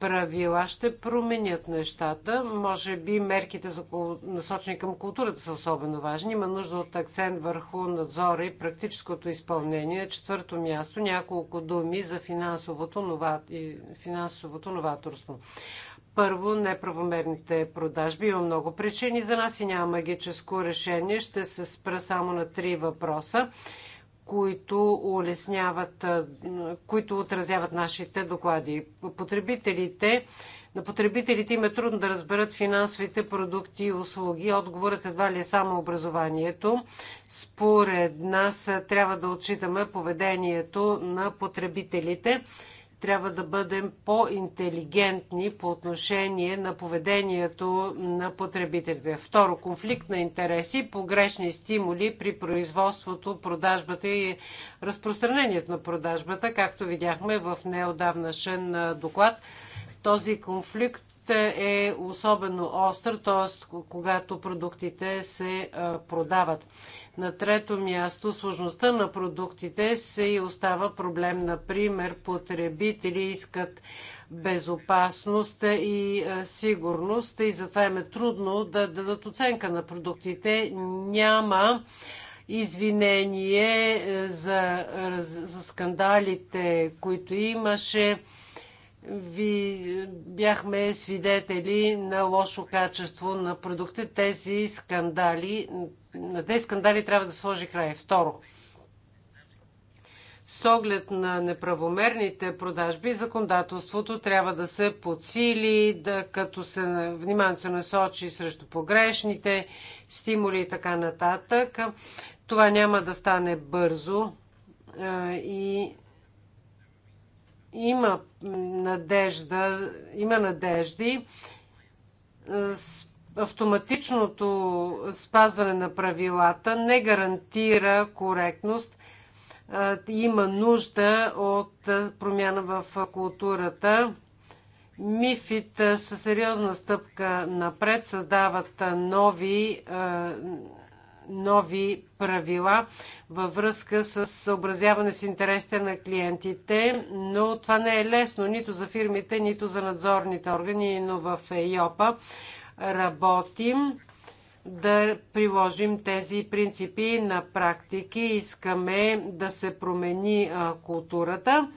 правила ще променят нещата. Може би мерките за насочени към културата са особено важни. Има нужда от акцент върху надзора и практическото изпълнение. Четвърто място няколко думи за финансовото, нова... финансовото новаторство. Първо, неправомерните продажби. Има много причини за нас и няма магическо решение. Ще се спра само на три въпроса, които улесняват, които отразяват нашите доклади. Потребителите на потребителите им е трудно да разберат финансовите продукти и услуги. Отговорът едва ли е само образованието. Според нас трябва да отчитаме поведението на потребителите трябва да бъдем по-интелигентни по отношение на поведението на потребителите. Второ, конфликт на интереси, погрешни стимули при производството, продажбата и разпространението на продажбата, както видяхме в неодавнашен доклад. Този конфликт е особено остър, т.е. когато продуктите се продават на трето място, сложността на продуктите се и остава проблем. Например, потребители искат безопасност и сигурност и затова им е трудно да дадат оценка на продуктите. Няма извинение за, за скандалите, които имаше. Ви бяхме свидетели на лошо качество на продукти. Тези скандали на тези скандали трябва да сложи край. Второ, с оглед на неправомерните продажби, законодателството трябва да се подсили, да, като се вниманието се насочи срещу погрешните стимули и така нататък. Това няма да стане бързо и има надежда, има надежди. С автоматичното спазване на правилата не гарантира коректност. Има нужда от промяна в културата. Мифит са сериозна стъпка напред, създават нови, нови правила във връзка с съобразяване с интересите на клиентите, но това не е лесно нито за фирмите, нито за надзорните органи, но в ЕЙОПА работим да приложим тези принципи на практики. Искаме да се промени културата.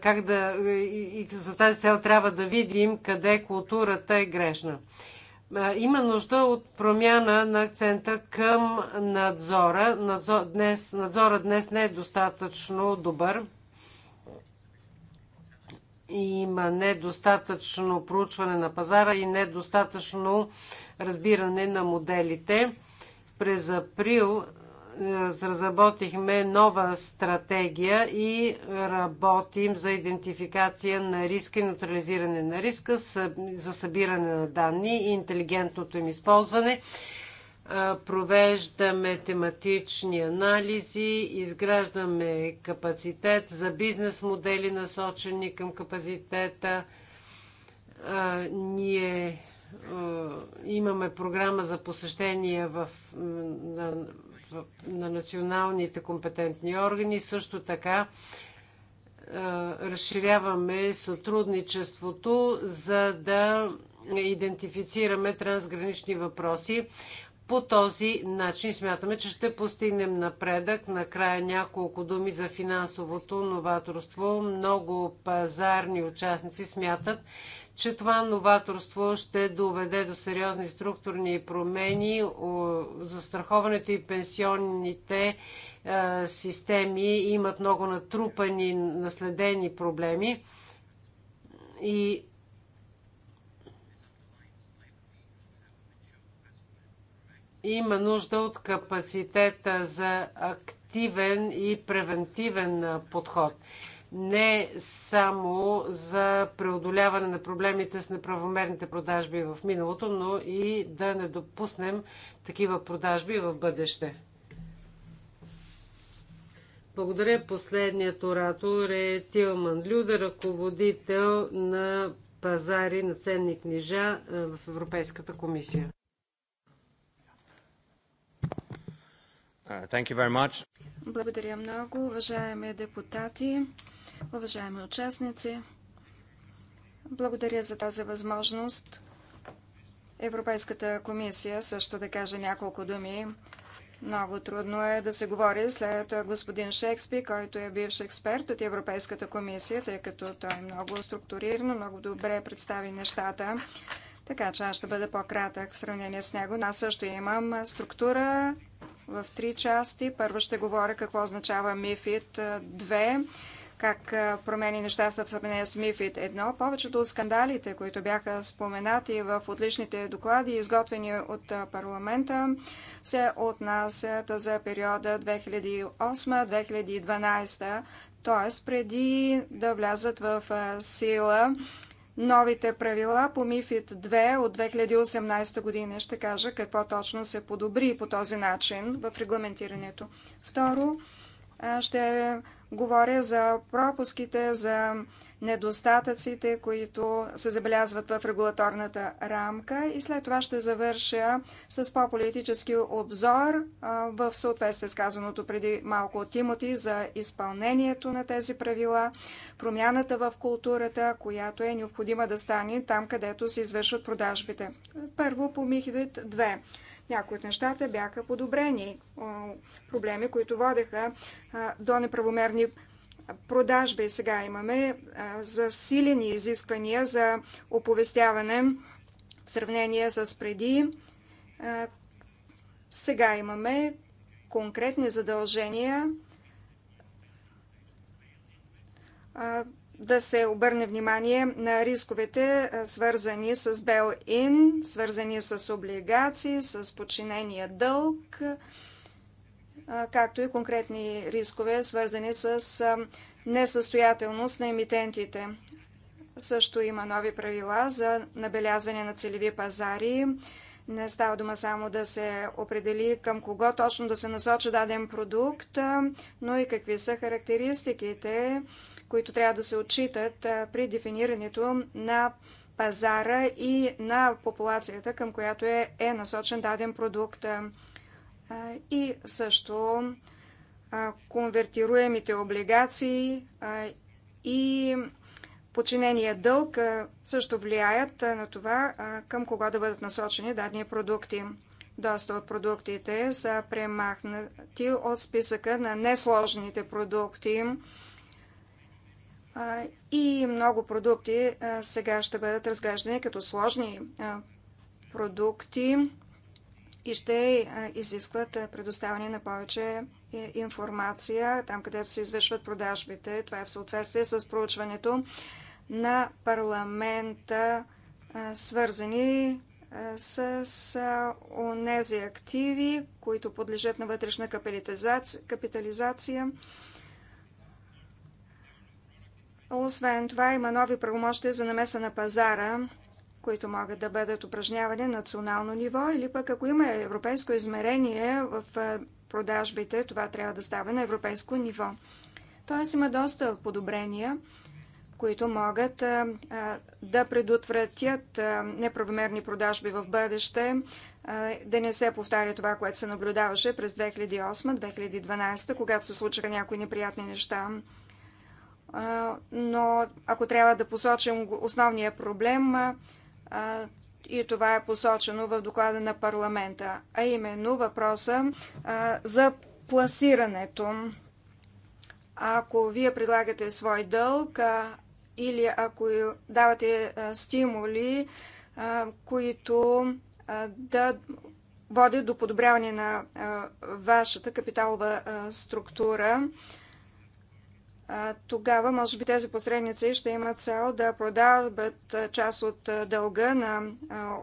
Как да... И за тази цел трябва да видим къде културата е грешна. Има нужда от промяна на акцента към надзора. Надзор, днес, надзора днес не е достатъчно добър има недостатъчно проучване на пазара и недостатъчно разбиране на моделите. През април е, разработихме нова стратегия и работим за идентификация на риска и нейтрализиране на риска, за събиране на данни и интелигентното им използване провеждаме тематични анализи, изграждаме капацитет за бизнес модели, насочени към капацитета. Ние имаме програма за посещение в, на, в, на националните компетентни органи. Също така разширяваме сътрудничеството, за да идентифицираме трансгранични въпроси. По този начин смятаме, че ще постигнем напредък. Накрая няколко думи за финансовото новаторство. Много пазарни участници смятат, че това новаторство ще доведе до сериозни структурни промени. За страховането и пенсионните е, системи имат много натрупани, наследени проблеми. И има нужда от капацитета за активен и превентивен подход. Не само за преодоляване на проблемите с неправомерните продажби в миналото, но и да не допуснем такива продажби в бъдеще. Благодаря. Последният оратор е Тилман Люда, ръководител на пазари на ценни книжа в Европейската комисия. Uh, Благодаря много, уважаеми депутати, уважаеми участници. Благодаря за тази възможност. Европейската комисия също да каже няколко думи. Много трудно е да се говори след господин Шекспи, който е бивш експерт от Европейската комисия, тъй като той е много структурирано, много добре представи нещата. Така че аз ще бъда по-кратък в сравнение с него. Но аз също имам структура, в три части. Първо ще говоря какво означава МИФИД 2 как промени нещата в сравнение с Мифид 1. Повечето от скандалите, които бяха споменати в отличните доклади, изготвени от парламента, се отнасят за периода 2008-2012, т.е. преди да влязат в сила новите правила по МИФИД 2 от 2018 година. Ще кажа какво точно се подобри по този начин в регламентирането. Второ, ще говоря за пропуските, за недостатъците, които се забелязват в регулаторната рамка и след това ще завърша с по-политически обзор в съответствие с казаното преди малко от Тимоти за изпълнението на тези правила, промяната в културата, която е необходима да стане там, където се извършват продажбите. Първо по Михивит 2. Някои от нещата бяха подобрени. Проблеми, които водеха до неправомерни продажби. Сега имаме засилени изисквания за оповестяване в сравнение с преди. Сега имаме конкретни задължения да се обърне внимание на рисковете, свързани с бел-ин, свързани с облигации, с подчинения дълг, както и конкретни рискове, свързани с несъстоятелност на емитентите. Също има нови правила за набелязване на целеви пазари. Не става дума само да се определи към кого точно да се насочи даден продукт, но и какви са характеристиките които трябва да се отчитат при дефинирането на пазара и на популацията, към която е, е насочен даден продукт. И също конвертируемите облигации и подчинения дълг също влияят на това към кого да бъдат насочени дадени продукти. Доста от продуктите са премахнати от списъка на несложните продукти и много продукти сега ще бъдат разглеждани като сложни продукти и ще изискват предоставяне на повече е, информация там, където се извършват продажбите. Това е в съответствие с проучването на парламента, свързани с онези активи, които подлежат на вътрешна капитализация, капитализация освен това има нови правомощия за намеса на пазара, които могат да бъдат упражнявани на национално ниво или пък ако има европейско измерение в продажбите, това трябва да става на европейско ниво. Тоест има доста подобрения, които могат а, да предотвратят а, неправомерни продажби в бъдеще, а, да не се повтаря това, което се наблюдаваше през 2008-2012, когато се случаха някои неприятни неща но ако трябва да посочим основния проблем, и това е посочено в доклада на парламента, а именно въпроса за пласирането. Ако вие предлагате свой дълг или ако давате стимули, които да водят до подобряване на вашата капиталова структура, тогава може би тези посредници ще имат цел да продават част от дълга на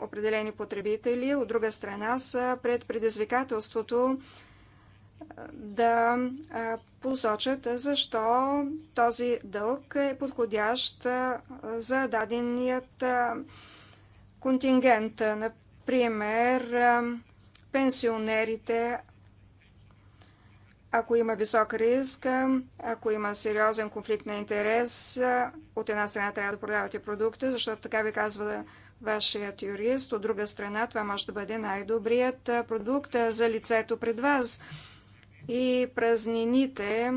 определени потребители. От друга страна са пред предизвикателството да посочат защо този дълг е подходящ за даденият контингент. Например, пенсионерите, ако има висок риск, ако има сериозен конфликт на интерес, от една страна трябва да продавате продукта, защото така ви казва вашият юрист, от друга страна това може да бъде най-добрият продукт за лицето пред вас. И празнините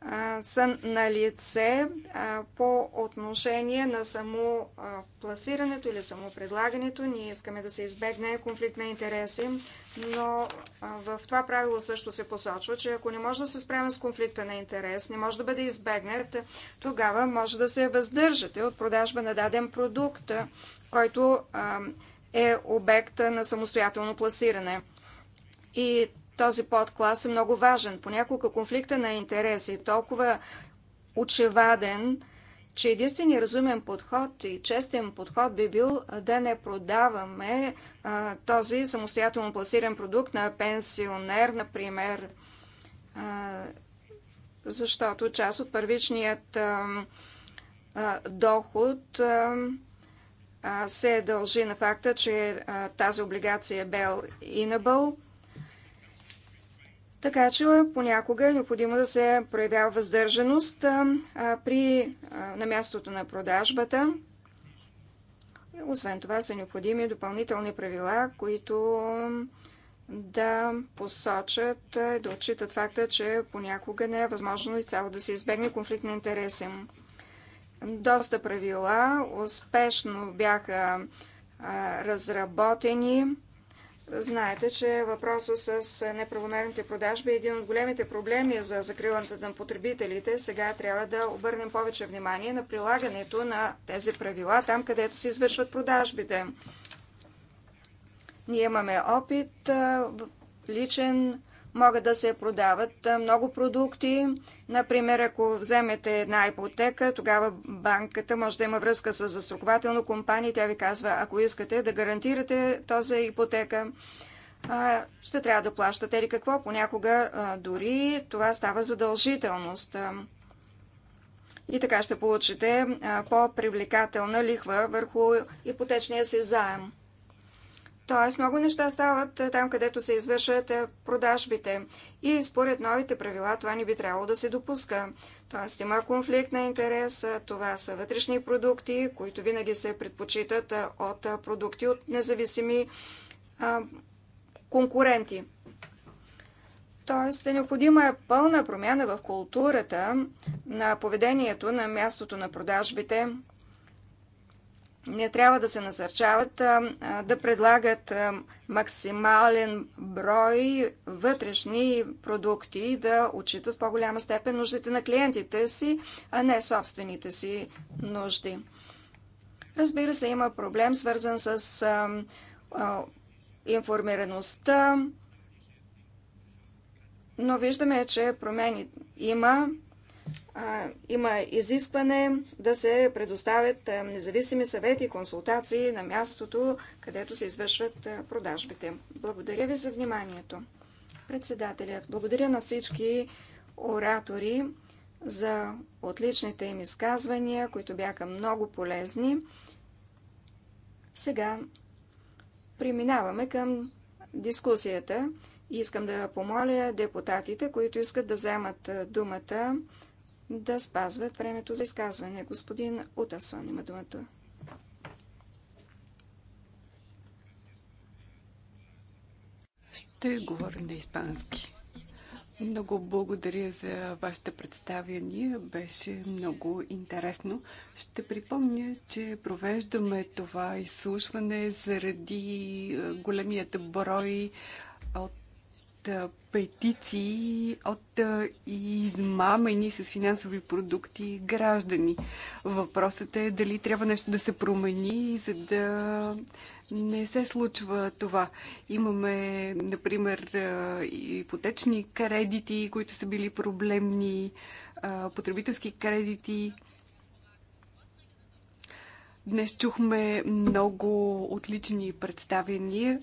а, са на лице а, по отношение на само а, пласирането или само предлагането. Ние искаме да се избегне конфликт на интереси но в това правило също се посочва, че ако не може да се справим с конфликта на интерес, не може да бъде избегнат, тогава може да се въздържате от продажба на даден продукт, който е обект на самостоятелно пласиране. И този подклас е много важен. Понякога конфликта на интерес е толкова очеваден, че единственият разумен подход и честен подход би бил да не продаваме а, този самостоятелно пласиран продукт на пенсионер, например, а, защото част от първичният а, а, доход а, се дължи на факта, че а, тази облигация е бел инабъл така че понякога е необходимо да се проявява въздържаност при, на мястото на продажбата. Освен това са необходими допълнителни правила, които да посочат, да отчитат факта, че понякога не е възможно изцяло да се избегне конфликт на интереси. Доста правила успешно бяха разработени Знаете, че въпросът с неправомерните продажби е един от големите проблеми за закрилата на потребителите. Сега трябва да обърнем повече внимание на прилагането на тези правила там, където се извършват продажбите. Ние имаме опит личен могат да се продават много продукти. Например, ако вземете една ипотека, тогава банката може да има връзка с застрахователна компания. Тя ви казва, ако искате да гарантирате този ипотека, ще трябва да плащате или какво. Понякога дори това става задължителност. И така ще получите по-привлекателна лихва върху ипотечния си заем. Тоест много неща стават е, там, където се извършват е, продажбите. И според новите правила това не би трябвало да се допуска. Тоест има конфликт на интерес, е, това са вътрешни продукти, които винаги се предпочитат от продукти от независими а, конкуренти. Тоест е необходима пълна промяна в културата на поведението на мястото на продажбите – не трябва да се насърчават да предлагат максимален брой вътрешни продукти, да отчитат в по-голяма степен нуждите на клиентите си, а не собствените си нужди. Разбира се, има проблем, свързан с информираността, но виждаме, че промени има има изискване да се предоставят е, независими съвети и консултации на мястото, където се извършват е, продажбите. Благодаря ви за вниманието. Председателят, благодаря на всички оратори за отличните им изказвания, които бяха много полезни. Сега преминаваме към дискусията. и Искам да помоля депутатите, които искат да вземат е, думата, да спазват времето за изказване. Господин Утасон има думата. Ще говоря на испански. Много благодаря за вашите представяния. Беше много интересно. Ще припомня, че провеждаме това изслушване заради е, големият брой от петиции от измамени с финансови продукти граждани. Въпросът е дали трябва нещо да се промени, за да не се случва това. Имаме, например, ипотечни кредити, които са били проблемни, потребителски кредити. Днес чухме много отлични представения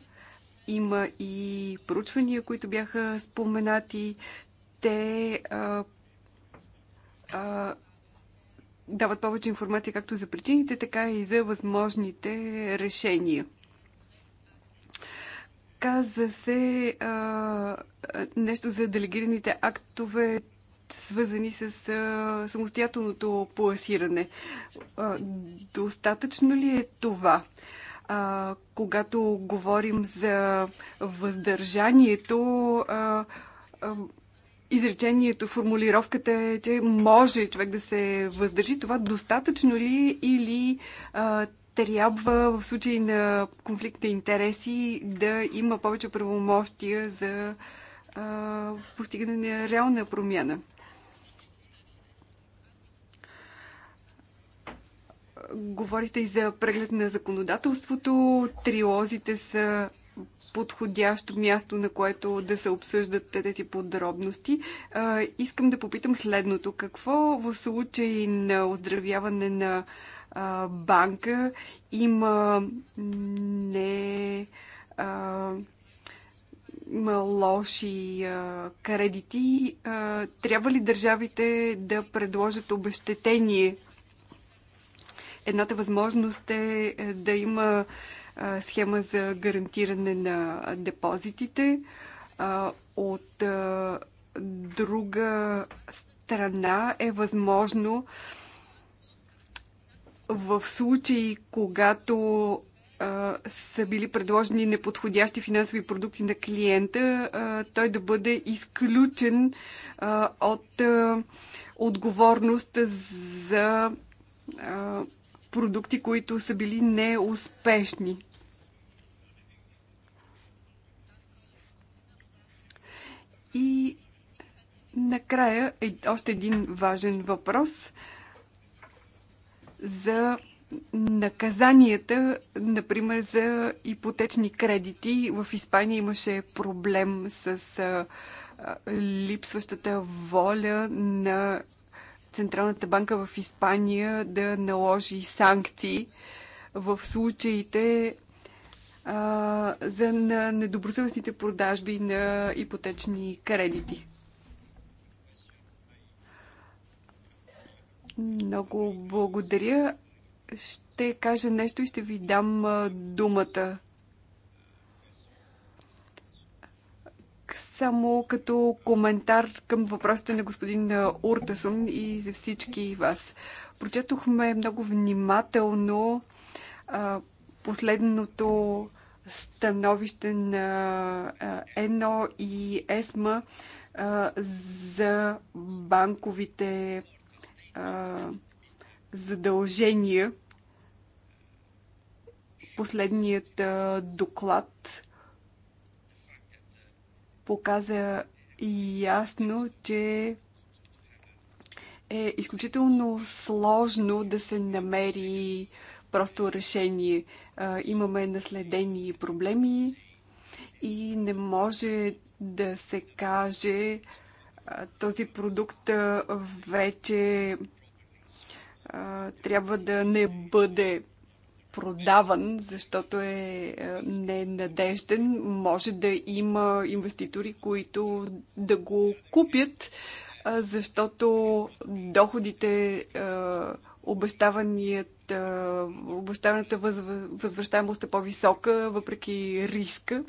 има и проучвания, които бяха споменати. Те а, а, дават повече информация както за причините, така и за възможните решения. Каза се а, нещо за делегираните актове, свързани с а, самостоятелното пласиране. А, достатъчно ли е това? А, а, когато говорим за въздържанието, а, а, изречението, формулировката е, че може човек да се въздържи. Това достатъчно ли или а, трябва в случай на конфликт на интереси да има повече правомощия за а, постигане на реална промяна? Говорите и за преглед на законодателството. Трилозите са подходящо място, на което да се обсъждат тези подробности. Искам да попитам следното. Какво в случай на оздравяване на банка има не има лоши а, кредити, а, трябва ли държавите да предложат обещетение Едната възможност е, е да има схема за гарантиране на депозитите. От друга страна е възможно в случаи, когато са били предложени неподходящи финансови продукти на клиента, той да бъде изключен от отговорност за продукти, които са били неуспешни. И накрая е още един важен въпрос за наказанията, например за ипотечни кредити. В Испания имаше проблем с липсващата воля на Централната банка в Испания да наложи санкции в случаите а, за на недобросъвестните продажби на ипотечни кредити. Много благодаря. Ще кажа нещо и ще ви дам думата само като коментар към въпросите на господин Уртасун и за всички вас. Прочетохме много внимателно последното становище на ЕНО и ЕСМА за банковите задължения. Последният доклад показа ясно, че е изключително сложно да се намери просто решение. Имаме наследени проблеми и не може да се каже този продукт вече трябва да не бъде продаван, защото е, е ненадежден. Може да има инвеститори, които да го купят, е, защото доходите, е, обещаваният, обещаваната възвръщаемост е по-висока, въпреки риска.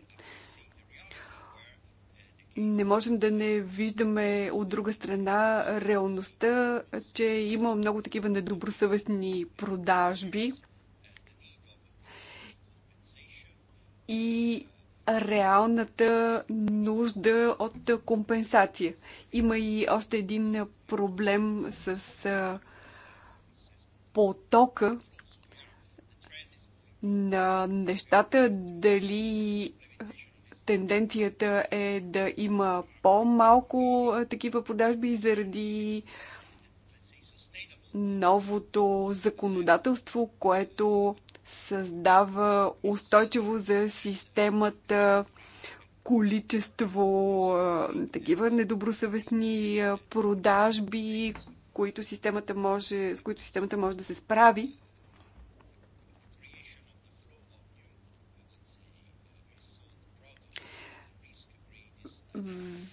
Не можем да не виждаме от друга страна реалността, че има много такива недобросъвестни продажби и реалната нужда от компенсация. Има и още един проблем с потока на нещата, дали тенденцията е да има по-малко такива продажби заради новото законодателство, което създава устойчиво за системата количество такива недобросъвестни продажби, които системата може, с които системата може да се справи.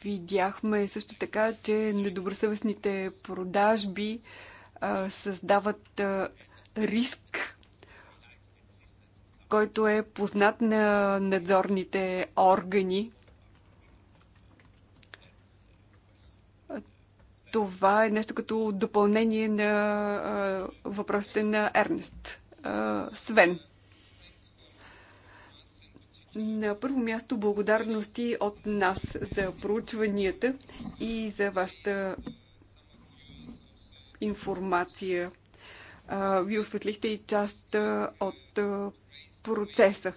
Видяхме също така, че недобросъвестните продажби а, създават а, риск който е познат на надзорните органи. Това е нещо като допълнение на въпросите на Ернест. Свен. На първо място благодарности от нас за проучванията и за вашата информация. Вие осветлихте и част от процеса.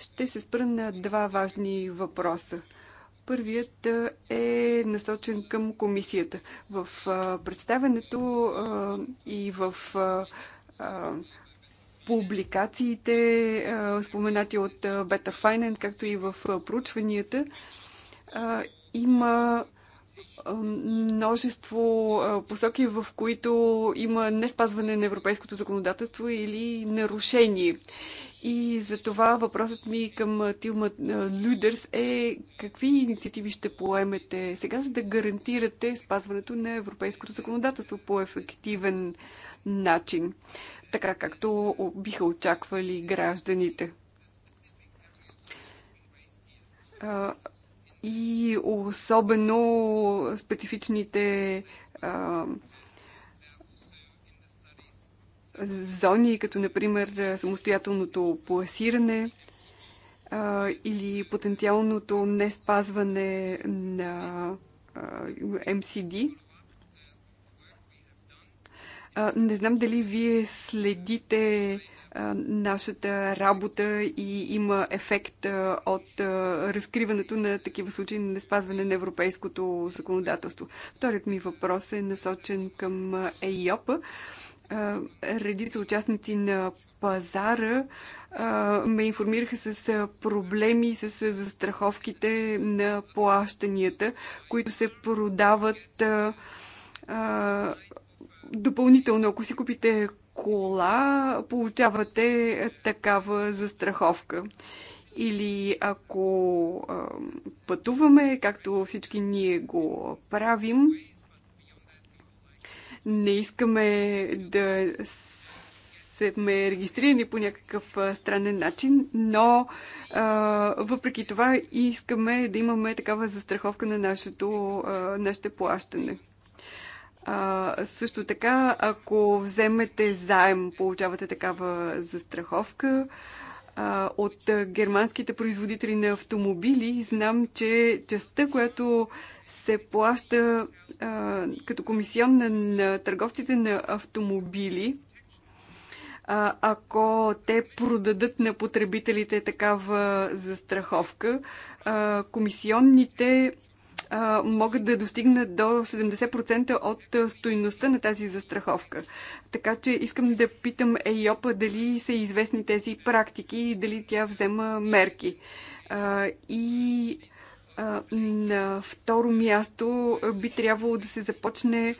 Ще се спра на два важни въпроса. Първият е насочен към комисията. В представенето и в публикациите, споменати от Beta Finance, както и в проучванията, има множество посоки, в които има неспазване на европейското законодателство или нарушение. И за това въпросът ми към Тилма Людерс е какви инициативи ще поемете сега, за да гарантирате спазването на европейското законодателство по ефективен начин, така както биха очаквали гражданите. И особено специфичните зони, като например самостоятелното пласиране а, или потенциалното не спазване на а, MCD. А, не знам дали вие следите нашата работа и има ефект от разкриването на такива случаи на спазване на европейското законодателство. Вторият ми въпрос е насочен към ЕИОПа редица участници на пазара ме информираха с проблеми с застраховките на плащанията, които се продават допълнително. Ако си купите кола, получавате такава застраховка. Или ако пътуваме, както всички ние го правим, не искаме да сме регистрирани по някакъв странен начин, но а, въпреки това искаме да имаме такава застраховка на нашето, а, нашето плащане. А, също така, ако вземете заем, получавате такава застраховка. А, а, от германските производители на автомобили. Знам, че частта, която се плаща а, като комисионна на търговците на автомобили, а, ако те продадат на потребителите такава застраховка, а, комисионните могат да достигнат до 70% от стоиността на тази застраховка. Така че искам да питам ЕЙОПА дали са известни тези практики и дали тя взема мерки. и на второ място би трябвало да се започне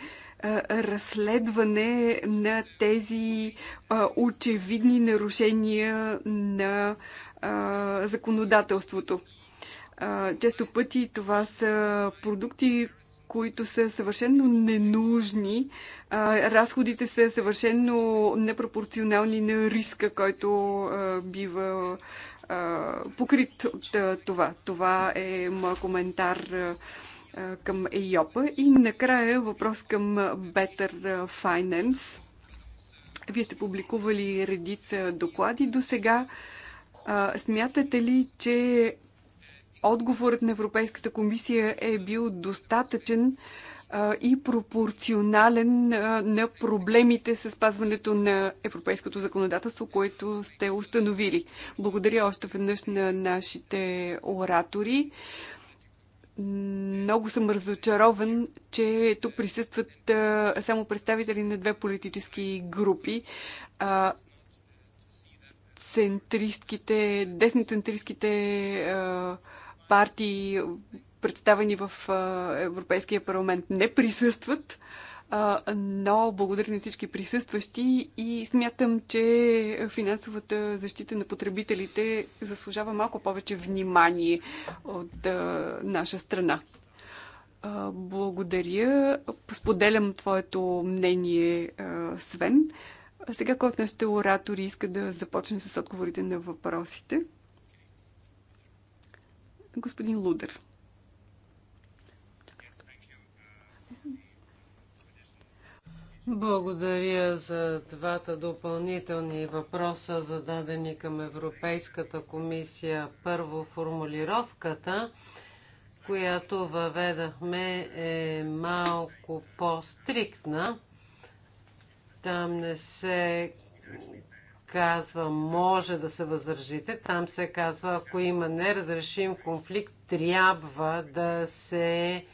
разследване на тези очевидни нарушения на законодателството. Често пъти това са продукти, които са съвършенно ненужни. Разходите са съвършенно непропорционални на риска, който бива покрит от това. Това е моят коментар към ЕИОПа. И накрая въпрос към Better Finance. Вие сте публикували редица доклади до сега. Смятате ли, че отговорът на Европейската комисия е бил достатъчен и пропорционален на проблемите с спазването на европейското законодателство, което сте установили. Благодаря още веднъж на нашите оратори. Много съм разочарован, че тук присъстват само представители на две политически групи. Центристките, десноцентристските партии, представени в Европейския парламент, не присъстват, но благодаря на всички присъстващи и смятам, че финансовата защита на потребителите заслужава малко повече внимание от наша страна. Благодаря. Споделям твоето мнение, Свен. сега който от нашите оратори иска да започне с отговорите на въпросите? господин Лудер. Благодаря за двата допълнителни въпроса, зададени към Европейската комисия. Първо, формулировката, която въведахме, е малко по-стриктна. Там не се казва може да се въздържите, там се казва ако има неразрешим конфликт, трябва да се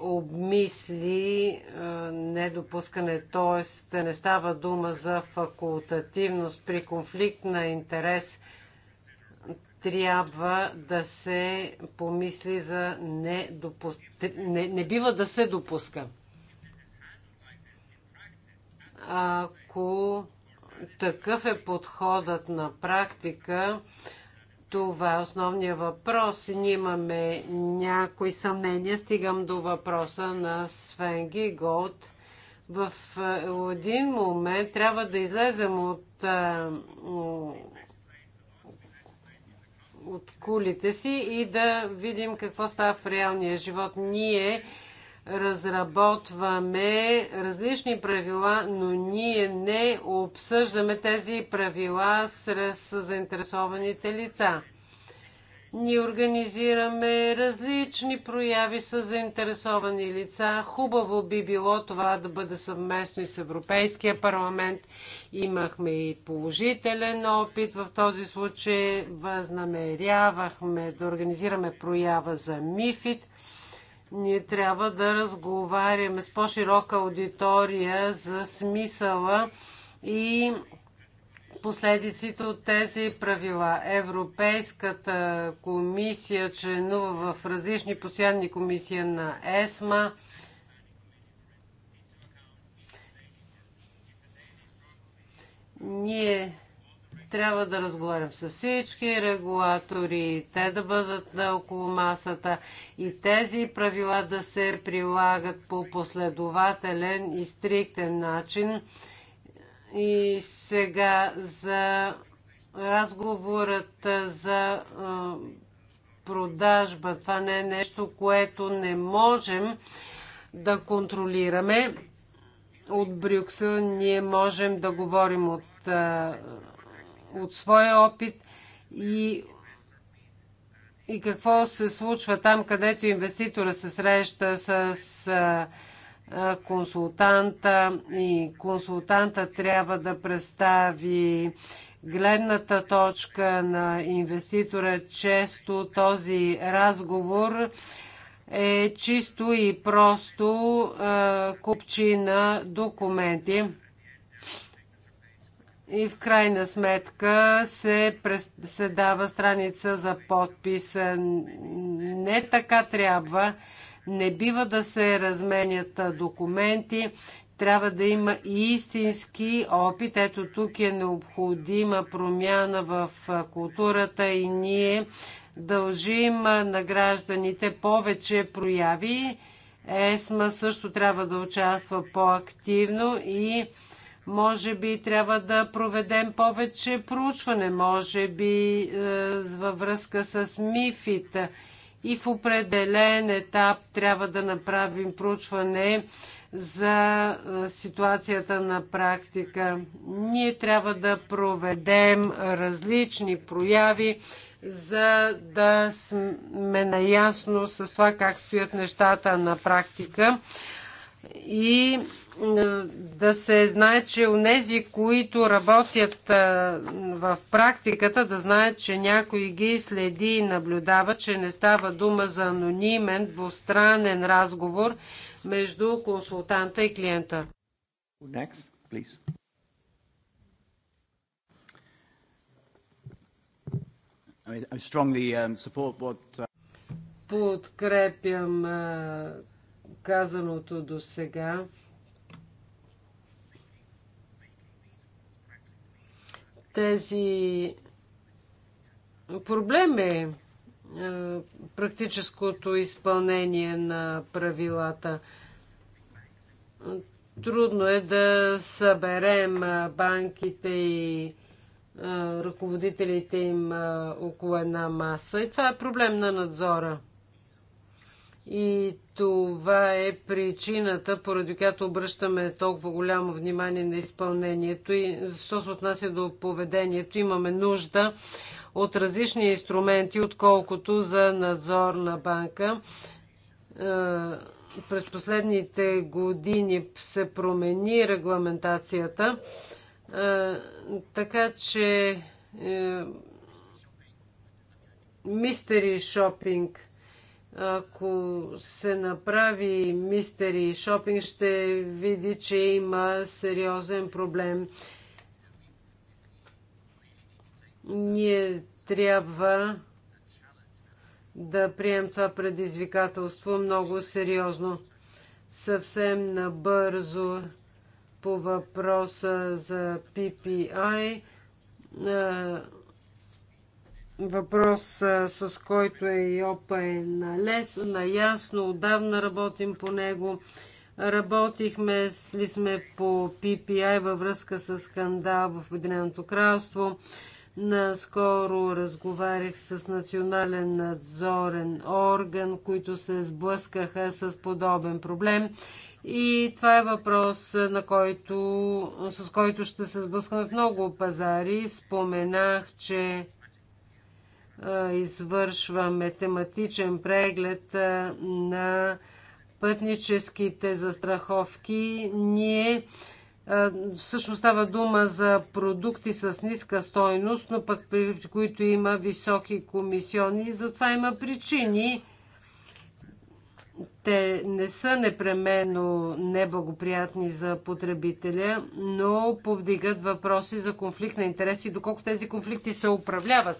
обмисли недопускане, т.е. не става дума за факултативност при конфликт на интерес. Трябва да се помисли за недопускане. Не, не бива да се допуска. Ако такъв е подходът на практика, това е основният въпрос. Ние имаме някои съмнения. Стигам до въпроса на Свенги Голд, В е, един момент трябва да излезем от, е, от кулите си и да видим какво става в реалния живот. Ние разработваме различни правила, но ние не обсъждаме тези правила с заинтересованите лица. Ние организираме различни прояви с заинтересовани лица. Хубаво би било това да бъде съвместно и с Европейския парламент. Имахме и положителен опит в този случай. Възнамерявахме да организираме проява за МИФИД – ние трябва да разговаряме с по-широка аудитория за смисъла и последиците от тези правила. Европейската комисия членува в различни постоянни комисии на ЕСМА. Ние трябва да разговарям с всички регулатори, те да бъдат на около масата и тези правила да се прилагат по последователен и стриктен начин. И сега за разговорът за продажба. Това не е нещо, което не можем да контролираме от Брюксел. Ние можем да говорим от от своя опит и, и какво се случва там, където инвеститора се среща с консултанта и консултанта трябва да представи гледната точка на инвеститора. Често този разговор е чисто и просто купчи на документи и в крайна сметка се, през, се дава страница за подпис. Не така трябва. Не бива да се разменят документи. Трябва да има истински опит. Ето тук е необходима промяна в културата и ние дължим на гражданите повече прояви. ЕСМА също трябва да участва по-активно и може би трябва да проведем повече проучване, може би е, във връзка с мифите, и в определен етап трябва да направим проучване за е, ситуацията на практика. Ние трябва да проведем различни прояви, за да сме наясно с това как стоят нещата на практика и да се знае, че у нези, които работят в практиката, да знаят, че някой ги следи и наблюдава, че не става дума за анонимен двустранен разговор между консултанта и клиента. Next, please. I strongly um, support what... Uh, Подкрепям казаното до сега. Тези проблем е практическото изпълнение на правилата. Трудно е да съберем е, банките и е, ръководителите им е, около една маса. И това е проблем на надзора. И това е причината, поради която обръщаме толкова голямо внимание на изпълнението. И що се отнася до поведението, имаме нужда от различни инструменти, отколкото за надзор на банка. Е, през последните години се промени регламентацията, е, така че е, мистери шопинг – ако се направи мистери шопинг, ще види, че има сериозен проблем. Ние трябва да приемем това предизвикателство много сериозно. Съвсем набързо по въпроса за PPI въпрос, с който е ОПА е на наясно, отдавна работим по него. Работихме ли сме по PPI във връзка с скандал в Обединеното кралство. Наскоро разговарях с национален надзорен орган, които се сблъскаха с подобен проблем. И това е въпрос, на който, с който ще се сблъскаме в много пазари. Споменах, че извършваме тематичен преглед на пътническите застраховки. Ние всъщност става дума за продукти с ниска стойност, но пък при които има високи комисиони. Затова има причини те не са непременно неблагоприятни за потребителя, но повдигат въпроси за конфликт на интереси, доколко тези конфликти се управляват.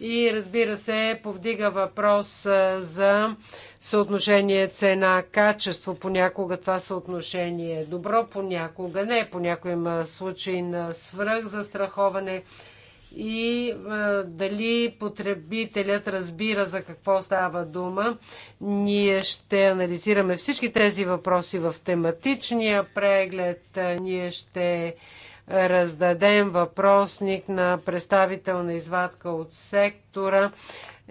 И разбира се, повдига въпрос за съотношение цена-качество. Понякога това съотношение е добро, понякога не. Понякога има случаи на свръх застраховане и а, дали потребителят разбира за какво става дума. Ние ще анализираме всички тези въпроси в тематичния преглед. Ние ще раздадем въпросник на представителна извадка от сектора.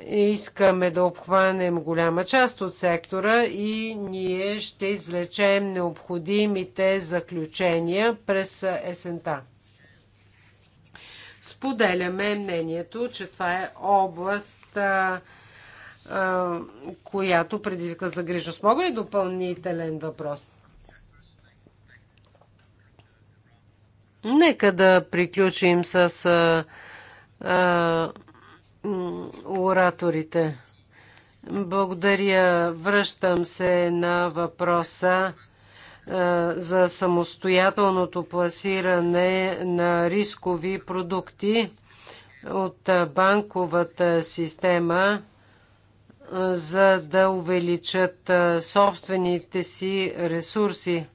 Искаме да обхванем голяма част от сектора и ние ще извлечем необходимите заключения през есента. Споделяме мнението, че това е област, а, а, която предизвика загрижност. Мога ли допълнителен въпрос? Нека да приключим с а, а, ораторите. Благодаря. Връщам се на въпроса е, за самостоятелното пласиране на рискови продукти от банковата система, е, за да увеличат е, собствените си ресурси.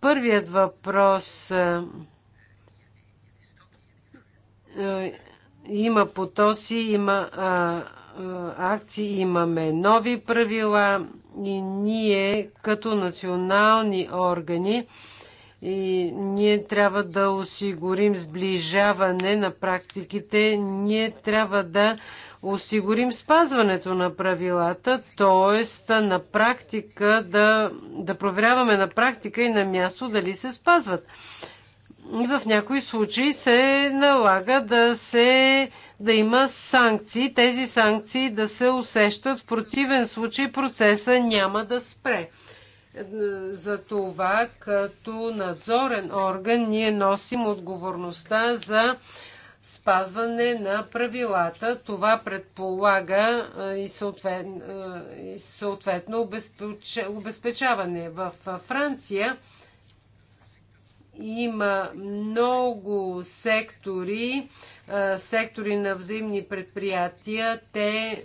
Първият въпрос има потоци, има акции, имаме нови правила, и ние като национални органи и ние трябва да осигурим сближаване на практиките, ние трябва да осигурим спазването на правилата, т.е. на практика да, да проверяваме на практика и на място дали се спазват в някои случаи се налага да, се, да има санкции. Тези санкции да се усещат. В противен случай процеса няма да спре. За това като надзорен орган ние носим отговорността за спазване на правилата. Това предполага и съответно, и съответно обезпечаване. В Франция има много сектори, сектори на взаимни предприятия. Те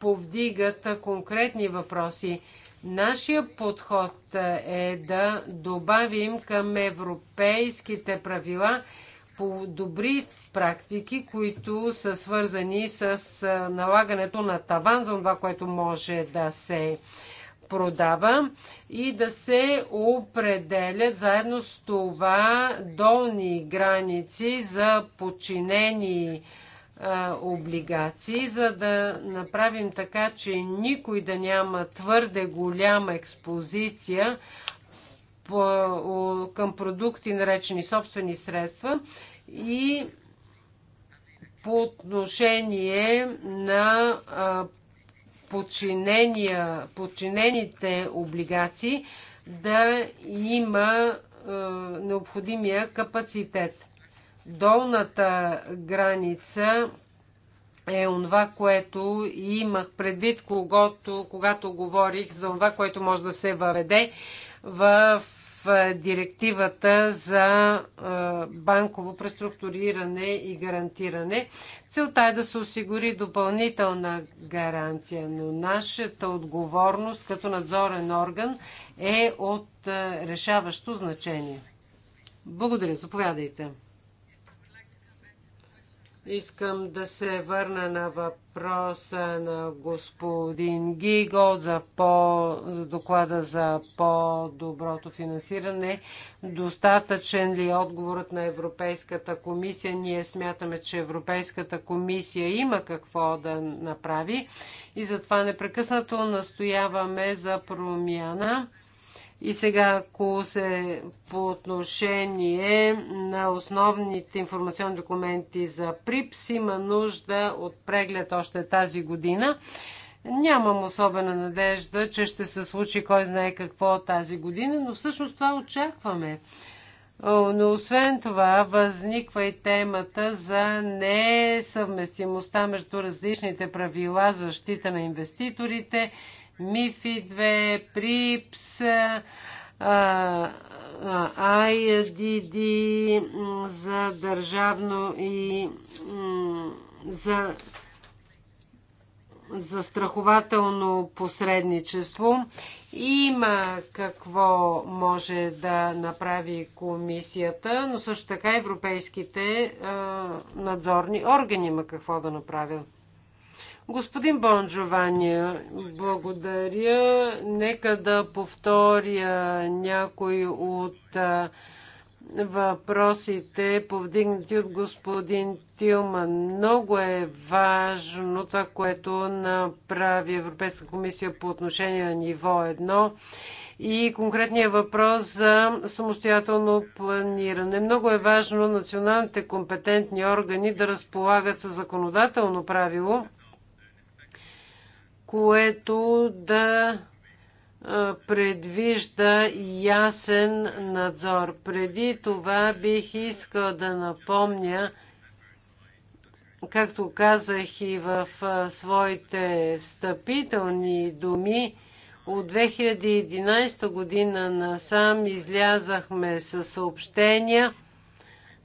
повдигат конкретни въпроси. Нашия подход е да добавим към европейските правила по добри практики, които са свързани с налагането на таван за това, което може да се продава и да се определят заедно с това долни граници за подчинени облигации, за да направим така, че никой да няма твърде голяма експозиция към продукти, наречени собствени средства и по отношение на а, подчинените облигации да има е, необходимия капацитет. Долната граница е онова, което имах предвид, когато, когато говорих за това, което може да се въведе в е, директивата за е, банково преструктуриране и гарантиране. Целта е да се осигури допълнителна гаранция, но нашата отговорност като надзорен орган е от е, решаващо значение. Благодаря. Заповядайте. Искам да се върна на въпроса на господин Гиго за, по, за доклада за по-доброто финансиране. Достатъчен ли е отговорът на Европейската комисия? Ние смятаме, че Европейската комисия има какво да направи и затова непрекъснато настояваме за промяна. И сега, ако се по отношение на основните информационни документи за ПРИПС има нужда от преглед още тази година. Нямам особена надежда, че ще се случи кой знае какво тази година, но всъщност това очакваме. Но освен това възниква и темата за несъвместимостта между различните правила, защита на инвеститорите МИФИ 2, ПРИПС, IDD за държавно и за застрахователно посредничество. Има какво може да направи комисията, но също така европейските а, надзорни органи има какво да направят. Господин Бон Джованни, благодаря. Нека да повторя някой от въпросите, повдигнати от господин Тилман. Много е важно това, което направи Европейска комисия по отношение на ниво 1 и конкретния въпрос за самостоятелно планиране. Много е важно националните компетентни органи да разполагат със законодателно правило, което да предвижда ясен надзор. Преди това бих искал да напомня, както казах и в своите встъпителни думи, от 2011 година насам излязахме със съобщения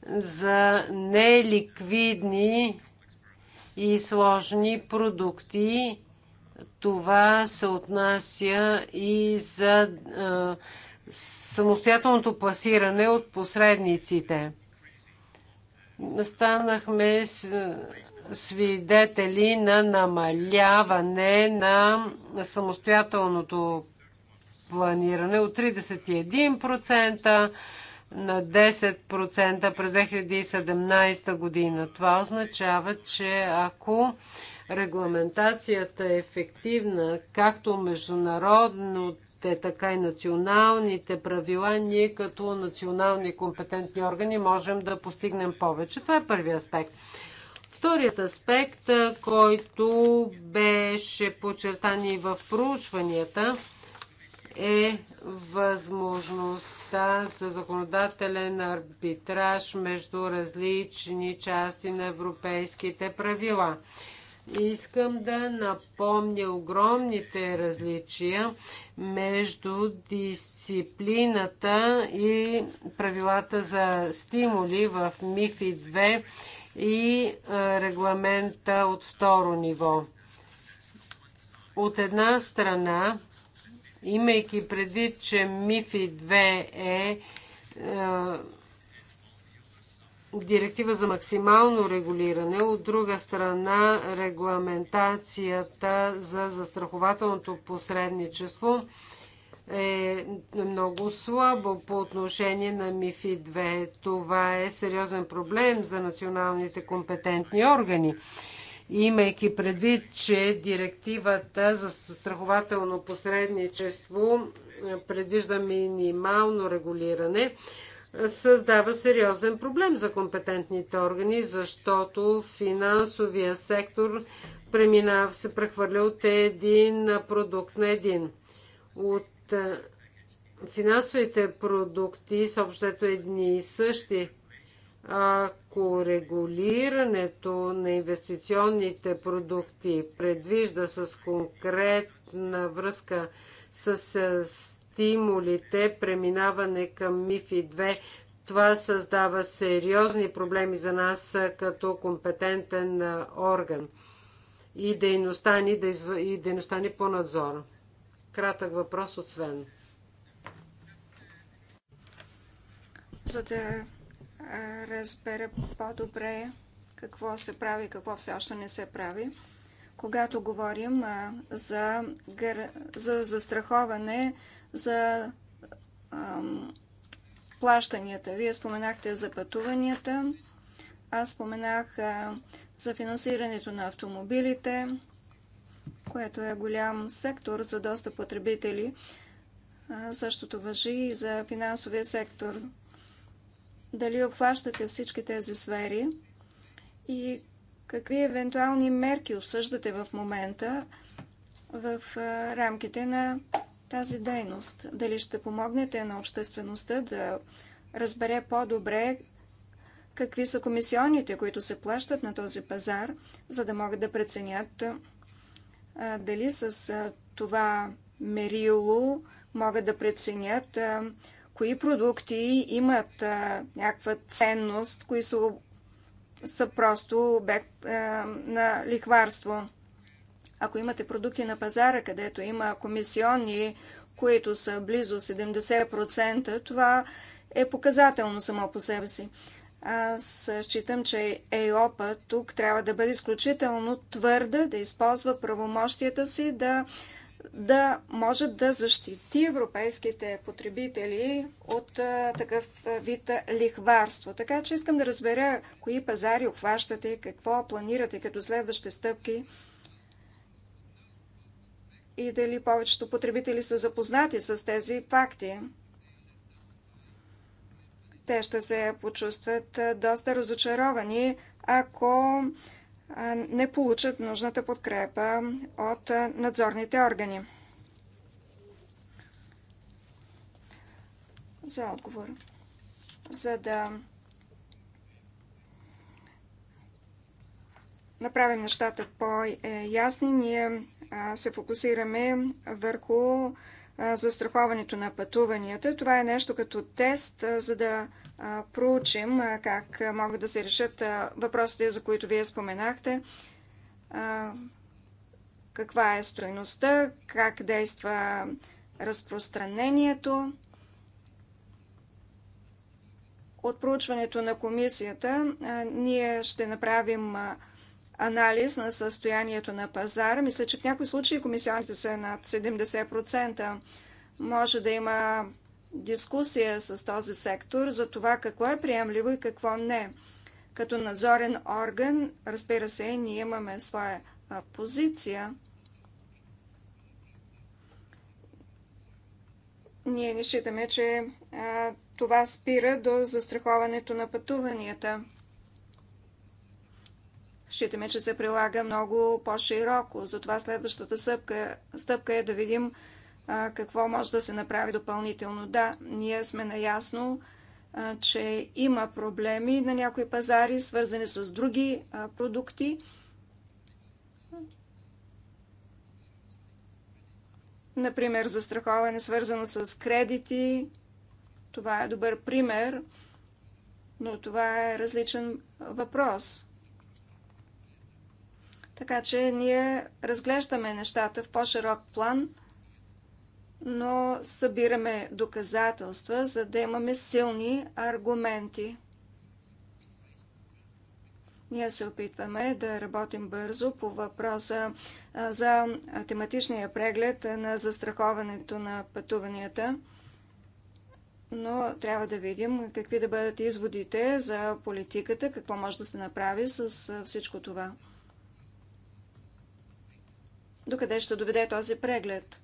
за неликвидни и сложни продукти това се отнася и за самостоятелното пласиране от посредниците. Станахме свидетели на намаляване на самостоятелното планиране от 31% на 10% през 2017 година. Това означава, че ако Регламентацията е ефективна, както международните, така и националните правила. Ние като национални компетентни органи можем да постигнем повече. Това е първият аспект. Вторият аспект, който беше подчертан и в проучванията, е възможността за законодателен арбитраж между различни части на европейските правила. Искам да напомня огромните различия между дисциплината и правилата за стимули в МИФИ 2 и регламента от второ ниво. От една страна, имайки предвид, че МИФИ 2 е директива за максимално регулиране, от друга страна регламентацията за застрахователното посредничество е много слабо по отношение на МИФИ 2. Това е сериозен проблем за националните компетентни органи. Имайки предвид, че директивата за страхователно посредничество предвижда минимално регулиране, създава сериозен проблем за компетентните органи, защото финансовия сектор преминава, се прехвърля от един продукт на един. От е, финансовите продукти са общото едни и същи. Ако регулирането на инвестиционните продукти предвижда с конкретна връзка с е, стимулите, преминаване към МИФИ 2, това създава сериозни проблеми за нас като компетентен орган и дейността ни, да изв... и дейността ни по надзор. Кратък въпрос от Свен. За да разбера по-добре какво се прави и какво все още не се прави, когато говорим за, за застраховане за ам, плащанията. Вие споменахте за пътуванията, аз споменах а, за финансирането на автомобилите, което е голям сектор за доста потребители. А, същото въжи и за финансовия сектор. Дали обхващате всички тези сфери и какви евентуални мерки обсъждате в момента в рамките на тази дейност? Дали ще помогнете на обществеността да разбере по-добре какви са комисионите, които се плащат на този пазар, за да могат да преценят дали с това мерило могат да преценят кои продукти имат някаква ценност, кои са, са просто обект на лихварство. Ако имате продукти на пазара, където има комисионни, които са близо 70%, това е показателно само по себе си. Аз считам, че ЕОПА тук трябва да бъде изключително твърда, да използва правомощията си, да, да може да защити европейските потребители от а, такъв вид лихварство. Така че искам да разбера кои пазари обхващате, какво планирате като следващи стъпки и дали повечето потребители са запознати с тези факти. Те ще се почувстват доста разочаровани, ако не получат нужната подкрепа от надзорните органи. За отговор. За да направим нещата по-ясни, е, ние се фокусираме върху застраховането на пътуванията. Това е нещо като тест, за да проучим как могат да се решат въпросите, за които вие споменахте. Каква е стойността, как действа разпространението. От проучването на комисията ние ще направим анализ на състоянието на пазара. Мисля, че в някои случаи комисионите са над 70%. Може да има дискусия с този сектор за това какво е приемливо и какво не. Като надзорен орган, разбира се, ние имаме своя позиция. Ние не считаме, че а, това спира до застраховането на пътуванията. Считаме, че се прилага много по-широко. Затова следващата стъпка, стъпка е да видим а, какво може да се направи допълнително. Да, ние сме наясно, а, че има проблеми на някои пазари, свързани с други а, продукти. Например, застраховане, свързано с кредити. Това е добър пример, но това е различен въпрос. Така че ние разглеждаме нещата в по-широк план, но събираме доказателства, за да имаме силни аргументи. Ние се опитваме да работим бързо по въпроса за тематичния преглед на застраховането на пътуванията, но трябва да видим какви да бъдат изводите за политиката, какво може да се направи с всичко това докъде ще доведе този преглед.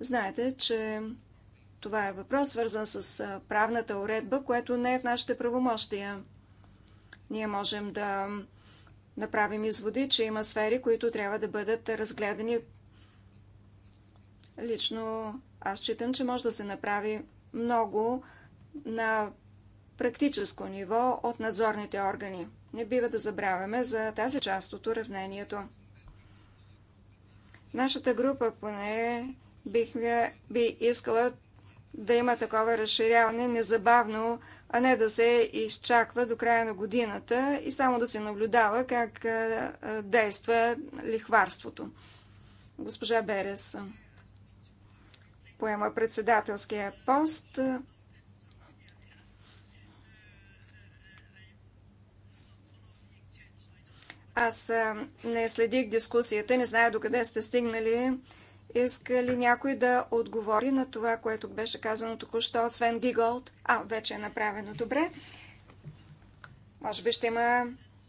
Знаете, че това е въпрос, свързан с правната уредба, което не е в нашите правомощия. Ние можем да направим изводи, че има сфери, които трябва да бъдат разгледани. Лично аз считам, че може да се направи много на практическо ниво от надзорните органи. Не бива да забравяме за тази част от уравнението. Нашата група поне ви, би искала да има такова разширяване незабавно, а не да се изчаква до края на годината и само да се наблюдава как действа лихварството. Госпожа Берес поема председателския пост. Аз не следих дискусията, не зная докъде сте стигнали. Иска ли някой да отговори на това, което беше казано току-що от Свен Гиголд? А, вече е направено добре. Може би ще има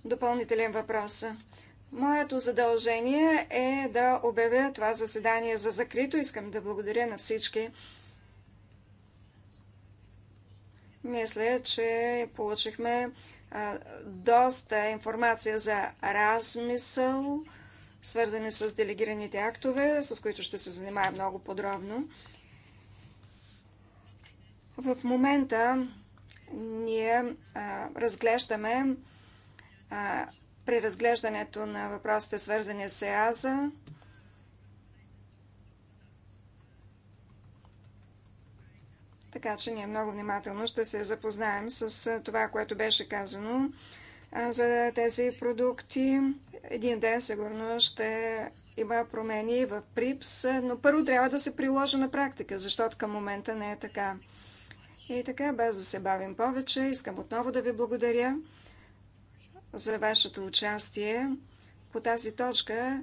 допълнителен въпрос. Моето задължение е да обявя това заседание за закрито. Искам да благодаря на всички. Мисля, че получихме доста информация за размисъл, свързани с делегираните актове, с които ще се занимая много подробно. В момента ние а, разглеждаме а, разглеждането на въпросите, свързани с ЕАЗа, Така че ние много внимателно ще се запознаем с това, което беше казано за тези продукти. Един ден сигурно ще има промени в ПРИПС, но първо трябва да се приложи на практика, защото към момента не е така. И така, без да се бавим повече, искам отново да ви благодаря за вашето участие по тази точка,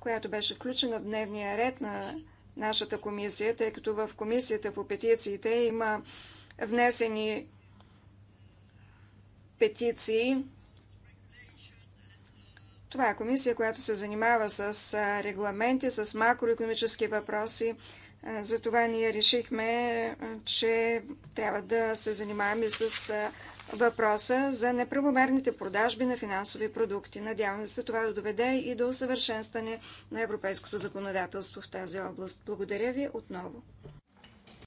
която беше включена в дневния ред на нашата комисия, тъй като в комисията по петициите има внесени петиции. Това е комисия, която се занимава с регламенти, с макроекономически въпроси. Затова ние решихме, че трябва да се занимаваме с въпроса за неправомерните продажби на финансови продукти. Надяваме се това да доведе и до усъвършенстване на европейското законодателство в тази област. Благодаря ви отново.